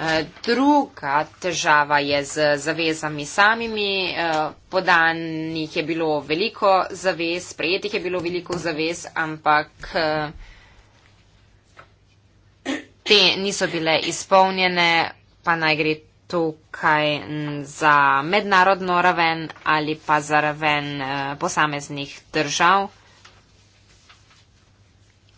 C: E, druga težava je z zavezami samimi, e, podanih je bilo veliko zavez, sprejetih je bilo veliko zavez, ampak e, te niso bile izpolnjene, pa naj gre tukaj za mednarodno raven ali pa za raven posameznih držav.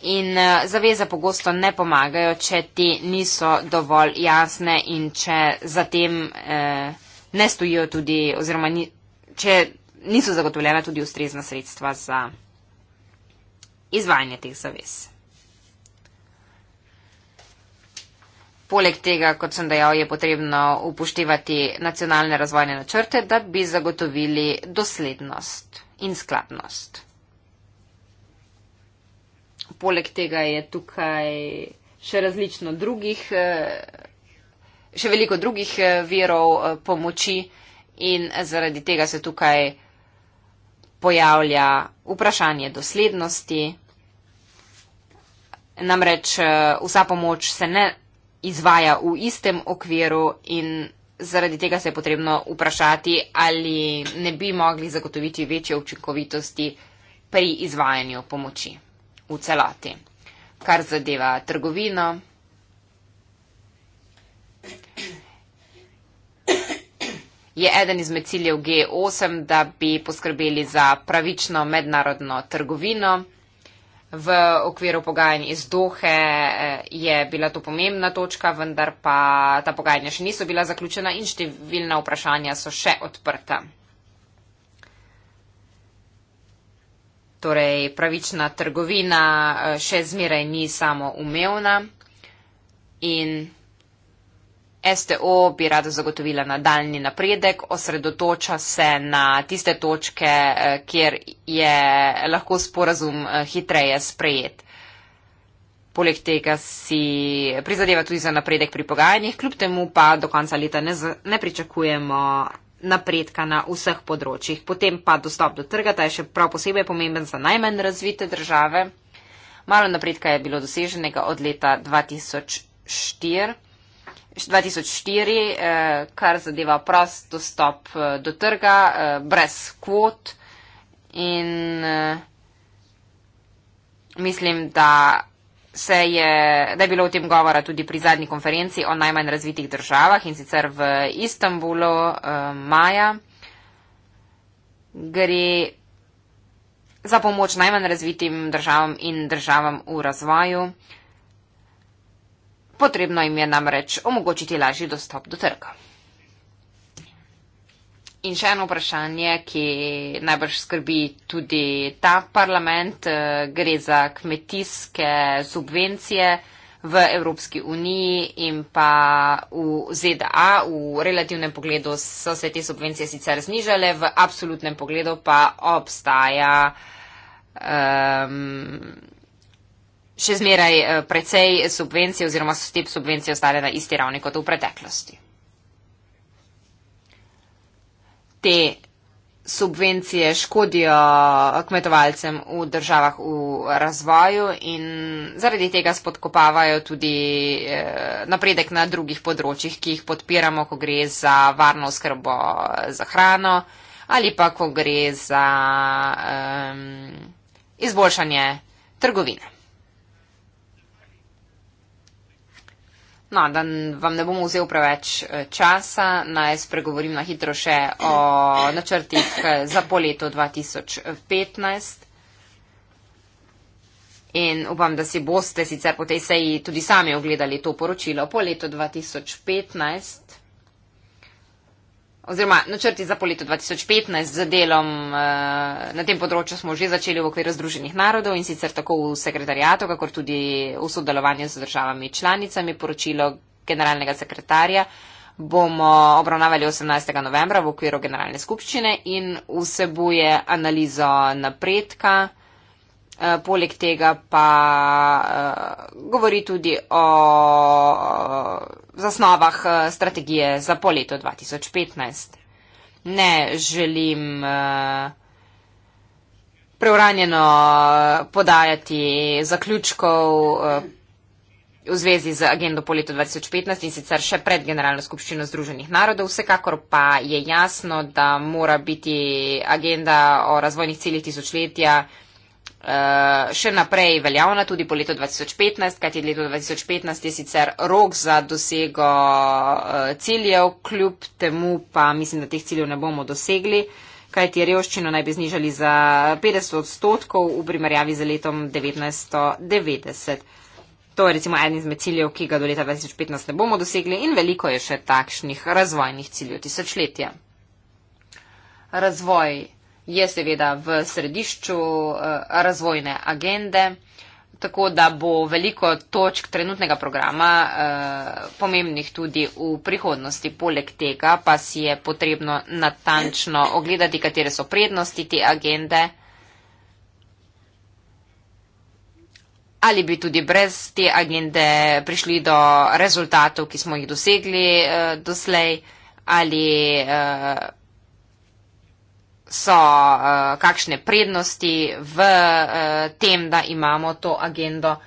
C: In eh, zaveze pogosto ne pomagajo, če ti niso dovolj jasne in če zatem eh, ne stojijo tudi, oziroma ni, če niso zagotovljena tudi ustrezna sredstva za izvajanje teh zavez. Poleg tega, kot sem dejal, je potrebno upoštevati nacionalne razvojne načrte, da bi zagotovili doslednost in skladnost poleg tega je tukaj še različno drugih, eh, še veliko drugih eh, verov eh, pomoči in zaradi tega se tukaj pojavlja vprašanje doslednosti. Namreč vsa pomoč se ne izvaja v istem okviru in zaradi tega se je potrebno vprašati, ali ne bi mogli zagotoviti večje učinkovitosti pri izvajanju pomoči v celoti. Kar zadeva trgovino, je eden izmed ciljev G8, da bi poskrbeli za pravično mednarodno trgovino. V okviru pogajanj iz Dohe eh, je bila to pomembna točka, vendar pa ta pogajanja še niso bila zaključena in številna vprašanja so še odprta. torej pravična trgovina eh, še zmeraj ni samo umevna in STO bi rada zagotovila nadaljni napredek, osredotoča se na tiste točke, eh, kjer je lahko sporazum eh, hitreje sprejet. Poleg tega si prizadeva tudi za napredek pri pogajanjih, kljub temu pa do konca leta ne, ne pričakujemo napredka na vseh področjih. Potem pa dostop do trga, ta je še prav posebej pomemben za najmanj razvite države. Malo napredka je bilo doseženega od leta 2004, 2004 eh, kar zadeva prost dostop eh, do trga, eh, brez kvot in mislim, da Se je, da je bilo o tem govora tudi pri zadnji konferenci o najmanj razvitih državah in sicer v Istanbulu eh, maja, gre za pomoč najmanj razvitim državam in državam v razvoju. Potrebno jim je namreč omogočiti lažji dostop do trga. In še eno vprašanje, ki najbrž skrbi tudi ta parlament, eh, gre za kmetijske subvencije v Evropski uniji in pa v ZDA. V relativnem pogledu so se te subvencije sicer znižale, v absolutnem pogledu pa obstaja um, še zmeraj eh, precej subvencij oziroma so te subvencije ostale na isti ravni kot v preteklosti. te subvencije škodijo kmetovalcem v državah v razvoju in zaradi tega spodkopavajo tudi eh, napredek na drugih področjih, ki jih podpiramo, ko gre za varno skrbo za hrano ali pa ko gre za um, izboljšanje trgovine. No, da vam ne bom vzel preveč eh, časa, naj spregovorim na hitro še o načrtih eh, za poleto 2015. In upam, da si boste sicer po tej seji tudi sami ogledali to poročilo. Po letu 2015 oziroma načrti za leto 2015 z delom eh, na tem področju smo že začeli v okviru Združenih narodov in sicer tako v sekretarijatu, kakor tudi v sodelovanju z državami članicami poročilo generalnega sekretarja bomo obravnavali 18. novembra v okviru generalne skupščine in vsebuje analizo napredka. Eh, poleg tega pa eh, govori tudi o eh, zasnovah strategije za poleto 2015. Ne želim preuranjeno podajati zaključkov v zvezi z agendo poleto 2015 in sicer še pred Generalno skupščino Združenih narodov. Vsekakor pa je jasno, da mora biti agenda o razvojnih ciljih tisočletja Eh, še naprej veljavna tudi po letu 2015, kajti leto 2015 je sicer rok za dosego eh, ciljev, kljub temu pa mislim, da teh ciljev ne bomo dosegli, kajti revščino naj bi znižali za 50 odstotkov v primerjavi z letom 1990. To je recimo eden izmed ciljev, ki ga do leta 2015 ne bomo dosegli in veliko je še takšnih razvojnih ciljev tisočletja. Razvoj je seveda v središču eh, razvojne agende, tako da bo veliko točk trenutnega programa eh, pomembnih tudi v prihodnosti. Poleg tega pa si je potrebno natančno ogledati, katere so prednosti te agende. Ali bi tudi brez te agende prišli do rezultatov, ki smo jih dosegli eh, doslej, ali eh, so uh, kakšne prednosti v uh, tem, da imamo to agendo.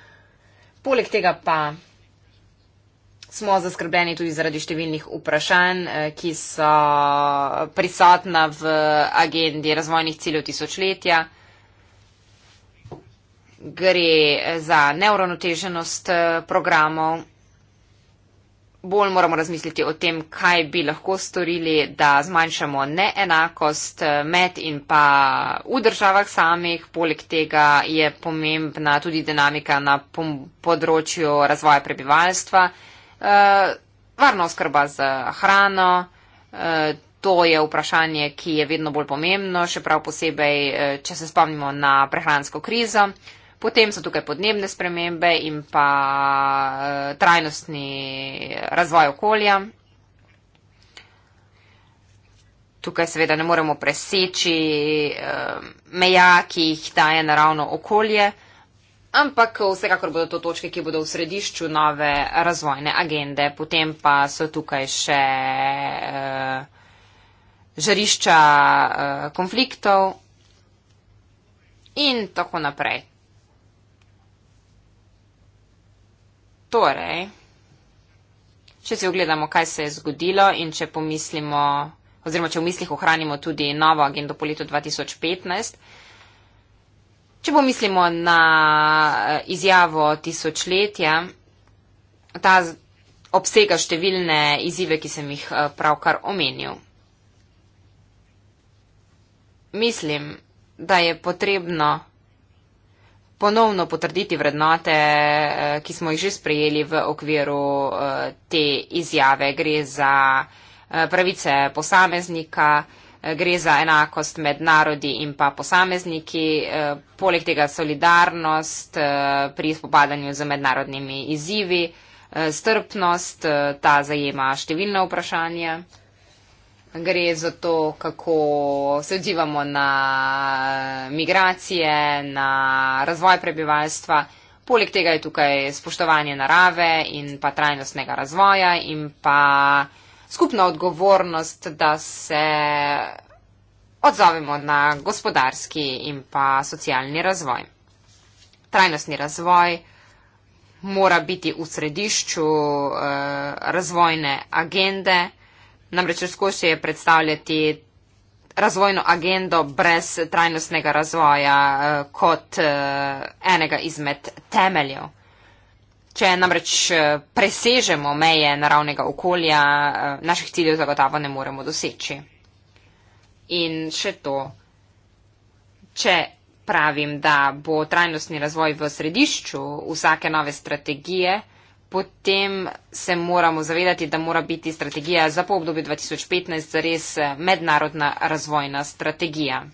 C: Poleg tega pa smo zaskrbljeni tudi zaradi številnih vprašanj, uh, ki so prisotna v agendi razvojnih ciljev tisočletja. Gre za neuronoteženost programov bolj moramo razmisliti o tem, kaj bi lahko storili, da zmanjšamo neenakost eh, med in pa v državah samih. Poleg tega je pomembna tudi dinamika na področju razvoja prebivalstva. Eh, Varno skrba za hrano, eh, to je vprašanje, ki je vedno bolj pomembno, še prav posebej, če se spomnimo na prehransko krizo. Potem so tukaj podnebne spremembe in pa eh, trajnostni razvoj okolja. Tukaj seveda ne moremo preseči eh, meja, ki jih daje naravno okolje, ampak vsekakor bodo to točke, ki bodo v središču nove razvojne agende. Potem pa so tukaj še eh, žarišča konfliktov in tako naprej. Torej, če si ogledamo, kaj se je zgodilo in če pomislimo, oziroma če v mislih ohranimo tudi novo agendo po letu 2015, če pomislimo na eh, izjavo tisočletja, ta obsega številne izzive, ki sem jih eh, pravkar omenil. Mislim, da je potrebno ponovno potrditi vrednote, eh, ki smo jih že sprejeli v okviru eh, te izjave. Gre za eh, pravice posameznika, gre za enakost med narodi in pa posamezniki, poleg tega solidarnost pri spopadanju z mednarodnimi izzivi, strpnost, ta zajema številna vprašanja. Gre za to, kako se odzivamo na migracije, na razvoj prebivalstva. Poleg tega je tukaj spoštovanje narave in pa trajnostnega razvoja in pa skupna odgovornost, da se odzovemo na gospodarski in pa socialni razvoj. Trajnostni razvoj mora biti v središču eh, razvojne agende. Namreč razkošje je predstavljati razvojno agendo brez trajnostnega razvoja eh, kot eh, enega izmed temeljev. Če namreč eh, presežemo meje naravnega okolja, naših ciljev zagotovo ne moremo doseči. In še to, če pravim, da bo trajnostni razvoj v središču vsake nove strategije, potem se moramo zavedati, da mora biti strategija za po obdobju 2015 res eh, mednarodna razvojna strategija.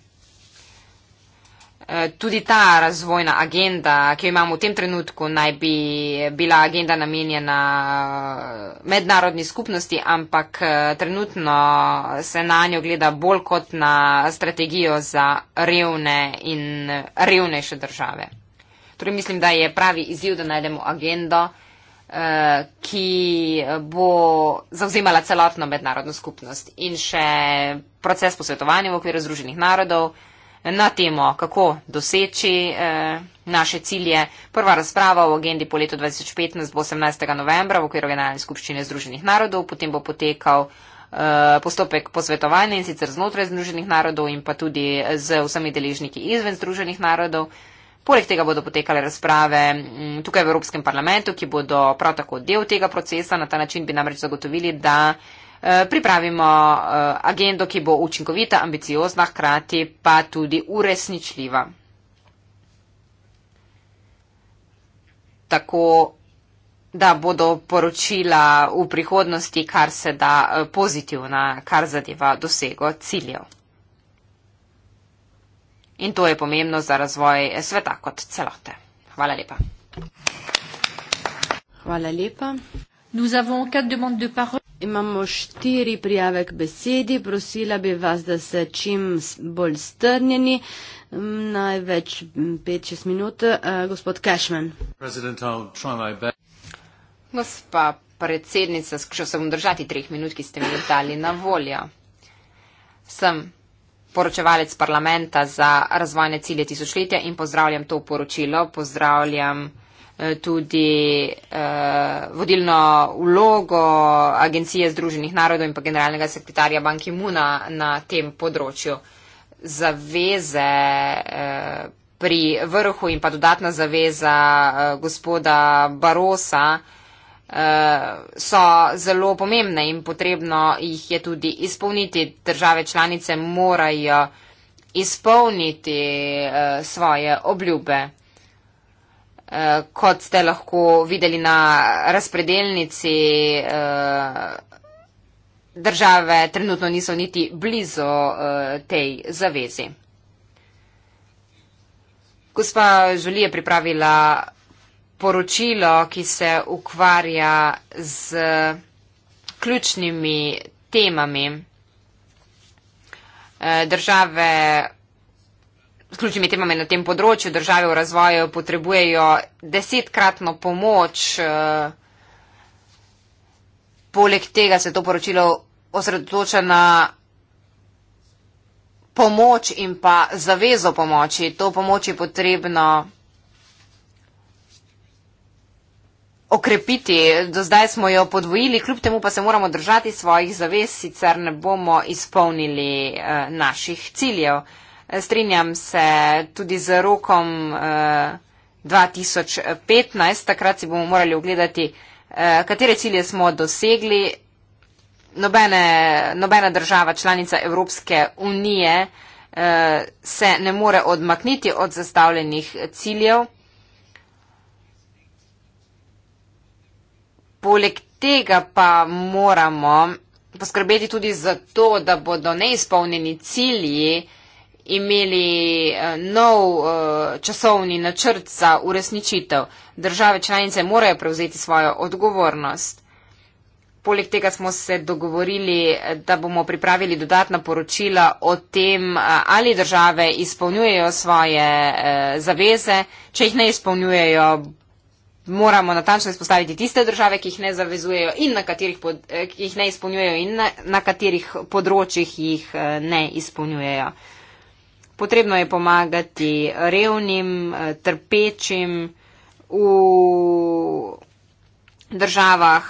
C: Eh, tudi ta razvojna agenda, ki jo imamo v tem trenutku, naj bi bila agenda namenjena eh, mednarodni skupnosti, ampak trenutno se na njo gleda bolj kot na strategijo za revne in revnejše države. Torej mislim, da je pravi izziv, da najdemo agendo, Eh, ki bo zauzemala celotno mednarodno skupnost in še proces posvetovanja v okviru Združenih narodov na temo, kako doseči eh, naše cilje. Prva razprava v agendi po letu 2015 bo 18. novembra v okviru Generalne skupščine Združenih narodov, potem bo potekal eh, postopek posvetovanja in sicer znotraj Združenih narodov in pa tudi z vsemi deležniki izven Združenih narodov. Poleg tega bodo potekale razprave mm, tukaj v Evropskem parlamentu, ki bodo prav tako del tega procesa. Na ta način bi namreč zagotovili, da eh, pripravimo eh, agendo, ki bo učinkovita, ambiciozna, hkrati pa tudi uresničljiva. Tako, da bodo poročila v prihodnosti kar se da eh, pozitivna, kar zadeva dosego ciljev. In to je pomembno za razvoj sveta kot celote. Hvala lepa.
A: Hvala lepa. Imamo štiri prijave k besedi. Prosila bi vas, da se čim bolj strnjeni. Mm, največ 5-6 mm, minut. Eh, gospod Cashman. Gospa predsednica, skušal sem držati
C: treh minut, ki ste mi dali na voljo. Sem poročevalec parlamenta za razvojne cilje tisočletja in pozdravljam to poročilo. Pozdravljam eh, tudi eh, vodilno vlogo Agencije Združenih narodov in pa generalnega sekretarja Banki Muna na tem področju. Zaveze eh, pri vrhu in pa dodatna zaveza eh, gospoda Barosa eh, so zelo pomembne in potrebno jih je tudi izpolniti. Države članice morajo izpolniti eh, svoje obljube. Eh, kot ste lahko videli na razpredelnici, eh, države trenutno niso niti blizu tej zavezi. Gospa Žulija je pripravila poročilo, ki se ukvarja z ključnimi temami e, države. S ključnimi temami na tem področju države v razvoju potrebujejo desetkratno pomoč. E, poleg tega se to poročilo osredotoča na pomoč in pa zavezo pomoči. To pomoč je potrebno okrepiti. Do zdaj smo jo podvojili, kljub temu pa se moramo držati svojih zavez, sicer ne bomo izpolnili uh, naših ciljev. Eh, strinjam se tudi z rokom uh, eh, 2015, takrat si bomo morali ogledati, uh, katere cilje smo dosegli. Nobene, nobena država članica Evropske unije uh, se ne more odmakniti od zastavljenih ciljev. Poleg tega pa moramo poskrbeti tudi za to, da bodo neizpolnjeni cilji imeli eh, nov eh, časovni načrt za uresničitev. Države članice morajo prevzeti svojo odgovornost. Poleg tega smo se dogovorili, da bomo pripravili dodatna poročila o tem, eh, ali države izpolnjujejo svoje zaveze. Če jih ne izpolnjujejo, moramo natančno izpostaviti tiste države, ki jih ne zavezujejo in na katerih, pod, eh, ki jih ne izpolnjujejo in na, na katerih področjih jih eh, ne izpolnjujejo. Potrebno je pomagati revnim, eh, trpečim v državah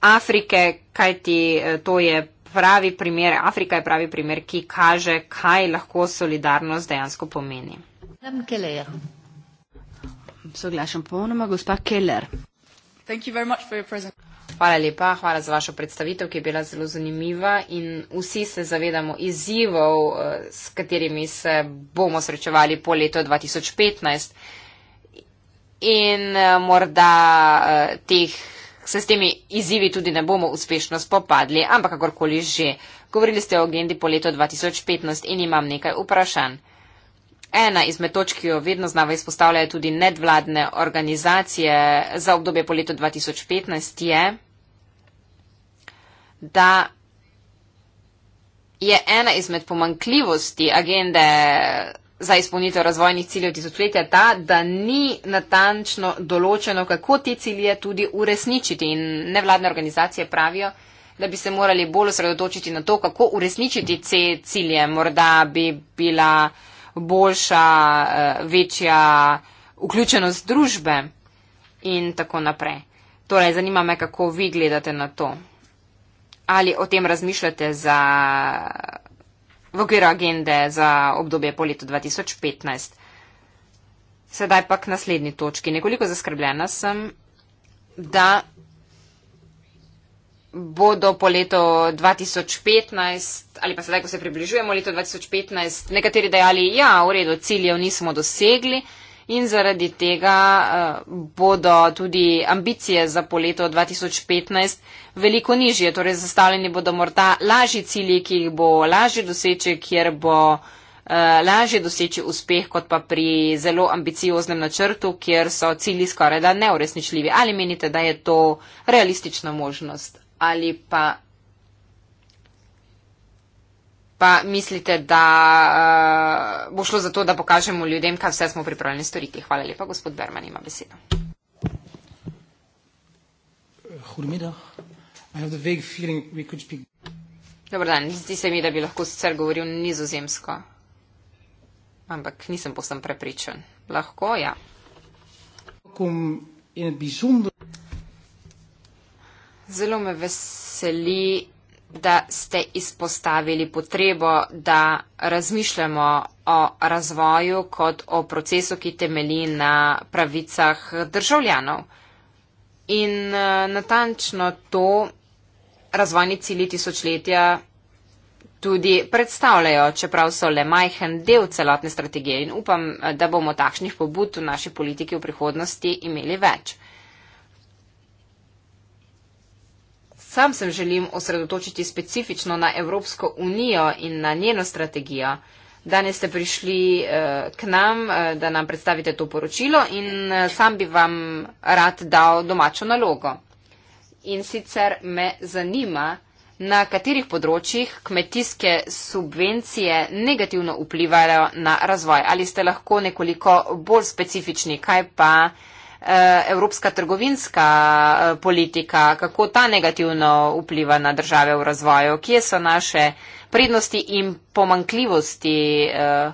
C: Afrike, kajti to je pravi primer, Afrika je pravi primer, ki kaže, kaj lahko solidarnost dejansko pomeni. Hvala. Soglašam ponoma,
A: gospa Keller.
C: Hvala lepa, hvala za vašo predstavitev, ki je bila zelo zanimiva in vsi se zavedamo izzivov, eh, s katerimi se bomo srečevali po leto 2015 in eh, morda eh, teh, se s temi izzivi tudi ne bomo uspešno spopadli, ampak kakorkoli že. Govorili ste o agendi po leto 2015 in imam nekaj vprašanj. Ena izmed točk, ki jo vedno znava izpostavljajo tudi nedvladne organizacije za obdobje po letu 2015, je, da je ena izmed pomankljivosti agende za izpolnitev razvojnih ciljev tisočletja ta, da ni natančno določeno, kako te cilje tudi uresničiti. In nevladne organizacije pravijo, da bi se morali bolj osredotočiti na to, kako uresničiti te cilje. Morda bi bila boljša, eh, večja vključenost družbe in tako naprej. Torej, zanima me, kako vi gledate na to. Ali o tem razmišljate za, v okviru agende za obdobje po letu 2015. Sedaj pa k naslednji točki. Nekoliko zaskrbljena sem, da bodo po leto 2015 ali pa sedaj, ko se približujemo leto 2015, nekateri dejali, ja, v redu, ciljev nismo dosegli in zaradi tega eh, bodo tudi ambicije za po leto 2015 veliko nižje. Torej, zastavljeni bodo morda lažji cilji, ki jih bo lažje doseči, kjer bo eh, lažje doseči uspeh, kot pa pri zelo ambicioznem načrtu, kjer so cilji skoraj da neuresničljivi. Ali menite, da je to realistična možnost? ali pa, pa mislite, da uh, bo šlo za to, da pokažemo ljudem, kaj vse smo pripravljeni storiti. Hvala lepa, gospod Berman ima besedo. Dobro dan, zdi se mi, da bi lahko sicer govoril nizozemsko, ampak nisem posem prepričan. Lahko, ja.
B: In bizumbr...
C: Zelo me veseli, da ste izpostavili potrebo, da razmišljamo o razvoju kot o procesu, ki temeli na pravicah državljanov. In eh, natančno to razvojni cili tisočletja tudi predstavljajo, čeprav so le majhen del celotne strategije in upam, eh, da bomo takšnih pobud v naši politiki v prihodnosti imeli več. Sam se želim osredotočiti specifično na Evropsko unijo in na njeno strategijo. Danes ste prišli eh, k nam, eh, da nam predstavite to poročilo in eh, sam bi vam rad dal domačo nalogo. In sicer me zanima, na katerih področjih kmetijske subvencije negativno vplivajo na razvoj. Ali ste lahko nekoliko bolj specifični, kaj pa. Eh, evropska trgovinska eh, politika, kako ta negativno vpliva na države v razvoju, kje so naše prednosti in pomankljivosti, eh,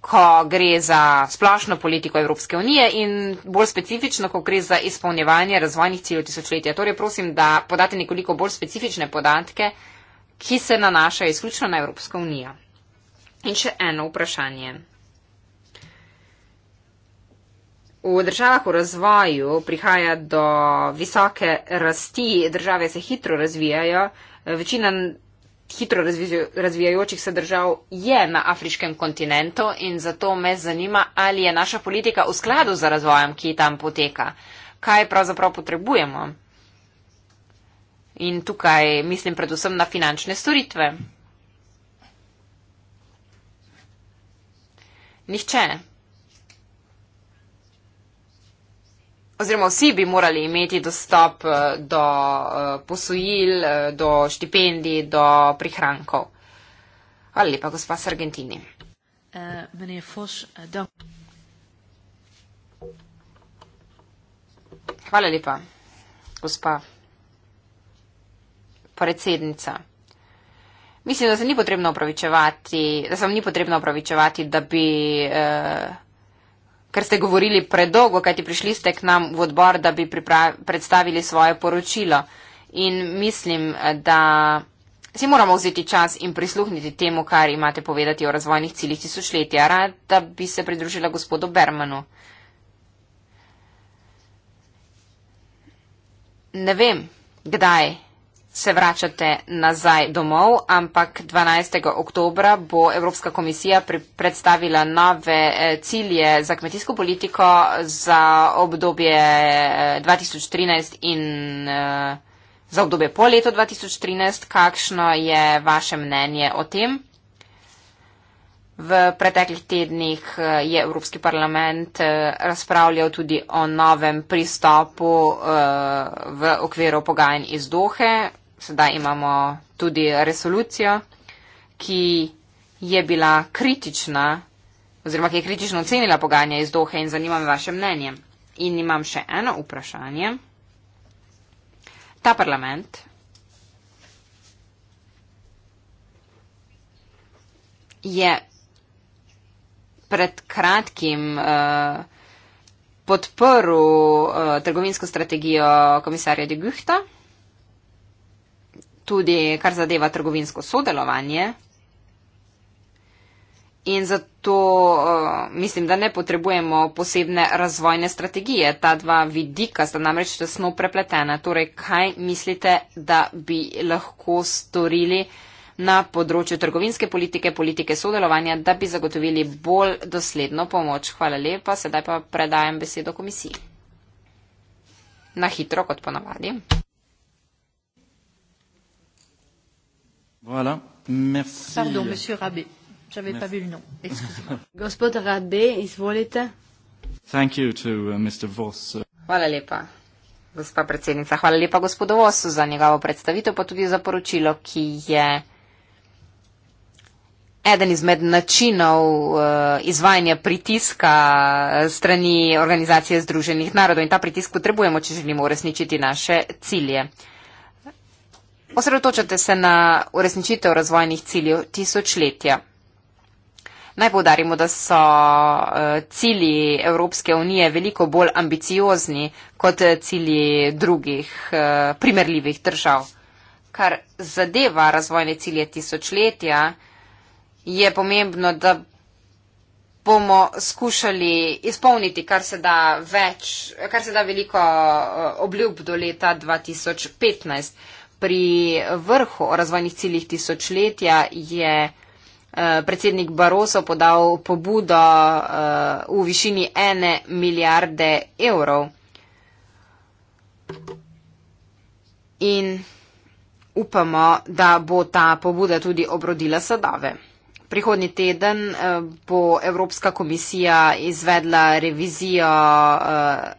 C: ko gre za splošno politiko Evropske unije in bolj specifično, ko gre za izpolnjevanje razvojnih ciljev tisočletja. Torej prosim, da podate nekoliko bolj specifične podatke, ki se nanašajo izključno na Evropsko unijo. In še eno vprašanje. V državah v razvoju prihaja do visoke rasti, države se hitro razvijajo, večina hitro razvijajočih se držav je na afriškem kontinentu in zato me zanima, ali je naša politika v skladu z razvojem, ki tam poteka. Kaj pravzaprav potrebujemo? In tukaj mislim predvsem na finančne storitve. Nihče. oziroma vsi bi morali imeti dostop eh, do eh, posojil, eh, do štipendij, do prihrankov. Hvala lepa, gospa Sargentini. Hvala lepa, gospa predsednica. Mislim, da se ni potrebno opravičevati, da se vam ni potrebno opravičevati, da bi. Uh, ker ste govorili predolgo, kajti prišli ste k nam v odbor, da bi predstavili svoje poročilo. In mislim, da si moramo vzeti čas in prisluhniti temu, kar imate povedati o razvojnih ciljih tisočletja. Rada bi se pridružila gospodu Bermanu. Ne vem, kdaj se vračate nazaj domov, ampak 12. oktober bo Evropska komisija pri, predstavila nove eh, cilje za kmetijsko politiko za obdobje eh, 2013 in eh, za obdobje po leto 2013. Kakšno je vaše mnenje o tem? V preteklih tednih eh, je Evropski parlament eh, razpravljal tudi o novem pristopu eh, v okviru pogajanj iz Dohe, sedaj imamo tudi resolucijo, ki je bila kritična oziroma ki je kritično ocenila pogajanja iz Dohe in zanima me vaše mnenje. In imam še eno vprašanje. Ta parlament je pred kratkim uh, podprl uh, trgovinsko strategijo komisarja de Guhta tudi kar zadeva trgovinsko sodelovanje. In zato uh, mislim, da ne potrebujemo posebne razvojne strategije. Ta dva vidika sta namreč tesno prepletena. Torej, kaj mislite, da bi lahko storili na področju trgovinske politike, politike sodelovanja, da bi zagotovili bolj dosledno pomoč? Hvala lepa. Sedaj pa predajam besedo komisiji. Na hitro, kot ponavadi.
B: Voilà. Merci.
A: Pardon, Monsieur Rabé. J'avais pas vu le nom. Excusez-moi. Gospod Rabé, izvolite.
C: Thank you to uh, Mr. Voss. Uh.
A: Hvala lepa. Gospa predsednica, hvala lepa
C: gospodu Vossu za njegovo predstavitev, pa tudi za poročilo, ki je eden izmed načinov uh, izvajanja pritiska uh, strani Organizacije združenih narodov. In ta pritisk potrebujemo, če želimo uresničiti naše cilje. Osredotočate se na uresničitev razvojnih ciljev tisočletja. Naj povdarimo, da so eh, cilji Evropske unije veliko bolj ambiciozni kot eh, cilji drugih eh, primerljivih držav. Kar zadeva razvojne cilje tisočletja, je pomembno, da bomo skušali izpolniti kar se da več, kar se da veliko obljub do leta 2015. Pri vrhu o razvojnih ciljih tisočletja je eh, predsednik Baroso podal pobudo eh, v višini ene milijarde evrov. In upamo, da bo ta pobuda tudi obrodila sadove. Prihodni teden eh, bo Evropska komisija izvedla revizijo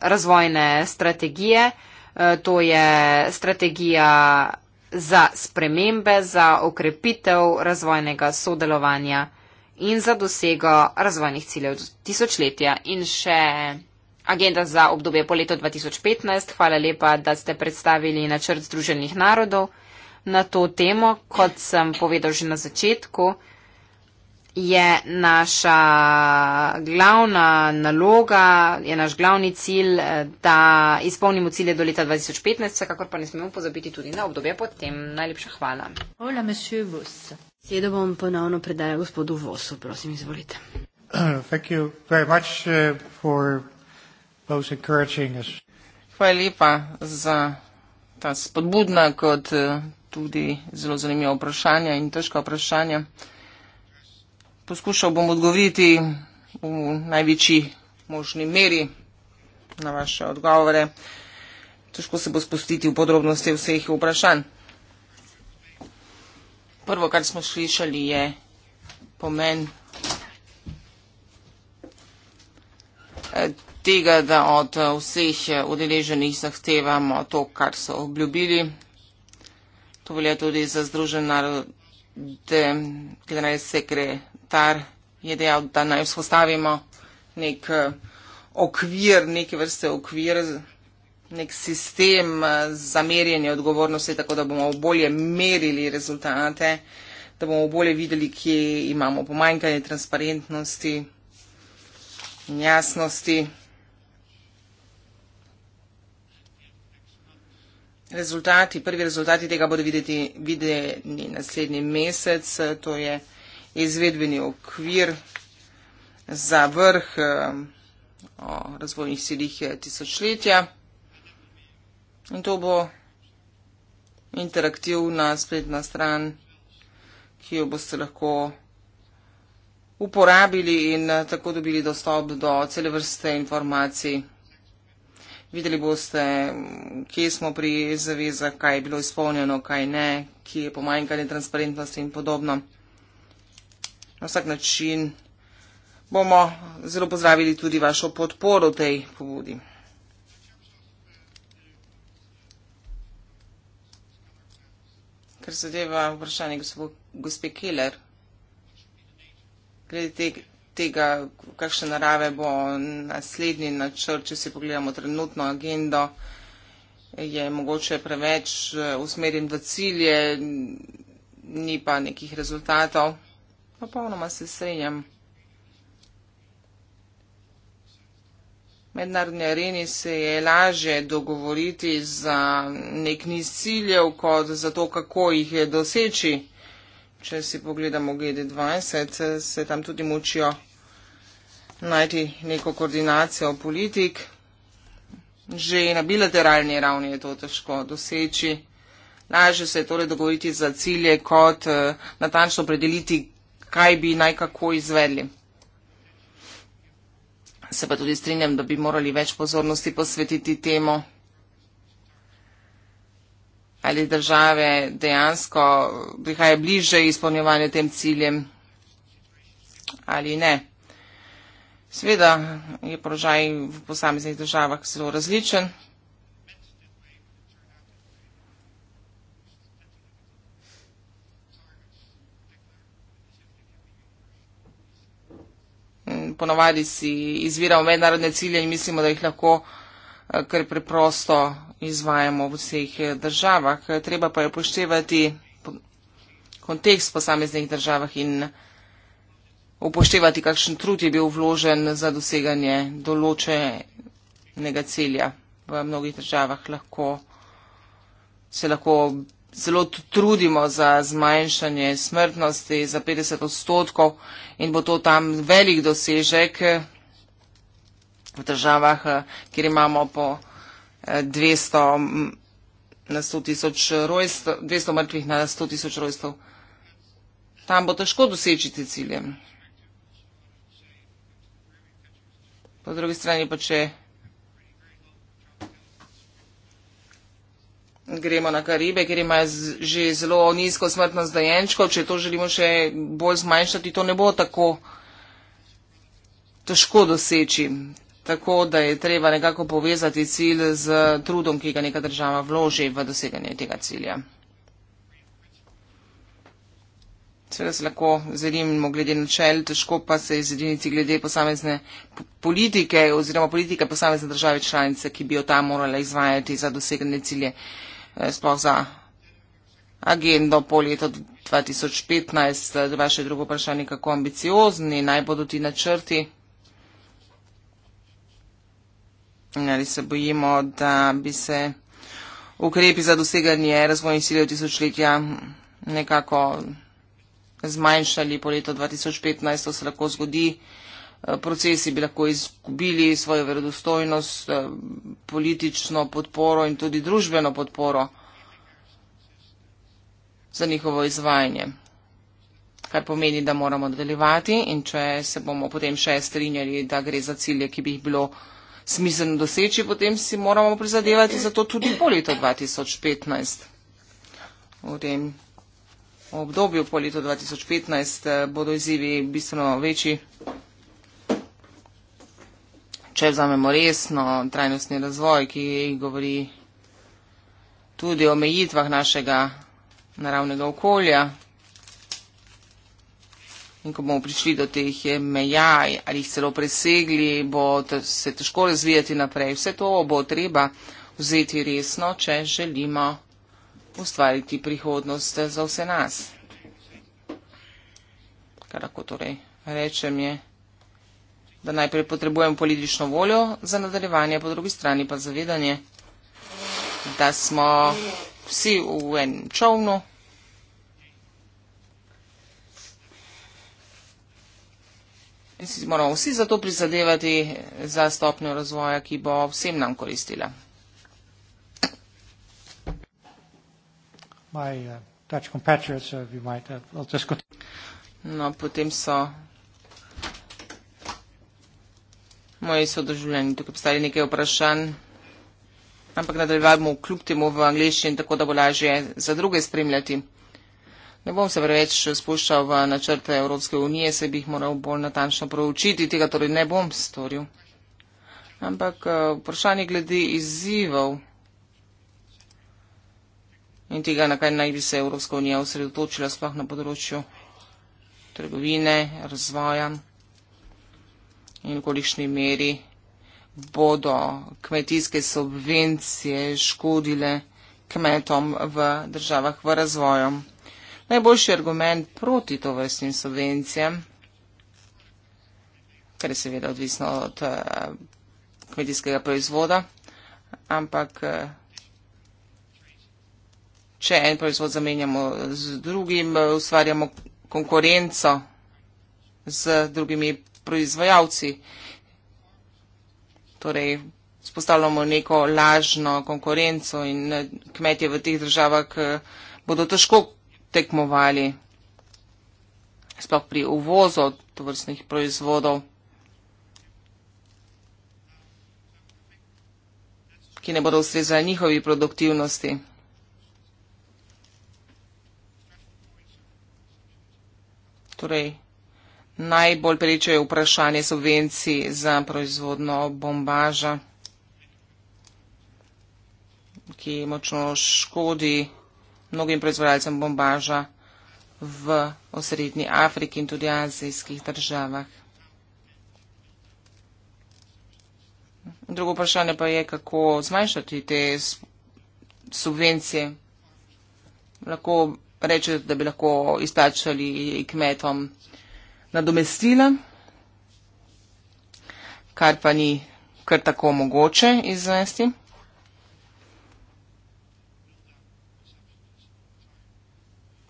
C: razvojne strategije. Eh, to je strategija za spremembe, za okrepitev razvojnega sodelovanja in za dosego razvojnih ciljev tisočletja in še agenda za obdobje po leto 2015. Hvala lepa, da ste predstavili načrt Združenih narodov na to temo, kot sem povedal že na začetku je naša glavna naloga, je naš glavni cilj, eh, da izpolnimo cilje do leta 2015, vsekakor pa ne smemo pozabiti tudi na obdobje potem. Najlepša hvala.
A: Hola, monsieur Voss. Sedaj bom ponovno predala gospodu Vossu, prosim, izvolite. Uh, uh, hvala lepa za
B: ta spodbudna kot eh, tudi zelo zanimiva vprašanja in težka vprašanja poskušal bom odgovoriti v največji možni meri na vaše odgovore. Težko se bo spustiti v podrobnosti vseh vprašanj. Prvo, kar smo slišali, je pomen eh, tega, da od eh, vseh eh, udeleženih zahtevamo to, kar so obljubili. To velja tudi za Združen narod, generalni sekretar mandatar je dejal, da naj vzpostavimo nek eh, okvir, neke vrste okvir, nek sistem eh, za merjenje odgovornosti, tako da bomo bolje merili rezultate, da bomo bolje videli, kje imamo pomanjkanje transparentnosti in jasnosti. Rezultati, prvi rezultati tega bodo videti, videli naslednji mesec, eh, to je izvedbeni okvir za vrh eh, o razvojnih silih tisočletja. In to bo interaktivna spletna stran, ki jo boste lahko uporabili in eh, tako dobili dostop do cele vrste informacij. Videli boste, kje smo pri zavezah, kaj je bilo izpolnjeno, kaj ne, kje je pomanjkanje transparentnosti in podobno. Na vsak način bomo zelo pozdravili tudi vašo podporo tej pobudi. Ker se deva vprašanje gospe Keller, glede tega, kakšne narave bo naslednji načrt, če si pogledamo trenutno agendo, je mogoče preveč eh, usmerjen v cilje, ni pa nekih rezultatov. Popolnoma se strinjam. Mednarodni areni se je lažje dogovoriti za nek niz ciljev, kot za to, kako jih je doseči. Če si pogledamo GD20, se tam tudi mučijo najti neko koordinacijo politik. Že na bilateralni ravni je to težko doseči. Lažje se je torej dogovoriti za cilje, kot eh, natančno predeliti, kaj bi naj kako izvedli. Se pa tudi strinjam, da bi morali več pozornosti posvetiti temu, ali države dejansko prihaja bliže izpolnjevanju tem ciljem ali ne. Sveda je položaj v posameznih državah zelo različen. ponovadi si izviramo mednarodne cilje in mislimo, da jih lahko eh, kar preprosto izvajamo v vseh eh, državah. Treba pa je upoštevati kontekst po samiznih državah in upoštevati, kakšen trud je bil vložen za doseganje določenega cilja. V mnogih državah lahko, se lahko zelo trudimo za zmanjšanje smrtnosti za 50 odstotkov in bo to tam velik dosežek eh, v državah, eh, kjer imamo po 200, eh, na 100 rojstv, 200 mrtvih na 100 tisoč rojstv. Tam bo težko doseči te cilje. Po drugi strani pa če. gremo na Karibe, kjer imajo že zelo nizko smrtnost dojenčkov. Če to želimo še bolj zmanjšati, to ne bo tako težko doseči. Tako da je treba nekako povezati cilj z trudom, ki ga neka država vloži v doseganje tega cilja. Seveda se lahko zedinimo glede načel, težko pa se zediniti glede posamezne politike oziroma politike posamezne države članice, ki bi jo ta morala izvajati za doseganje cilje. Eh, sploh za agendo po letu 2015. Eh, vaše drugo vprašanje, kako ambiciozni naj bodo ti načrti? Ali se bojimo, da bi se ukrepi za doseganje razvojnih ciljev tisočletja nekako zmanjšali po letu 2015, to se lahko zgodi. Eh, procesi bi lahko izgubili svojo verodostojnost, eh, politično podporo in tudi družbeno podporo za njihovo izvajanje. Kar pomeni, da moramo nadaljevati in če se bomo potem še strinjali, da gre za cilje, ki bi jih bilo smiselno doseči, potem si moramo prizadevati za to tudi po letu 2015. V tem obdobju po letu 2015 eh, bodo izzivi bistveno večji če vzamemo resno trajnostni razvoj, ki govori tudi o omejitvah našega naravnega okolja. In ko bomo prišli do teh meja ali jih celo presegli, bo se težko razvijati naprej. Vse to bo treba vzeti resno, če želimo ustvariti prihodnost za vse nas. Kar lahko torej rečem je da najprej potrebujem politično voljo za nadaljevanje, po drugi strani pa zavedanje, da smo vsi v enem čovnu. In si moramo vsi zato prizadevati za stopnjo razvoja, ki bo vsem nam koristila. My, uh, Dutch compatriots, uh, you might, uh, I'll just go. No, potem so. moji sodržavljani, tukaj postali nekaj vprašanj, ampak nadaljujemo kljub temu v angliščini, tako da bo lažje za druge spremljati. Ne bom se preveč spuščal v načrte Evropske unije, se bi jih moral bolj natančno proučiti, tega torej ne bom storil. Ampak eh, vprašanje glede izzivov in tega, na kaj naj bi se Evropska unija osredotočila, sploh na področju trgovine, razvoja in v kolikšni meri bodo kmetijske subvencije škodile kmetom v državah v razvoju. Najboljši argument proti to vrstnim subvencijam, kar je seveda odvisno od eh, kmetijskega proizvoda, ampak eh, če en proizvod zamenjamo z drugim, eh, ustvarjamo konkurenco z drugimi proizvajalci. Torej, spostavljamo neko lažno konkurenco in eh, kmetje v teh državah eh, bodo težko tekmovali, sploh pri uvozu tovrstnih proizvodov, ki ne bodo ustrezali njihovi produktivnosti. Torej, najbolj pričajo vprašanje subvencij za proizvodno bombaža, ki močno škodi mnogim proizvodalcem bombaža v osrednji Afriki in tudi azijskih državah. Drugo vprašanje pa je, kako zmanjšati te subvencije. Lahko rečete, da bi lahko izplačali kmetom nadomestila, kar pa ni kar tako mogoče izvesti.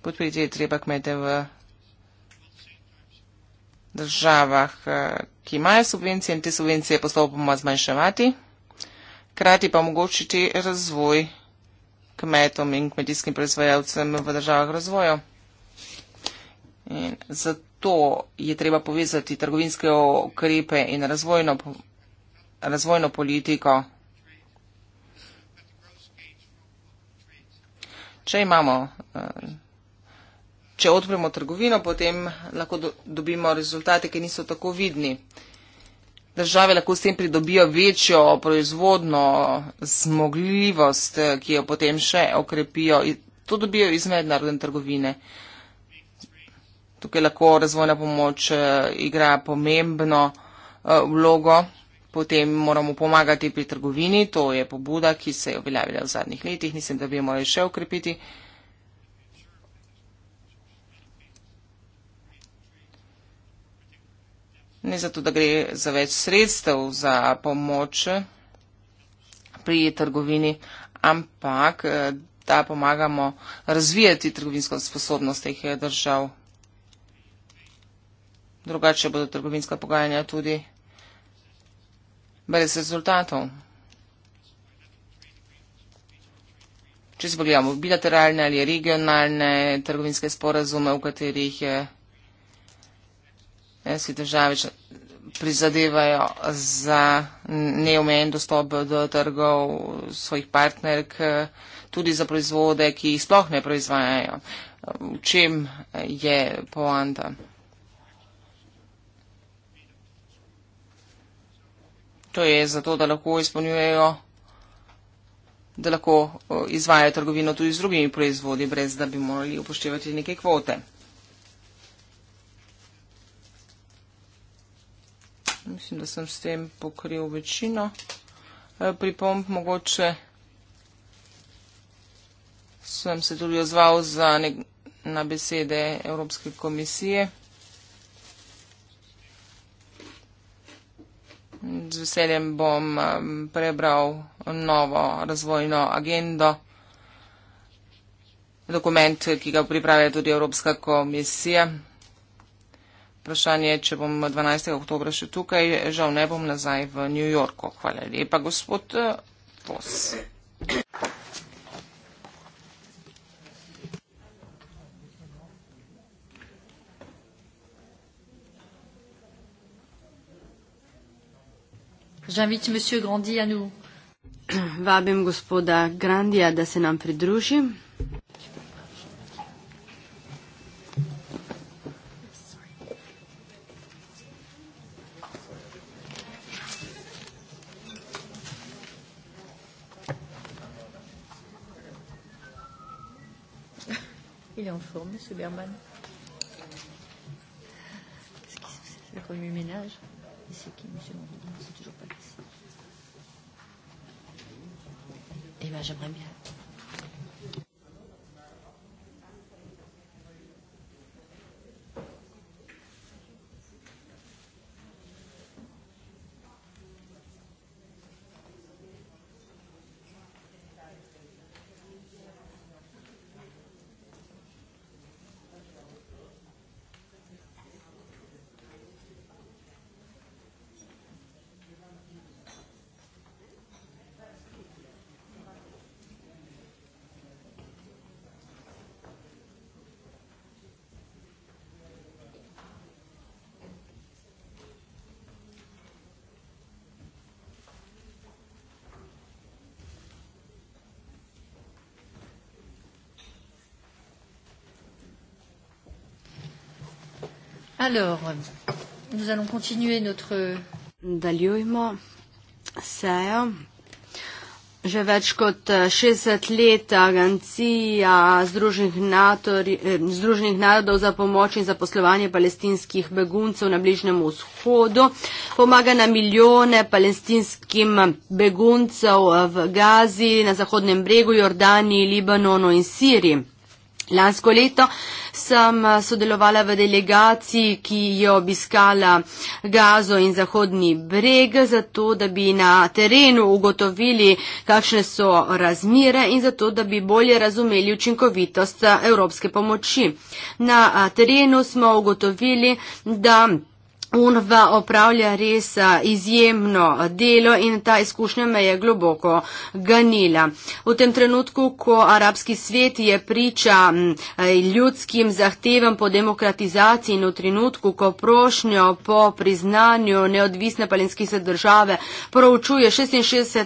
B: Podpriti je treba kmete v državah, eh, ki imajo subvencije in te subvencije postopoma zmanjševati, krati pa omogočiti razvoj kmetom in kmetijskim proizvajalcem v državah razvoju. In zato to je treba povezati trgovinske okrepe in razvojno, razvojno politiko. Če imamo, eh, če odpremo trgovino, potem lahko dobimo rezultate, ki niso tako vidni. Države lahko s tem pridobijo večjo proizvodno zmogljivost, eh, ki jo potem še okrepijo. To dobijo iz mednarodne trgovine. Tukaj lahko razvojna pomoč eh, igra pomembno eh, vlogo. Potem moramo pomagati pri trgovini, to je pobuda, ki se je uveljavila v zadnjih letih, mislim, da bi jo morali še ukrepiti. Ne zato, da gre za več sredstev za pomoč pri trgovini, ampak eh, da pomagamo razvijati trgovinsko sposobnost teh držav drugače bodo trgovinska pogajanja tudi brez rezultatov. Če se pogledamo bilateralne ali regionalne trgovinske sporazume, v katerih je vsi eh, države prizadevajo za neomejen dostop do trgov svojih partnerk, eh, tudi za proizvode, ki jih sploh ne proizvajajo. Eh, v čem je poanta? to je zato, da lahko izpolnjujejo, da lahko izvajajo trgovino tudi z drugimi proizvodi, brez da bi morali upoštevati neke kvote. Mislim, da sem s tem pokril večino e, pripomb, mogoče sem se tudi ozval za nek, na besede Evropske komisije. z veseljem bom um, prebral novo razvojno agendo, dokument, ki ga pripravlja tudi Evropska komisija. Vprašanje je, če bom 12. oktober še tukaj, žal ne bom nazaj v New Yorku. Hvala lepa, gospod eh, Vos.
A: Vabim gospoda Grandija, da se nam pridruži.
B: Il est en forme, M. Berman.
A: Qu'est-ce qui se passe? Le premier ménage. Et c'est qui, M. Berman? arriver, j'aimerais bien. Alors, nous allons continuer notre... Nadaljujmo sejo. Že več kot 60 eh, let Agencija eh, Združenih narodov za pomoč in zaposlovanje palestinskih beguncev na Bližnjem vzhodu pomaga na milijone palestinskim beguncev v Gazi, na Zahodnem bregu, Jordaniji, Libanonu in Siriji. Lansko leto sem eh, sodelovala v delegaciji, ki je obiskala Gazo in Zahodni breg, zato da bi na terenu ugotovili, kakšne so razmire in zato da bi bolje razumeli učinkovitost eh, evropske pomoči. Na eh, terenu smo ugotovili, da. UNFA opravlja res izjemno delo in ta izkušnja me je globoko ganila. V tem trenutku, ko arabski svet je priča ljudskim zahtevam po demokratizaciji in v trenutku, ko prošnjo po priznanju neodvisne palenskise države proučuje 66.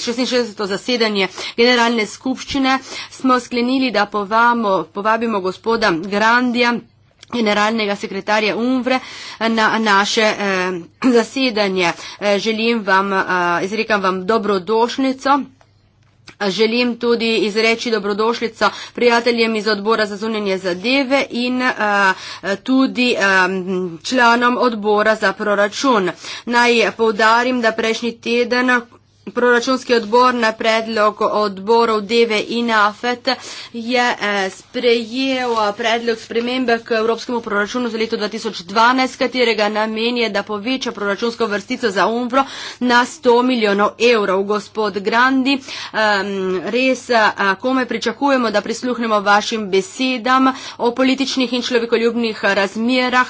A: 66. zasedanje generalne skupščine, smo sklenili, da povamo, povabimo gospoda Grandija generalnega sekretarja Umvre na naše eh, zasedanje. Eh, želim vam, eh, izrekam vam dobrodošnico. Želim tudi izreči dobrodošljico prijateljem iz odbora za zunanje zadeve in uh, tudi um, članom odbora za proračun. Naj povdarim, da prejšnji teden Proračunski odbor na predlog odborov Deve in Afet je eh, sprejel eh, predlog spremembe k Evropskemu proračunu za leto 2012, katerega namen je, da poveča proračunsko vrstico za umbro na 100 milijonov evrov. Gospod Grandi, res eh, kome pričakujemo, da prisluhnemo vašim besedam o političnih in človekoljubnih razmerah,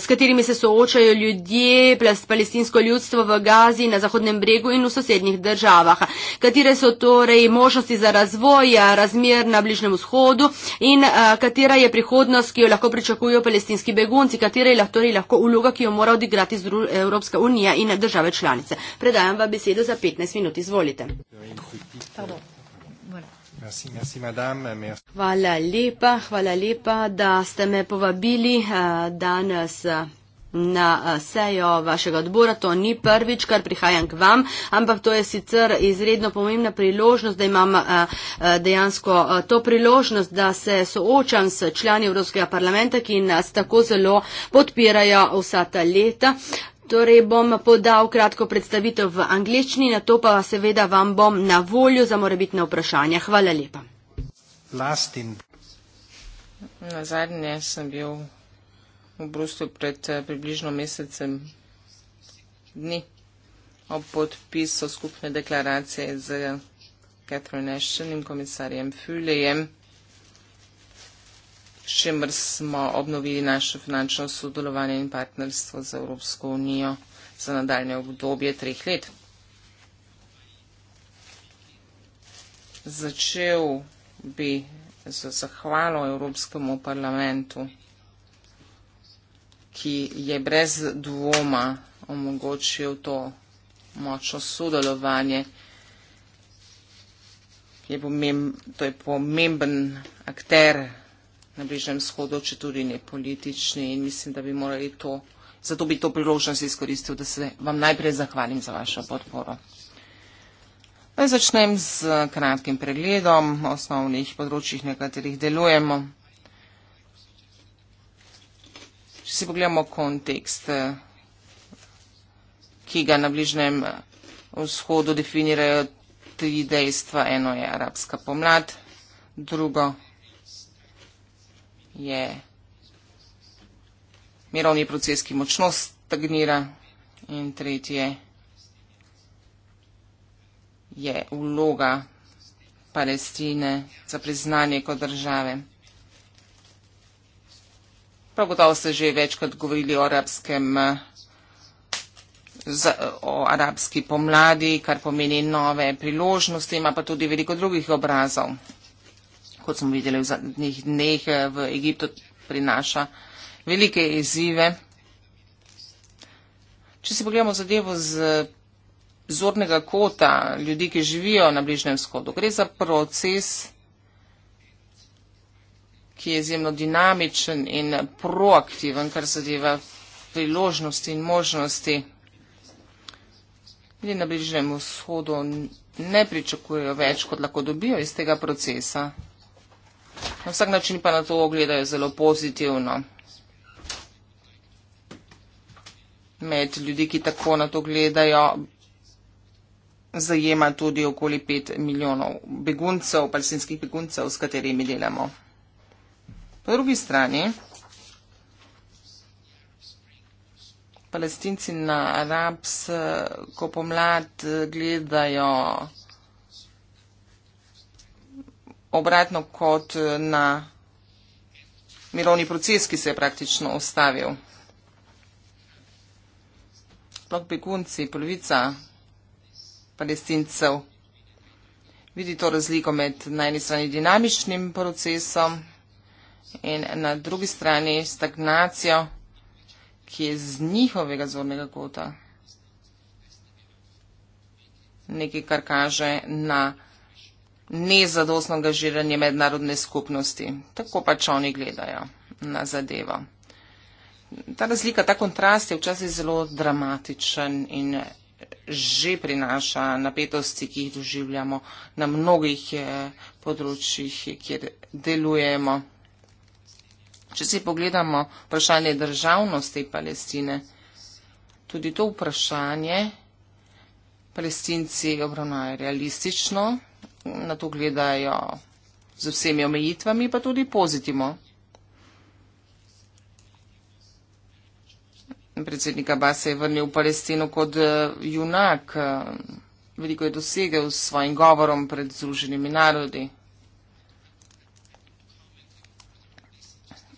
A: s katerimi se soočajo ljudje, palestinsko ljudstvo v Gazi na Zahodnem bregu, obsegu in v sosednjih državah. Katere so torej možnosti za razvoj eh, razmer na Bližnem vzhodu in eh, katera je prihodnost, ki jo lahko pričakujo palestinski begunci, katera je torej lahko uloga, ki jo mora odigrati Evropska unija in države članice. Predajam vam besedo za 15 minut. Izvolite. Hvala lepa, hvala lepa, da ste me povabili eh, danes na eh, sejo vašega odbora. To ni prvič, kar prihajam k vam, ampak to je sicer izredno pomembna priložnost, da imam eh, eh, dejansko to priložnost, da se soočam s člani Evropskega parlamenta, ki nas tako zelo podpirajo vsa ta leta. Torej bom podal kratko predstavitev v angleščini, na to pa seveda vam bom na voljo za morebitne vprašanja. Hvala lepa. Na
B: zadnje sem bil v Bruslju pred eh, približno mesecem dni ob podpisu skupne deklaracije z Catherine Ashton in komisarjem Füllejem. S čimer smo obnovili naše finančno sodelovanje in partnerstvo z Evropsko unijo za nadaljne obdobje treh let. Začel bi z zahvalo Evropskemu parlamentu ki je brez dvoma omogočil to močno sodelovanje. Je pomem, to je pomemben akter na Bližnem shodu, če tudi ne politični in mislim, da bi morali to, zato bi to priložnost izkoristil, da se vam najprej zahvalim za vašo podporo. Začnem z kratkim pregledom osnovnih področjih, na katerih delujemo. Če si pogledamo kontekst, eh, ki ga na Bližnjem eh, vzhodu definirajo tri dejstva. Eno je arabska pomlad, drugo je mirovni proces, ki močno stagnira in tretje je vloga Palestine za priznanje kot države. Prav gotovo ste že večkrat govorili o arabskem za, o arabski pomladi, kar pomeni nove priložnosti, ima pa tudi veliko drugih obrazov. Kot smo videli v zadnjih dneh v Egiptu, prinaša velike izzive. Če si pogledamo zadevo z zornega kota ljudi, ki živijo na Bližnjem vzhodu, gre za proces ki je izjemno dinamičen in proaktiven, kar zadeva priložnosti in možnosti. Ljudje na bližnjem vzhodu ne pričakujejo več, kot lahko dobijo iz tega procesa. Na vsak način pa na to ogledajo zelo pozitivno. Med ljudi, ki tako na to gledajo, zajema tudi okoli 5 milijonov beguncev, palestinskih beguncev, s katerimi delamo. Po drugi strani, palestinci na Arabs, ko pomlad gledajo obratno kot na mirovni proces, ki se je praktično ustavil. Sploh begunci, polovica palestincev vidi to razliko med na eni strani dinamičnim procesom, in na drugi strani stagnacijo, ki je z njihovega zornega kota nekaj, kar kaže na nezadostno angažiranje mednarodne skupnosti. Tako pač oni gledajo na zadevo. Ta razlika, ta kontrast je včasih zelo dramatičen in že prinaša napetosti, ki jih doživljamo na mnogih eh, področjih, kjer delujemo. Če si pogledamo vprašanje državnosti Palestine, tudi to vprašanje palestinci obravnajo realistično, na to gledajo z vsemi omejitvami, pa tudi pozitivno. Predsednik Abbas se je vrnil v Palestino kot eh, junak. Eh, veliko je dosegel s svojim govorom pred Združenimi narodi.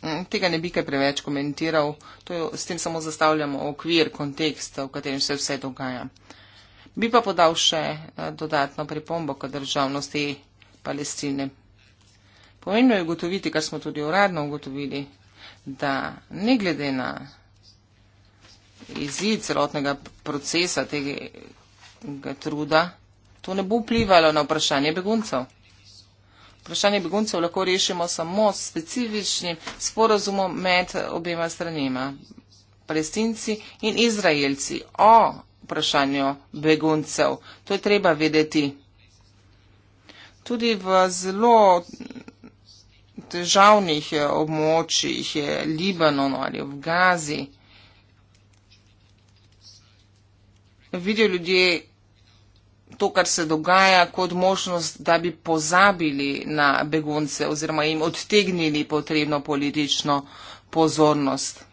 B: Mm, tega ne bi kaj preveč komentiral, to, s tem samo zastavljamo okvir, kontekst, v katerem se vse dogaja. Bi pa podal še eh, dodatno pripombo k državnosti Palestine. Pomembno je ugotoviti, kar smo tudi uradno ugotovili, da ne glede na izid celotnega procesa tega truda, to ne bo vplivalo na vprašanje beguncev vprašanje beguncev lahko rešimo samo s specifičnim sporozumom med obema stranima, palestinci in izraelci, o vprašanju beguncev. To je treba vedeti. Tudi v zelo težavnih območjih, Libanonu ali v Gazi, vidijo ljudje, to, kar se dogaja, kot možnost, da bi pozabili na begunce oziroma jim odtegnili potrebno politično pozornost.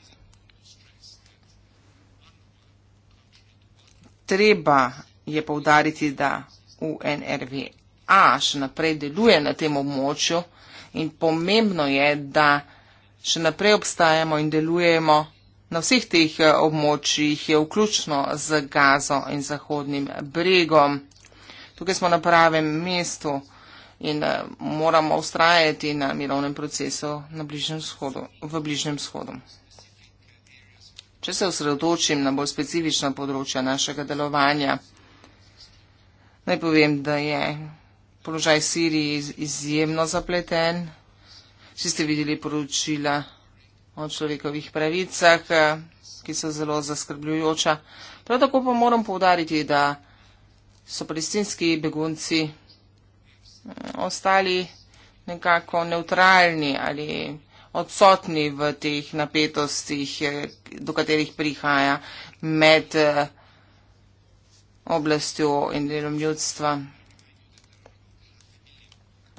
B: Treba je povdariti, da UNRWA še naprej deluje na tem območju in pomembno je, da še naprej obstajamo in delujemo na vseh teh območjih, vključno z Gazo in Zahodnim bregom tukaj smo na pravem mestu in uh, moramo ustrajati na mirovnem procesu na bližnjem shodu, v bližnjem shodu. Če se osredotočim na bolj specifična področja našega delovanja, naj povem, da je položaj Siriji izjemno zapleten. Vsi ste videli poročila o človekovih pravicah, eh, ki so zelo zaskrbljujoča. Prav tako pa moram povdariti, da so palestinski begunci mm, ostali nekako neutralni ali odsotni v teh napetostih, eh, do katerih prihaja med eh, oblastjo in delom ljudstva.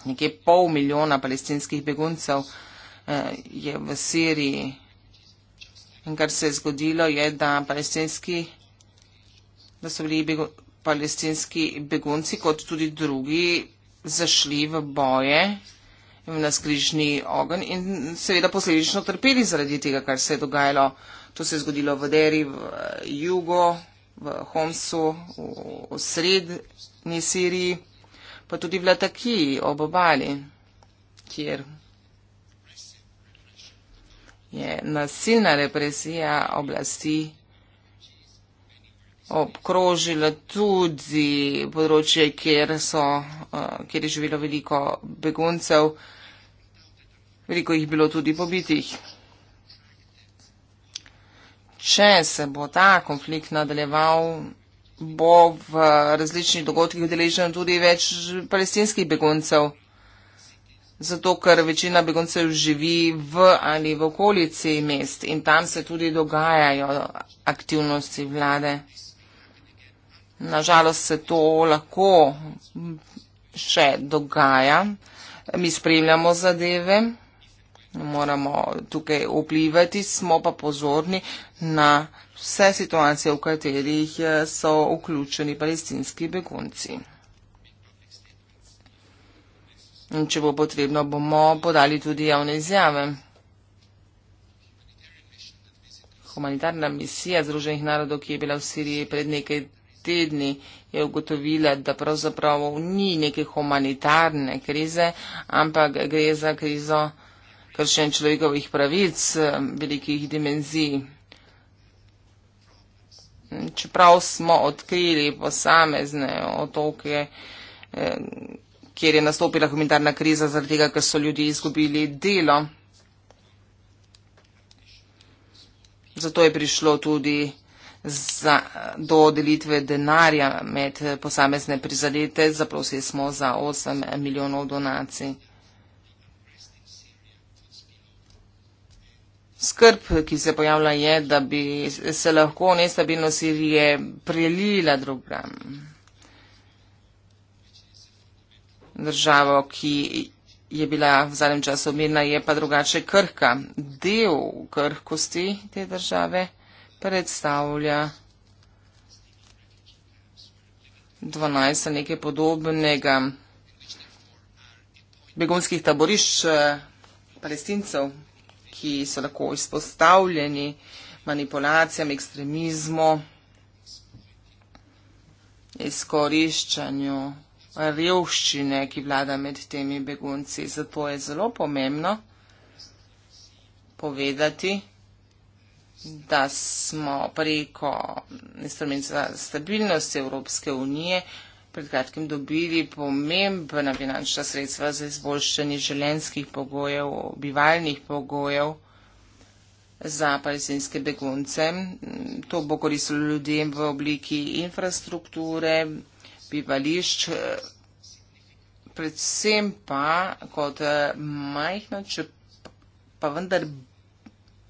B: Nekje pol milijona palestinskih beguncev eh, je v Siriji. In kar se je zgodilo, je, da, da so bili palestinski begunci, kot tudi drugi, zašli v boje, v naskrižni ogenj in seveda posledično trpeli zaradi tega, kar se je dogajalo. To se je zgodilo v Deri, v jugo, v Homsu, v srednji Siriji, pa tudi v Latakiji, ob obali, kjer je nasilna represija oblasti obkrožile tudi področje, kjer, so, eh, kjer je živelo veliko beguncev. Veliko jih bilo tudi pobitih. Če se bo ta konflikt nadaljeval, bo v različnih dogodkih deležen tudi več palestinskih beguncev, zato ker večina beguncev živi v ali v okolici mest in tam se tudi dogajajo aktivnosti vlade. Nažalost se to lahko še dogaja. Mi spremljamo zadeve, moramo tukaj vplivati, smo pa pozorni na vse situacije, v katerih eh, so vključeni palestinski begunci. In če bo potrebno, bomo podali tudi javne izjave. Humanitarna misija Združenih narodov, ki je bila v Siriji pred nekaj tedni je ugotovila, da pravzaprav ni neke humanitarne krize, ampak gre za krizo kršen človekovih pravic velikih dimenzij. Čeprav smo odkrili posamezne otoke, kjer je nastopila humanitarna kriza zaradi tega, ker so ljudje izgubili delo. Zato je prišlo tudi za, do delitve denarja med posamezne prizadete. Zaprosili smo za 8 milijonov donacij. Skrb, ki se pojavlja, je, da bi se lahko nestabilnost Sirije prelila drugam. Državo, ki je bila v zadnjem času mirna, je pa drugače krhka. Del krhkosti te države predstavlja dvanajsta nekaj podobnega begonskih taborišč eh, palestincev, ki so lahko izpostavljeni manipulacijam, ekstremizmu, izkoriščanju revščine, ki vlada med temi begunci. Zato je zelo pomembno povedati, da je da smo preko instrumenta za stabilnost Evropske unije pred kratkim dobili pomembna finančna sredstva za izboljšanje želenskih pogojev, obivalnih pogojev za palestinske begunce. To bo koristilo ljudem v obliki infrastrukture, bivališč, predvsem pa kot majhno, če pa vendar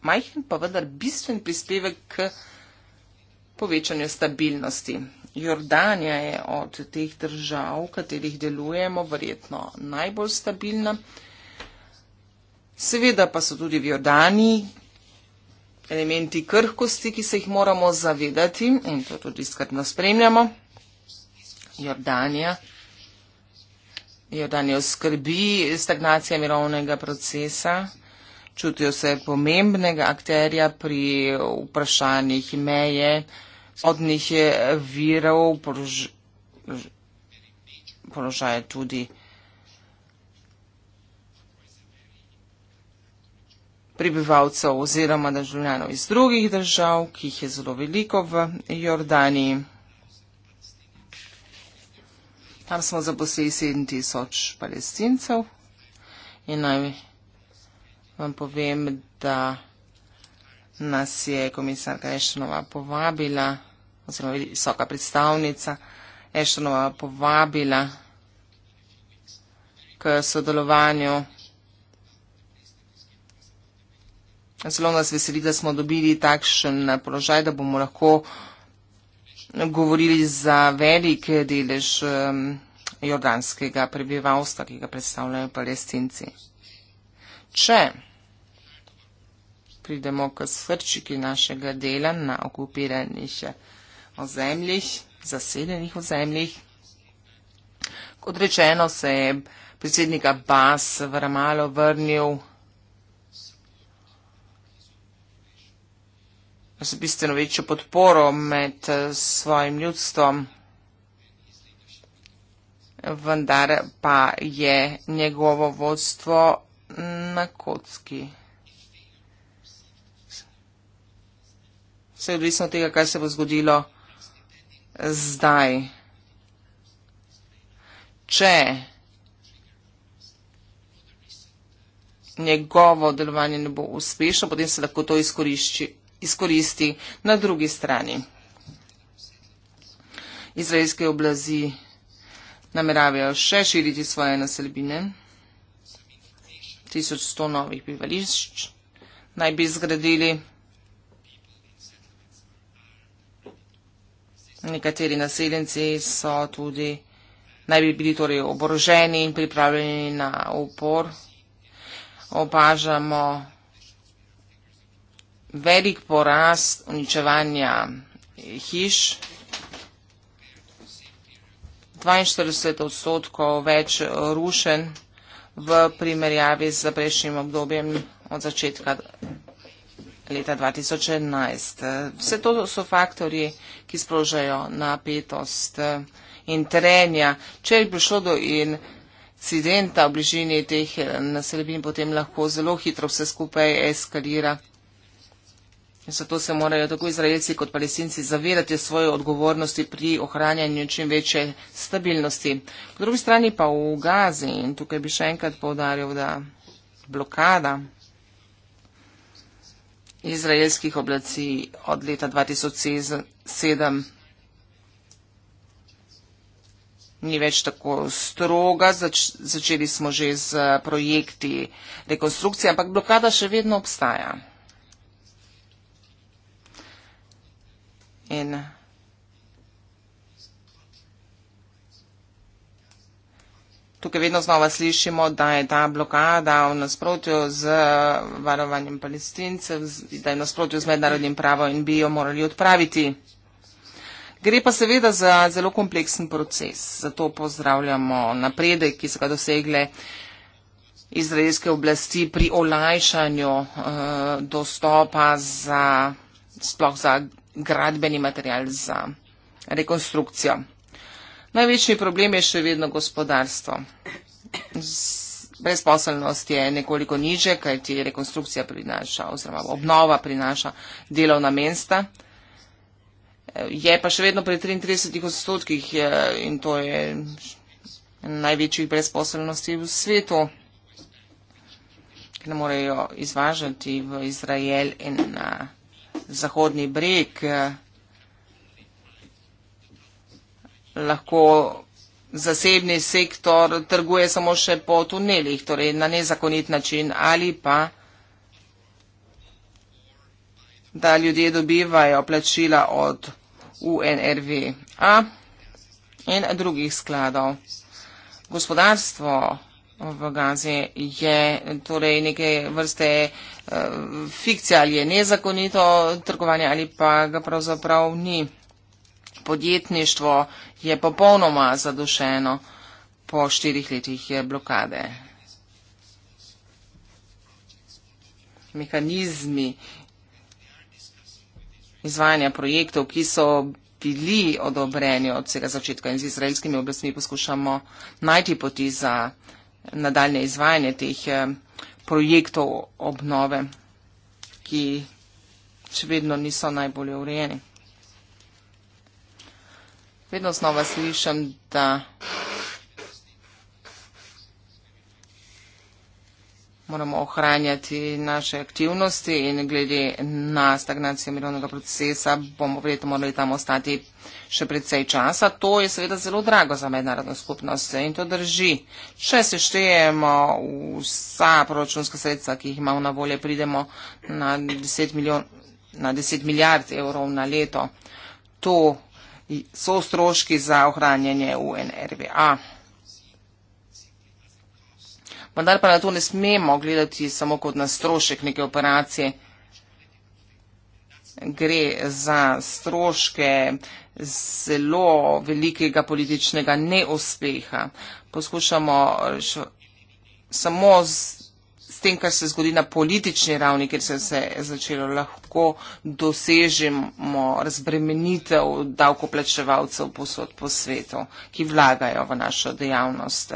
B: majhen, pa vendar bistven prispevek k povečanju stabilnosti. Jordanija je od teh držav, v katerih delujemo, verjetno najbolj stabilna. Seveda pa so tudi v Jordaniji elementi krhkosti, ki se jih moramo zavedati in to tudi skrbno spremljamo. Jordanija. Jordanijo skrbi stagnacija mirovnega procesa, čutijo se pomembnega akterja pri vprašanjih meje, spodnih virov, polož, položaje tudi prebivalcev oziroma državljanov iz drugih držav, ki jih je zelo veliko v Jordani. Tam smo zaposlili 7 tisoč palestincev in naj vam povem, da nas je komisarka Ešnova povabila, oziroma visoka predstavnica Ešnova povabila k sodelovanju. Zelo nas veseli, da smo dobili takšen položaj, da bomo lahko govorili za velik delež ehm, jordanskega prebivalstva, ki ga predstavljajo palestinci če pridemo k srčiki našega dela na okupiranih ozemljih, zasedenih ozemljih. Kot rečeno, se je predsednik Abbas v Ramalo vrnil z bistveno večjo podporo med svojim ljudstvom, vendar pa je njegovo vodstvo na kocki. Vse je odvisno od tega, kaj se bo zgodilo zdaj. Če njegovo delovanje ne bo uspešno, potem se lahko to izkorišči, izkoristi na drugi strani. Izraelske oblasti nameravajo še širiti svoje naselbine. 1100 novih bivališč naj bi zgradili. Nekateri naseljenci so tudi, naj bi bili torej oboroženi in pripravljeni na upor. Opažamo velik porast uničevanja hiš. 42 odstotkov več rušen v primerjavi z prejšnjim obdobjem od začetka leta 2011. Vse to so faktori, ki sprožajo napetost eh, in trenja. Če je prišlo do incidenta v bližini teh eh, naselbin, potem lahko zelo hitro vse skupaj eskalira. In zato se morajo tako izraelci kot palestinci zavedati svoje odgovornosti pri ohranjanju čim večje stabilnosti. Po drugi strani pa v Gazi, in tukaj bi še enkrat povdaril, da blokada izraelskih oblasti od leta 2007 ni več tako stroga, zač začeli smo že z projekti rekonstrukcije, ampak blokada še vedno obstaja. in Tukaj vedno znova slišimo, da je ta blokada v nasprotju z varovanjem palestincev, da je v nasprotju z mednarodnim pravom in bi jo morali odpraviti. Gre pa seveda za zelo kompleksen proces. Zato pozdravljamo napredek, ki so ga dosegle izraelske oblasti pri olajšanju uh, dostopa za, sploh za gradbeni material za rekonstrukcijo. Največji problem je še vedno gospodarstvo. Brezposelnost je nekoliko niže, kaj ti rekonstrukcija prinaša oziroma obnova prinaša delovna mesta. Je pa še vedno pri 33 odstotkih in to je največjih brezposelnosti v svetu, ki ne morejo izvažati v Izrael in na. Uh, Zahodni breg eh, lahko zasebni sektor trguje samo še po tunelih, torej na nezakonit način ali pa, da ljudje dobivajo plačila od UNRVA in drugih skladov. Gospodarstvo v Gazi je torej neke vrste eh, fikcija ali je nezakonito trgovanje ali pa ga pravzaprav ni. Podjetništvo je popolnoma zadušeno po štirih letih blokade. Mehanizmi izvajanja projektov, ki so bili odobreni od vsega začetka in z izraelskimi oblastmi poskušamo najti poti za projekte nadaljne izvajanje teh eh, projektov obnove, ki še vedno niso najbolje urejeni. Vedno znova slišim, da moramo ohranjati naše aktivnosti in glede na stagnacijo mirovnega procesa bomo verjetno morali tam ostati še predvsej časa. To je seveda zelo drago za mednarodno skupnost in to drži. Če se štejemo vsa proračunska sredstva, ki jih imamo na volje, pridemo na 10, milijon, na 10 milijard evrov na leto. To so stroški za ohranjanje UNRVA vendar pa na to ne smemo gledati samo kot na strošek neke operacije. Gre za stroške zelo velikega političnega neuspeha. Poskušamo samo z, s tem, kar se zgodi na politični ravni, ker se je začelo, lahko dosežemo razbremenitev davkoplačevalcev posod po svetu, ki vlagajo v našo dejavnost.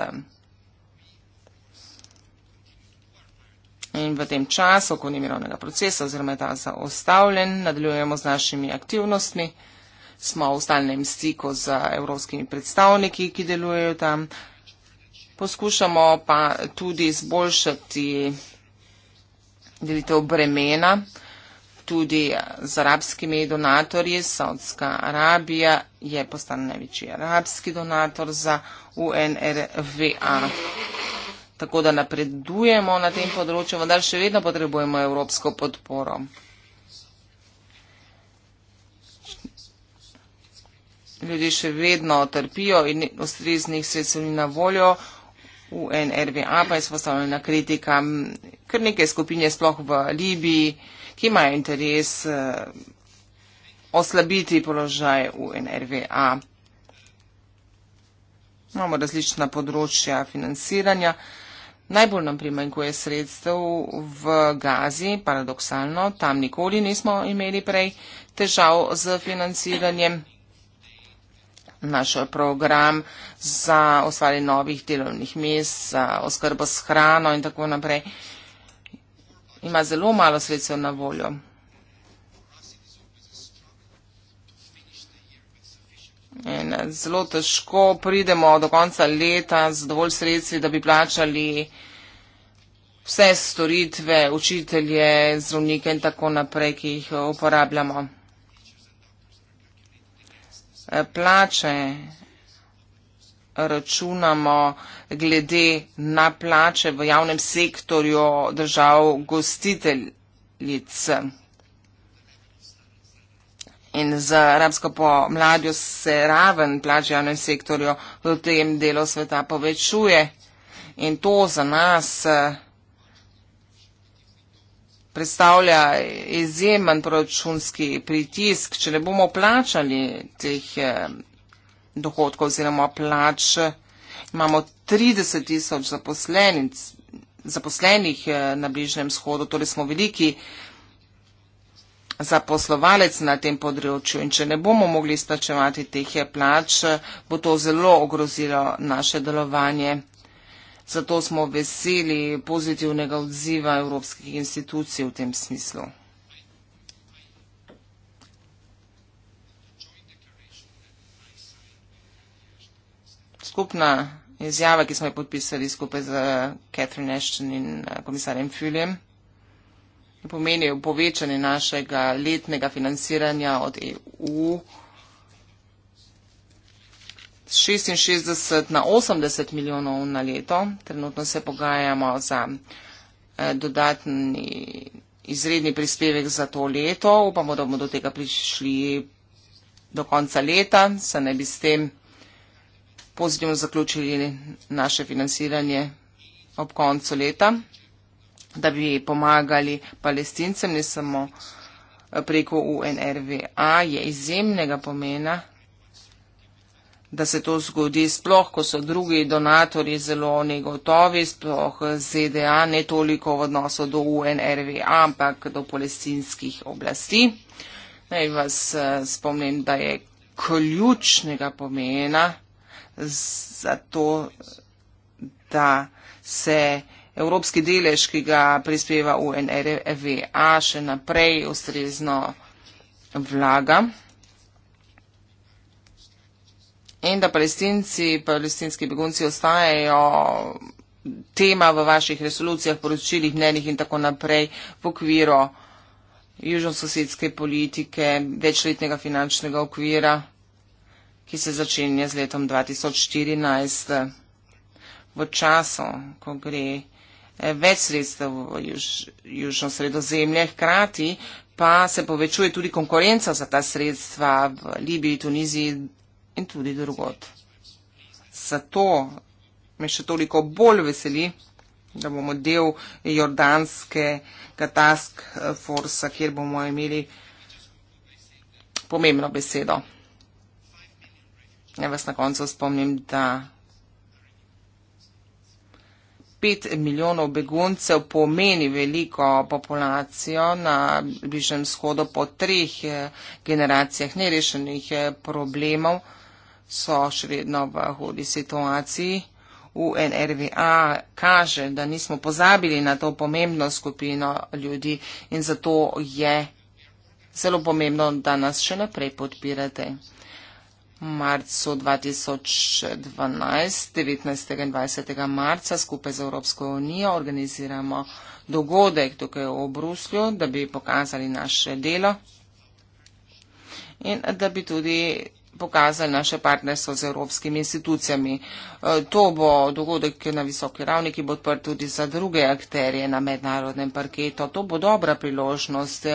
B: In v tem času, ko ni mirovnega procesa oziroma je ta zaostavljen, nadaljujemo z našimi aktivnostmi. Smo v stalnem stiku z evropskimi predstavniki, ki delujejo tam. Poskušamo pa tudi izboljšati delitev bremena. Tudi z arabskimi donatorji, Saudska Arabija je postala največji arabski donator za UNRWA tako da napredujemo na tem področju, vendar še vedno potrebujemo evropsko podporo. Ljudje še vedno trpijo in ustreznih sredstev ni na voljo. V NRVA pa je spostavljena kritika kar neke skupine, sploh v Libiji, ki imajo interes eh, oslabiti položaj v NRVA. Imamo različna področja financiranja. Najbolj nam primanjkuje sredstev v Gazi, paradoksalno, tam nikoli nismo imeli prej težav z financiranjem. Naš program za ustvarjanje novih delovnih mest, za oskrbo s hrano in tako naprej ima zelo malo sredstev na voljo. In zelo težko pridemo do konca leta z dovolj sredstvi, da bi plačali vse storitve, učitelje, zdravnike in tako naprej, ki jih uporabljamo. Plače računamo glede na plače v javnem sektorju držav gostiteljice. In z arabsko pomladjo se raven plač v javnem sektorju v tem delu sveta povečuje. In to za nas eh, predstavlja izjemen proračunski pritisk, če ne bomo plačali teh eh, dohodkov oziroma plač. Imamo 30 tisoč zaposlenih eh, na Bližnjem shodu, torej smo veliki zaposlovalec na tem področju in če ne bomo mogli izplačevati teh plač, bo to zelo ogrozilo naše delovanje. Zato smo veseli pozitivnega odziva evropskih institucij v tem smislu. Skupna izjava, ki smo jo podpisali skupaj z Catherine Ashton in eh, komisarjem Fuljem pomeni povečanje našega letnega financiranja od EU. 66 na 80 milijonov na leto. Trenutno se pogajamo za eh, dodatni izredni prispevek za to leto. Upamo, da bomo do tega prišli do konca leta, se ne bi s tem pozitivno zaključili naše financiranje ob koncu leta da bi pomagali palestincem, ne samo eh, preko UNRWA, je izjemnega pomena, da se to zgodi, sploh ko so drugi donatori zelo negotovi, sploh ZDA, ne toliko v odnosu do UNRWA, ampak do palestinskih oblasti. Naj vas eh, spomnim, da je ključnega pomena za to, da se evropski delež, ki ga prispeva UNRWA, še naprej ustrezno vlaga. In da palestinci, palestinski begunci ostajajo tema v vaših resolucijah, poročilih, mnenjih in tako naprej v okviru južnososedske politike, večletnega finančnega okvira, ki se začenja z letom 2014. V času, ko gre več sredstev v juž, južno sredozemlje, hkrati pa se povečuje tudi konkurenca za ta sredstva v Libiji, Tuniziji in tudi drugot. Zato me še toliko bolj veseli, da bomo del jordanske task force, kjer bomo imeli pomembno besedo. Ne vas na koncu spomnim, da 5 milijonov beguncev pomeni veliko populacijo na Bližnem shodu po treh eh, generacijah nerešenih eh, problemov, so še vedno v hudi situaciji. UNRVA kaže, da nismo pozabili na to pomembno skupino ljudi in zato je zelo pomembno, da nas še naprej podpirate marcu 2012, 19. in 20. marca skupaj z Evropsko unijo organiziramo dogodek tukaj v Bruslju, da bi pokazali naše delo in da bi tudi pokazali naše partnerstvo z evropskimi institucijami. E, to bo dogodek na visoki ravni, ki bo odprt tudi za druge akterje na mednarodnem parketu. To bo dobra priložnost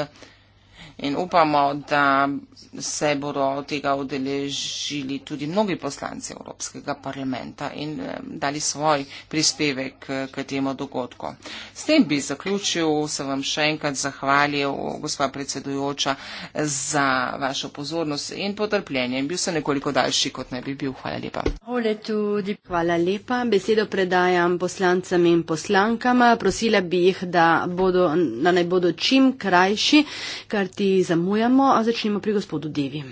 B: In upamo, da se bodo tega odeležili tudi mnogi poslanci Evropskega parlamenta in eh, dali svoj prispevek k, eh, k temu dogodku. S tem bi zaključil, se vam še enkrat zahvalil, gospa predsedujoča, za vašo pozornost in potrpljenje. Bil sem nekoliko daljši, kot ne bi bil. Hvala lepa.
A: Hvala, tudi, hvala lepa. Besedo predajam poslancem in poslankama. Prosila bi jih, da, bodo, da naj bodo čim krajši, kar minuti zamujamo, a začnimo pri gospodu Devi.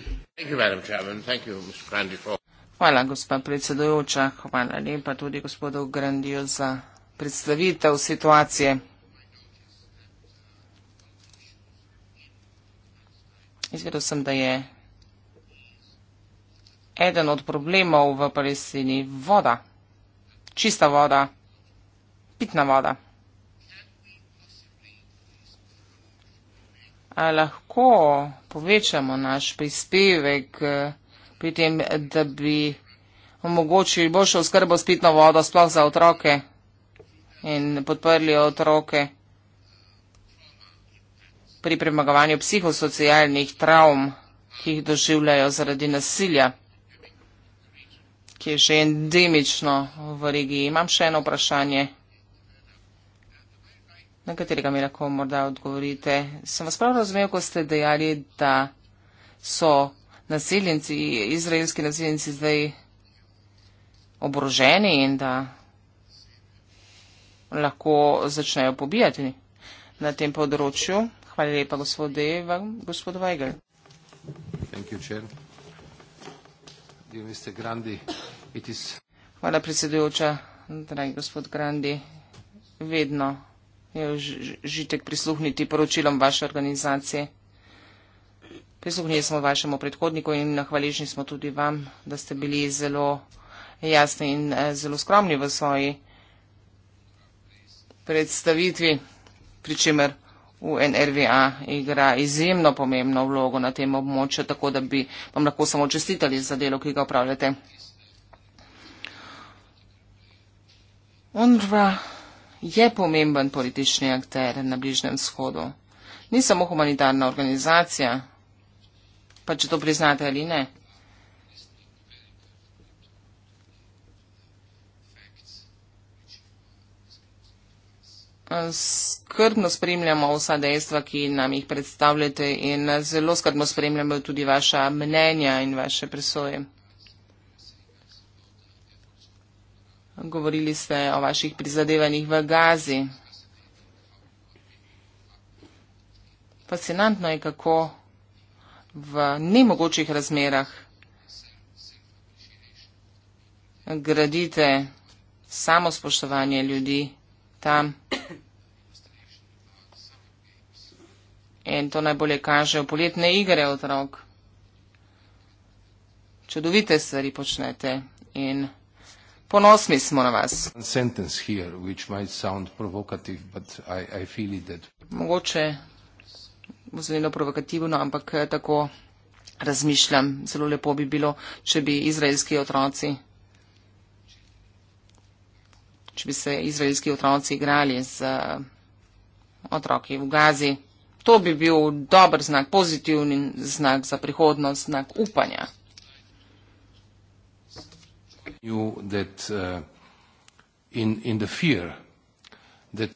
A: Hvala,
B: gospa predsedujoča. Hvala lepa tudi gospodu Grandiju za predstavitev situacije. Izvedel sem, da je eden od problemov v Palestini voda, čista voda, pitna voda. ali lahko povečamo naš prispevek eh, pri tem, da bi omogočili boljšo oskrbo s pitno vodo, sploh za otroke in podprli otroke pri premagovanju psihosocialnih travm, ki jih doživljajo zaradi nasilja, ki je še endemično v regiji. Imam še eno vprašanje na katerega mi lahko morda odgovorite. Sem vas prav razumel, ko ste dejali, da so naseljenci, izraelski naseljenci zdaj oboroženi in da lahko začnejo pobijati na tem področju. Hvala lepa, gospod Deva, gospod Weigel. Hvala, predsedujoča, dragi gospod Grandi. Vedno je užitek prisluhniti poročilom vaše organizacije. Prisluhnili smo vašemu predhodniku in nahvaližni smo tudi vam, da ste bili zelo jasni in eh, zelo skromni v svoji predstavitvi, pri čemer UNRVA igra izjemno pomembno vlogo na tem območju, tako da bi vam lahko samo čestitali za delo, ki ga upravljate. UNRVA je pomemben politični akter na Bližnem vzhodu. Ni samo humanitarna organizacija, pa če to priznate ali ne. Skrbno spremljamo vsa dejstva, ki nam jih predstavljate in zelo skrbno spremljamo tudi vaša mnenja in vaše presoje. Govorili ste o vaših prizadevanjih v Gazi. Fascinantno je, kako v nemogočih razmerah gradite samospoštovanje ljudi tam. In to najbolje kaže v poletne igre otrok. Čudovite stvari počnete in. Ponosni smo na vas. Mogoče bo zvenelo provokativno, ampak eh, tako razmišljam. Zelo lepo bi bilo, če bi izraelski otroci, če bi se izraelski otroci igrali z eh, otroki v Gazi. To bi bil dober znak, pozitivni znak za prihodnost, znak upanja
A: knew that uh, in in the fear that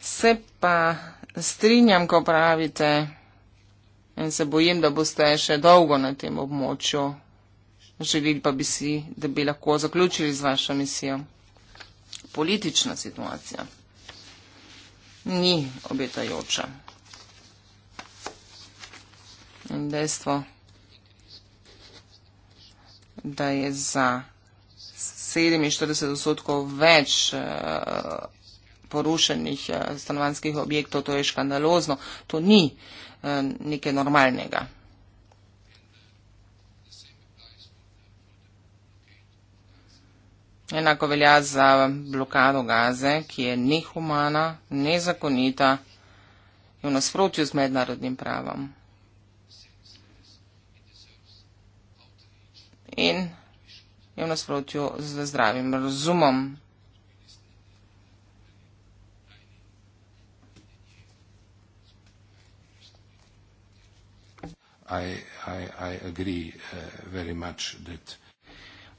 B: se pa strinjam ko pravite in se bojim da boste še dolgo na tem območju želeli pa bi si da bi lahko zaključili z vašo misijo politična situacija ni obetajoča in dejstvo da je za 47 odstotkov več eh, porušenih eh, stanovanskih objektov, to je škandalozno, to ni eh, nekaj normalnega. Enako velja za blokado gaze, ki je nehumana, nezakonita in v nasprotju z mednarodnim pravom. in je v nasprotju z zdravim razumom.
A: I, I, I agree, uh, very much that...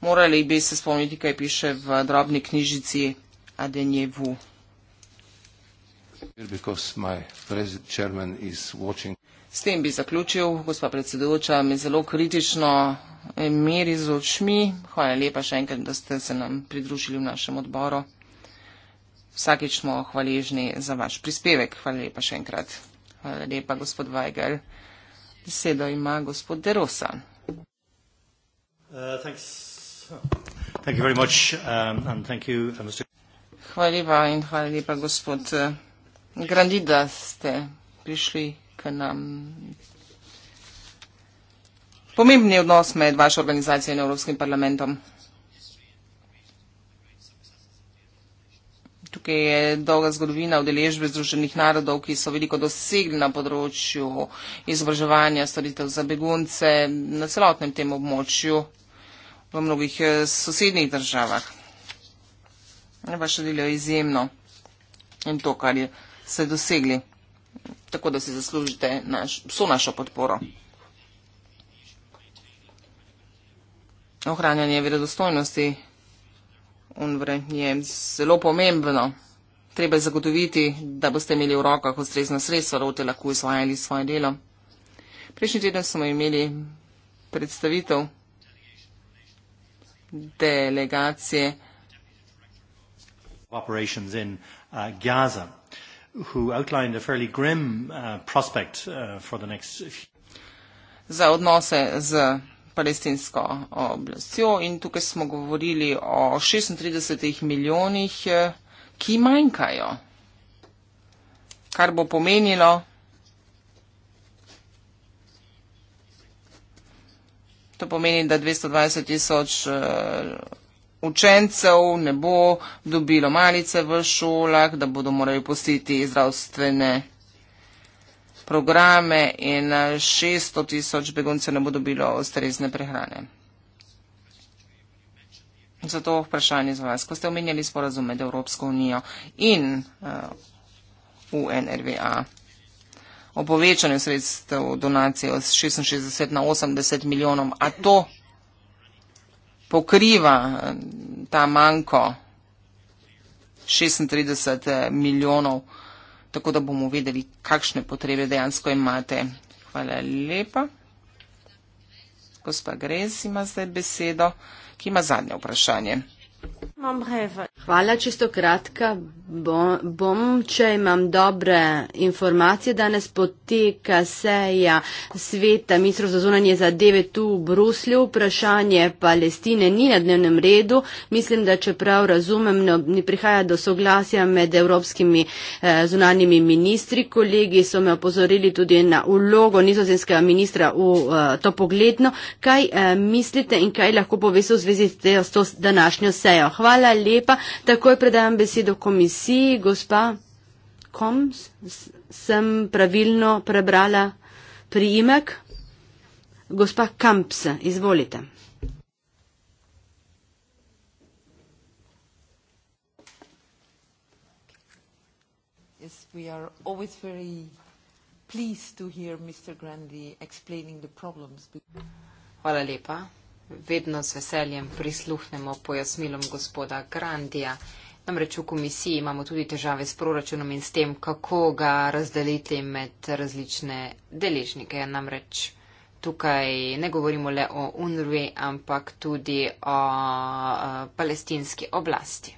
B: Morali bi se spomniti, kaj piše v drobni knjižici Adenjevu. S tem bi zaključil, gospa predsedujoča, me zelo kritično meri z očmi. Hvala lepa še enkrat, da ste se nam pridružili v našem odboru. Vsakeč smo hvaležni za vaš prispevek. Hvala lepa še enkrat. Hvala lepa, gospod Weigel. Besedo ima gospod Derosa. Uh,
A: um,
C: uh,
B: hvala lepa in hvala lepa, gospod uh, Grandi, da ste prišli k nam Pomembni odnos med vašo organizacijo in Evropskim parlamentom. Tukaj je dolga zgodovina vdeležbe Združenih narodov, ki so veliko dosegli na področju izobraževanja storitev za begunce na celotnem tem območju v mnogih eh, sosednjih državah. Vaše delo je izjemno in to, kar je, se dosegli, tako da si zaslužite naš, vso našo podporo. ohranjanje verodostojnosti UNVRE je zelo pomembno. Treba je zagotoviti, da boste imeli v rokah ustrezna sredstva, da boste lahko izvajali svoje delo. Prejšnji teden smo imeli predstavitev delegacije.
C: operations in
B: uh, Gaza who outlined a fairly grim uh, prospect uh, for the next few... za odnose z palestinsko oblastjo in tukaj smo govorili o 36 milijonih, eh, ki manjkajo, kar bo pomenilo. To pomeni, da 220 tisoč eh, učencev ne bo dobilo malice v šolah, da bodo morali postiti zdravstvene programe in 600 eh, tisoč beguncev ne bo dobilo ustrezne prehrane. Zato vprašanje za vas. Ko ste omenjali sporazum med Evropsko unijo in uh, eh, UNRVA o povečanju sredstev donacije od 66 na 80 milijonov, a to pokriva eh, ta manjko 36 milijonov uh, tako da bomo vedeli, kakšne potrebe dejansko imate. Hvala lepa. Gospa Gres ima zdaj besedo, ki ima zadnje vprašanje. Imam breve.
A: Hvala, čisto kratka. Bom, bom, če imam dobre informacije, danes poteka seja sveta ministrov za zunanje zadeve tu v Bruslju. Vprašanje Palestine ni na dnevnem redu. Mislim, da čeprav razumem, no, ne prihaja do soglasja med evropskimi eh, zunanjimi ministri. Kolegi so me opozorili tudi na ulogo nizozemskega ministra v eh, to pogledno. Kaj eh, mislite in kaj lahko poveste v zvezi s to današnjo sejo? Hvala. Hvala lepa. Takoj predajam besedo komisiji. Gospa Koms, sem pravilno prebrala priimek. Gospa Kamps, izvolite.
C: Hvala lepa vedno z veseljem prisluhnemo pojasnilom gospoda Grandija. Namreč v komisiji imamo tudi težave s proračunom in s tem, kako ga razdeliti med različne deležnike. Namreč tukaj ne govorimo le o UNRWE, ampak tudi o eh, palestinski oblasti.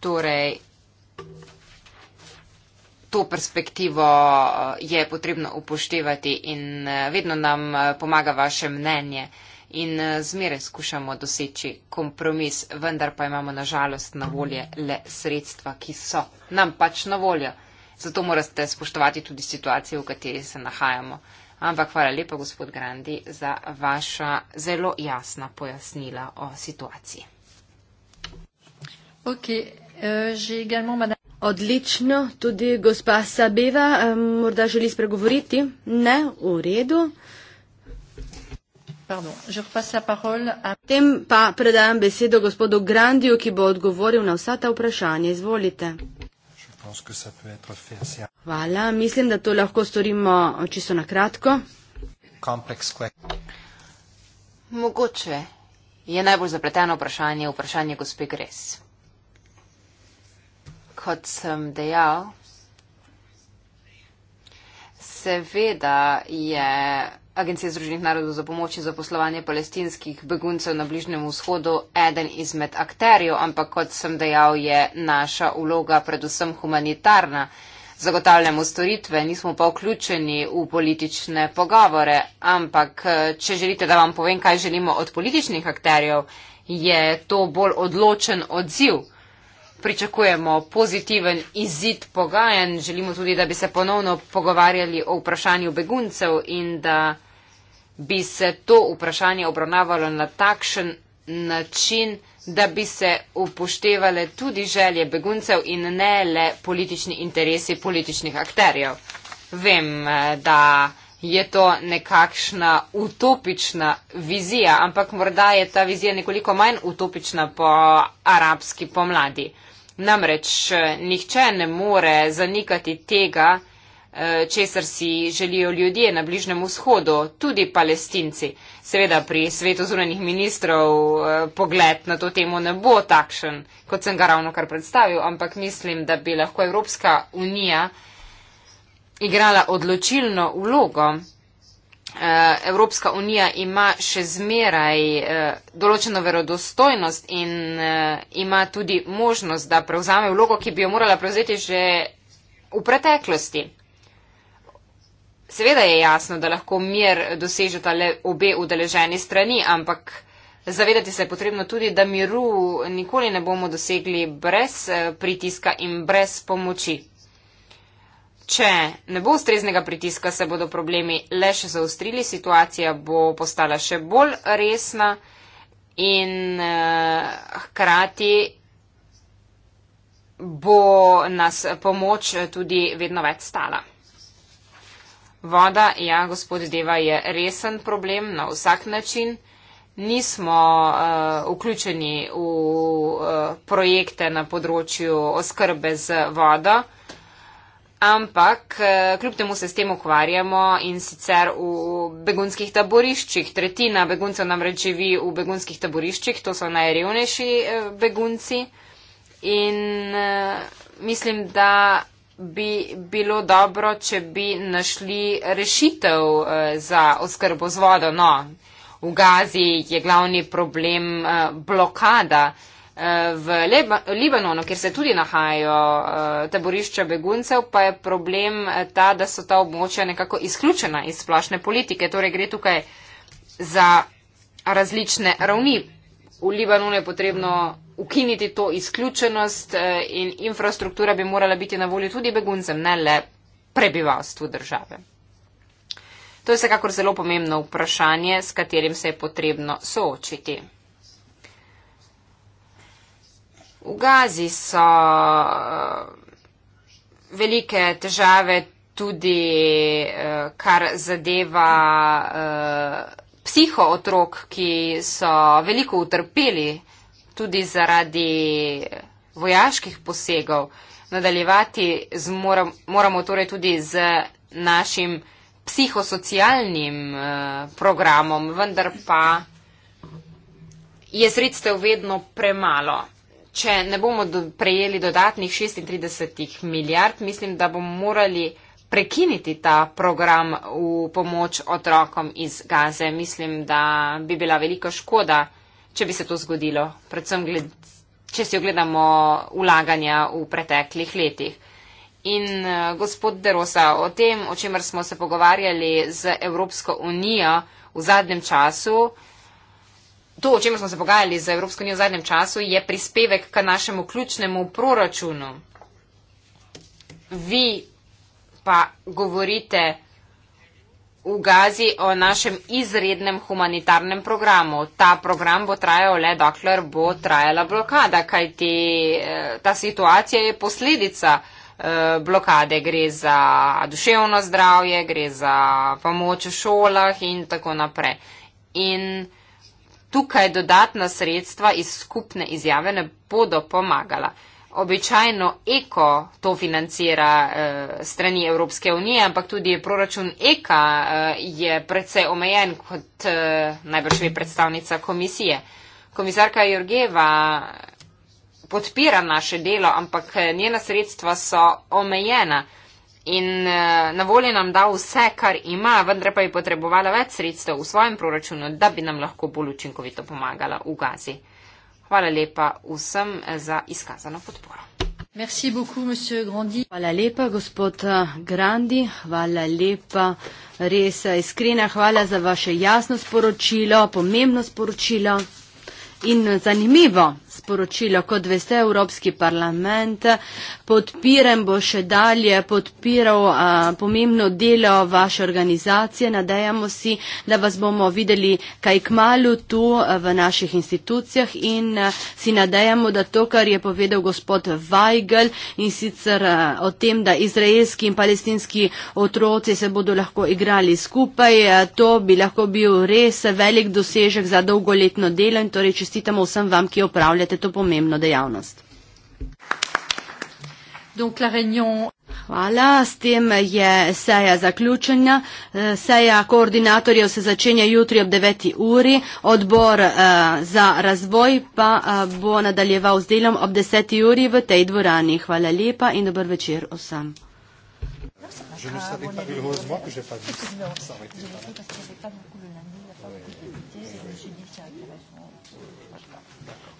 C: Torej, to perspektivo eh, je potrebno upoštevati in eh, vedno nam pomaga vaše mnenje in eh, zmeraj skušamo doseči kompromis, vendar pa imamo na žalost na volje le sredstva, ki so nam pač na voljo. Zato morate spoštovati tudi situacijo, v kateri se nahajamo. Ampak hvala lepa, gospod Grandi, za vaša zelo jasna pojasnila o situaciji.
A: Okay. Eh, Odlično, tudi gospa Sabeva, eh, morda želi spregovoriti? Ne, v redu. Pardon, že repasse la parole. A... Tem pa predajam besedo gospodu Grandiju, ki bo odgovoril na vsa ta vprašanja. Izvolite. Hvala, mislim, da to lahko storimo eh, čisto na kratko. Mogoče
C: je najbolj zapleteno vprašanje vprašanje gospe Gres. Kot sem dejal, seveda je Agencije Združenih narodov za pomoč in zaposlovanje palestinskih beguncev na Bližnjem vzhodu eden izmed akterjev, ampak kot sem dejal, je naša vloga predvsem humanitarna. Zagotavljamo storitve, nismo pa vključeni v politične pogovore, ampak če želite, da vam povem, kaj želimo od političnih akterjev, je to bolj odločen odziv. Pričakujemo pozitiven izid pogajanj, želimo tudi, da bi se ponovno pogovarjali o vprašanju beguncev in da bi se to vprašanje obravnavalo na takšen način, da bi se upoštevale tudi želje beguncev in ne le politični interesi političnih akterjev. Vem, eh, da je to nekakšna utopična vizija, ampak morda je ta vizija nekoliko manj utopična po arabski pomladi. Namreč eh, nihče ne more zanikati tega, Eh, česar si želijo ljudje na Bližnem vzhodu, tudi palestinci. Seveda pri svetu zunanih ministrov eh, pogled na to temo ne bo takšen, kot sem ga ravno kar predstavil, ampak mislim, da bi lahko Evropska unija igrala odločilno vlogo. Eh, Evropska unija ima še zmeraj določeno verodostojnost in ima tudi možnost, da prevzame vlogo, ki bi jo morala prevzeti že v preteklosti. Seveda je jasno, da lahko mir dosežeta le obe udeleženi strani, ampak zavedati se je potrebno tudi, da miru nikoli ne bomo dosegli brez eh, pritiska in brez pomoči. Če ne bo ustreznega pritiska, se bodo problemi le še zaustrili, situacija bo postala še bolj resna in eh, hkrati bo nas pomoč tudi vedno več stala. Voda, ja, gospod Deva, je resen problem na vsak način. Nismo uh, vključeni v uh, projekte na področju oskrbe z vodo, ampak uh, kljub temu se s tem ukvarjamo in sicer v begunskih taboriščih. Tretjina beguncev namreč živi v begunskih taboriščih, to so najrevnejši uh, begunci. In uh, mislim, da bi bilo dobro, če bi našli rešitev eh, za oskrbo z vodo. No, v Gazi je glavni problem eh, blokada. Eh, v Libanonu, kjer se tudi nahajajo taborišča beguncev, pa je problem ta, da so ta območja nekako izključena iz splošne politike. Torej gre tukaj za različne ravni. V Libanonu je potrebno ukiniti to izključenost eh, in infrastruktura bi morala biti na voljo tudi beguncem, ne le prebivalstvu države. To je vsekakor zelo pomembno vprašanje, s katerim se je potrebno soočiti. V Gazi so eh, velike težave tudi, eh, kar zadeva psiho otrok, ki so veliko utrpeli tudi zaradi vojaških posegov. Nadaljevati z, moram, moramo torej tudi z našim psihosocialnim eh, programom, vendar pa je sredstev vedno premalo. Če ne bomo do, prejeli dodatnih 36 milijard, mislim, da bomo morali prekiniti ta program v pomoč otrokom iz Gaze. Mislim, da bi bila velika škoda če bi se to zgodilo, predvsem gled, če si ogledamo ulaganja v preteklih letih. In eh, gospod Derosa, o tem, o čemer smo se pogovarjali z Evropsko unijo v zadnjem času, to, o čemer smo se pogajali z Evropsko unijo v zadnjem času, je prispevek k našemu ključnemu proračunu. Vi pa govorite, v Gazi o našem izrednem humanitarnem programu. Ta program bo trajal le dokler bo trajala blokada, kajti eh, ta situacija je posledica eh, blokade. Gre za duševno zdravje, gre za pomoč v šolah in tako naprej. In tukaj dodatna sredstva iz skupne izjave ne bodo pomagala običajno eko to financira uh, strani Evropske unije, ampak tudi proračun eka uh, je predvsej omejen kot uh, najbrž vi predstavnica komisije. Komisarka Jorgeva podpira naše delo, ampak njena sredstva so omejena in na voljo nam da vse, kar ima, vendar pa je potrebovala več sredstev v svojem proračunu, da bi nam lahko bolj učinkovito pomagala v gazi. Hvala lepa vsem za izkazano podporo.
A: Merci beaucoup, monsieur Grandi. Hvala lepa, gospod eh, Grandi. Hvala lepa, res eh, iskrena hvala za vaše jasno sporočilo, pomembno sporočilo in eh, zanimivo sporočilo. Kot veste, Evropski parlament podpirem bo še dalje podpiral a, pomembno delo vaše organizacije. Nadejamo si, da vas bomo videli kaj k malu tu a, v naših institucijah in a, si nadejamo, da to, kar je povedal gospod Weigel in sicer a, o tem, da izraelski in palestinski otroci se bodo lahko igrali skupaj, a, to bi lahko bil res velik dosežek za dolgoletno delo in torej čestitamo vsem vam, ki opravljate to pomembno dejavnost. Hvala, s tem je seja zaključena. E, seja koordinatorjev se začenja jutri ob 9. uri, odbor e, za razvoj pa e, bo nadaljeval z delom ob 10. uri v tej dvorani. Hvala lepa in dober večer vsem. Je ne savais pas que le gros mois que j'ai pas vu. Ça aurait été pas mal.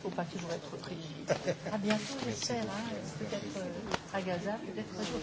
A: faut pas qu'ils vont être privilégiés. À bientôt, j'espère. Hein. Peut-être euh, à Gaza, peut-être un jour.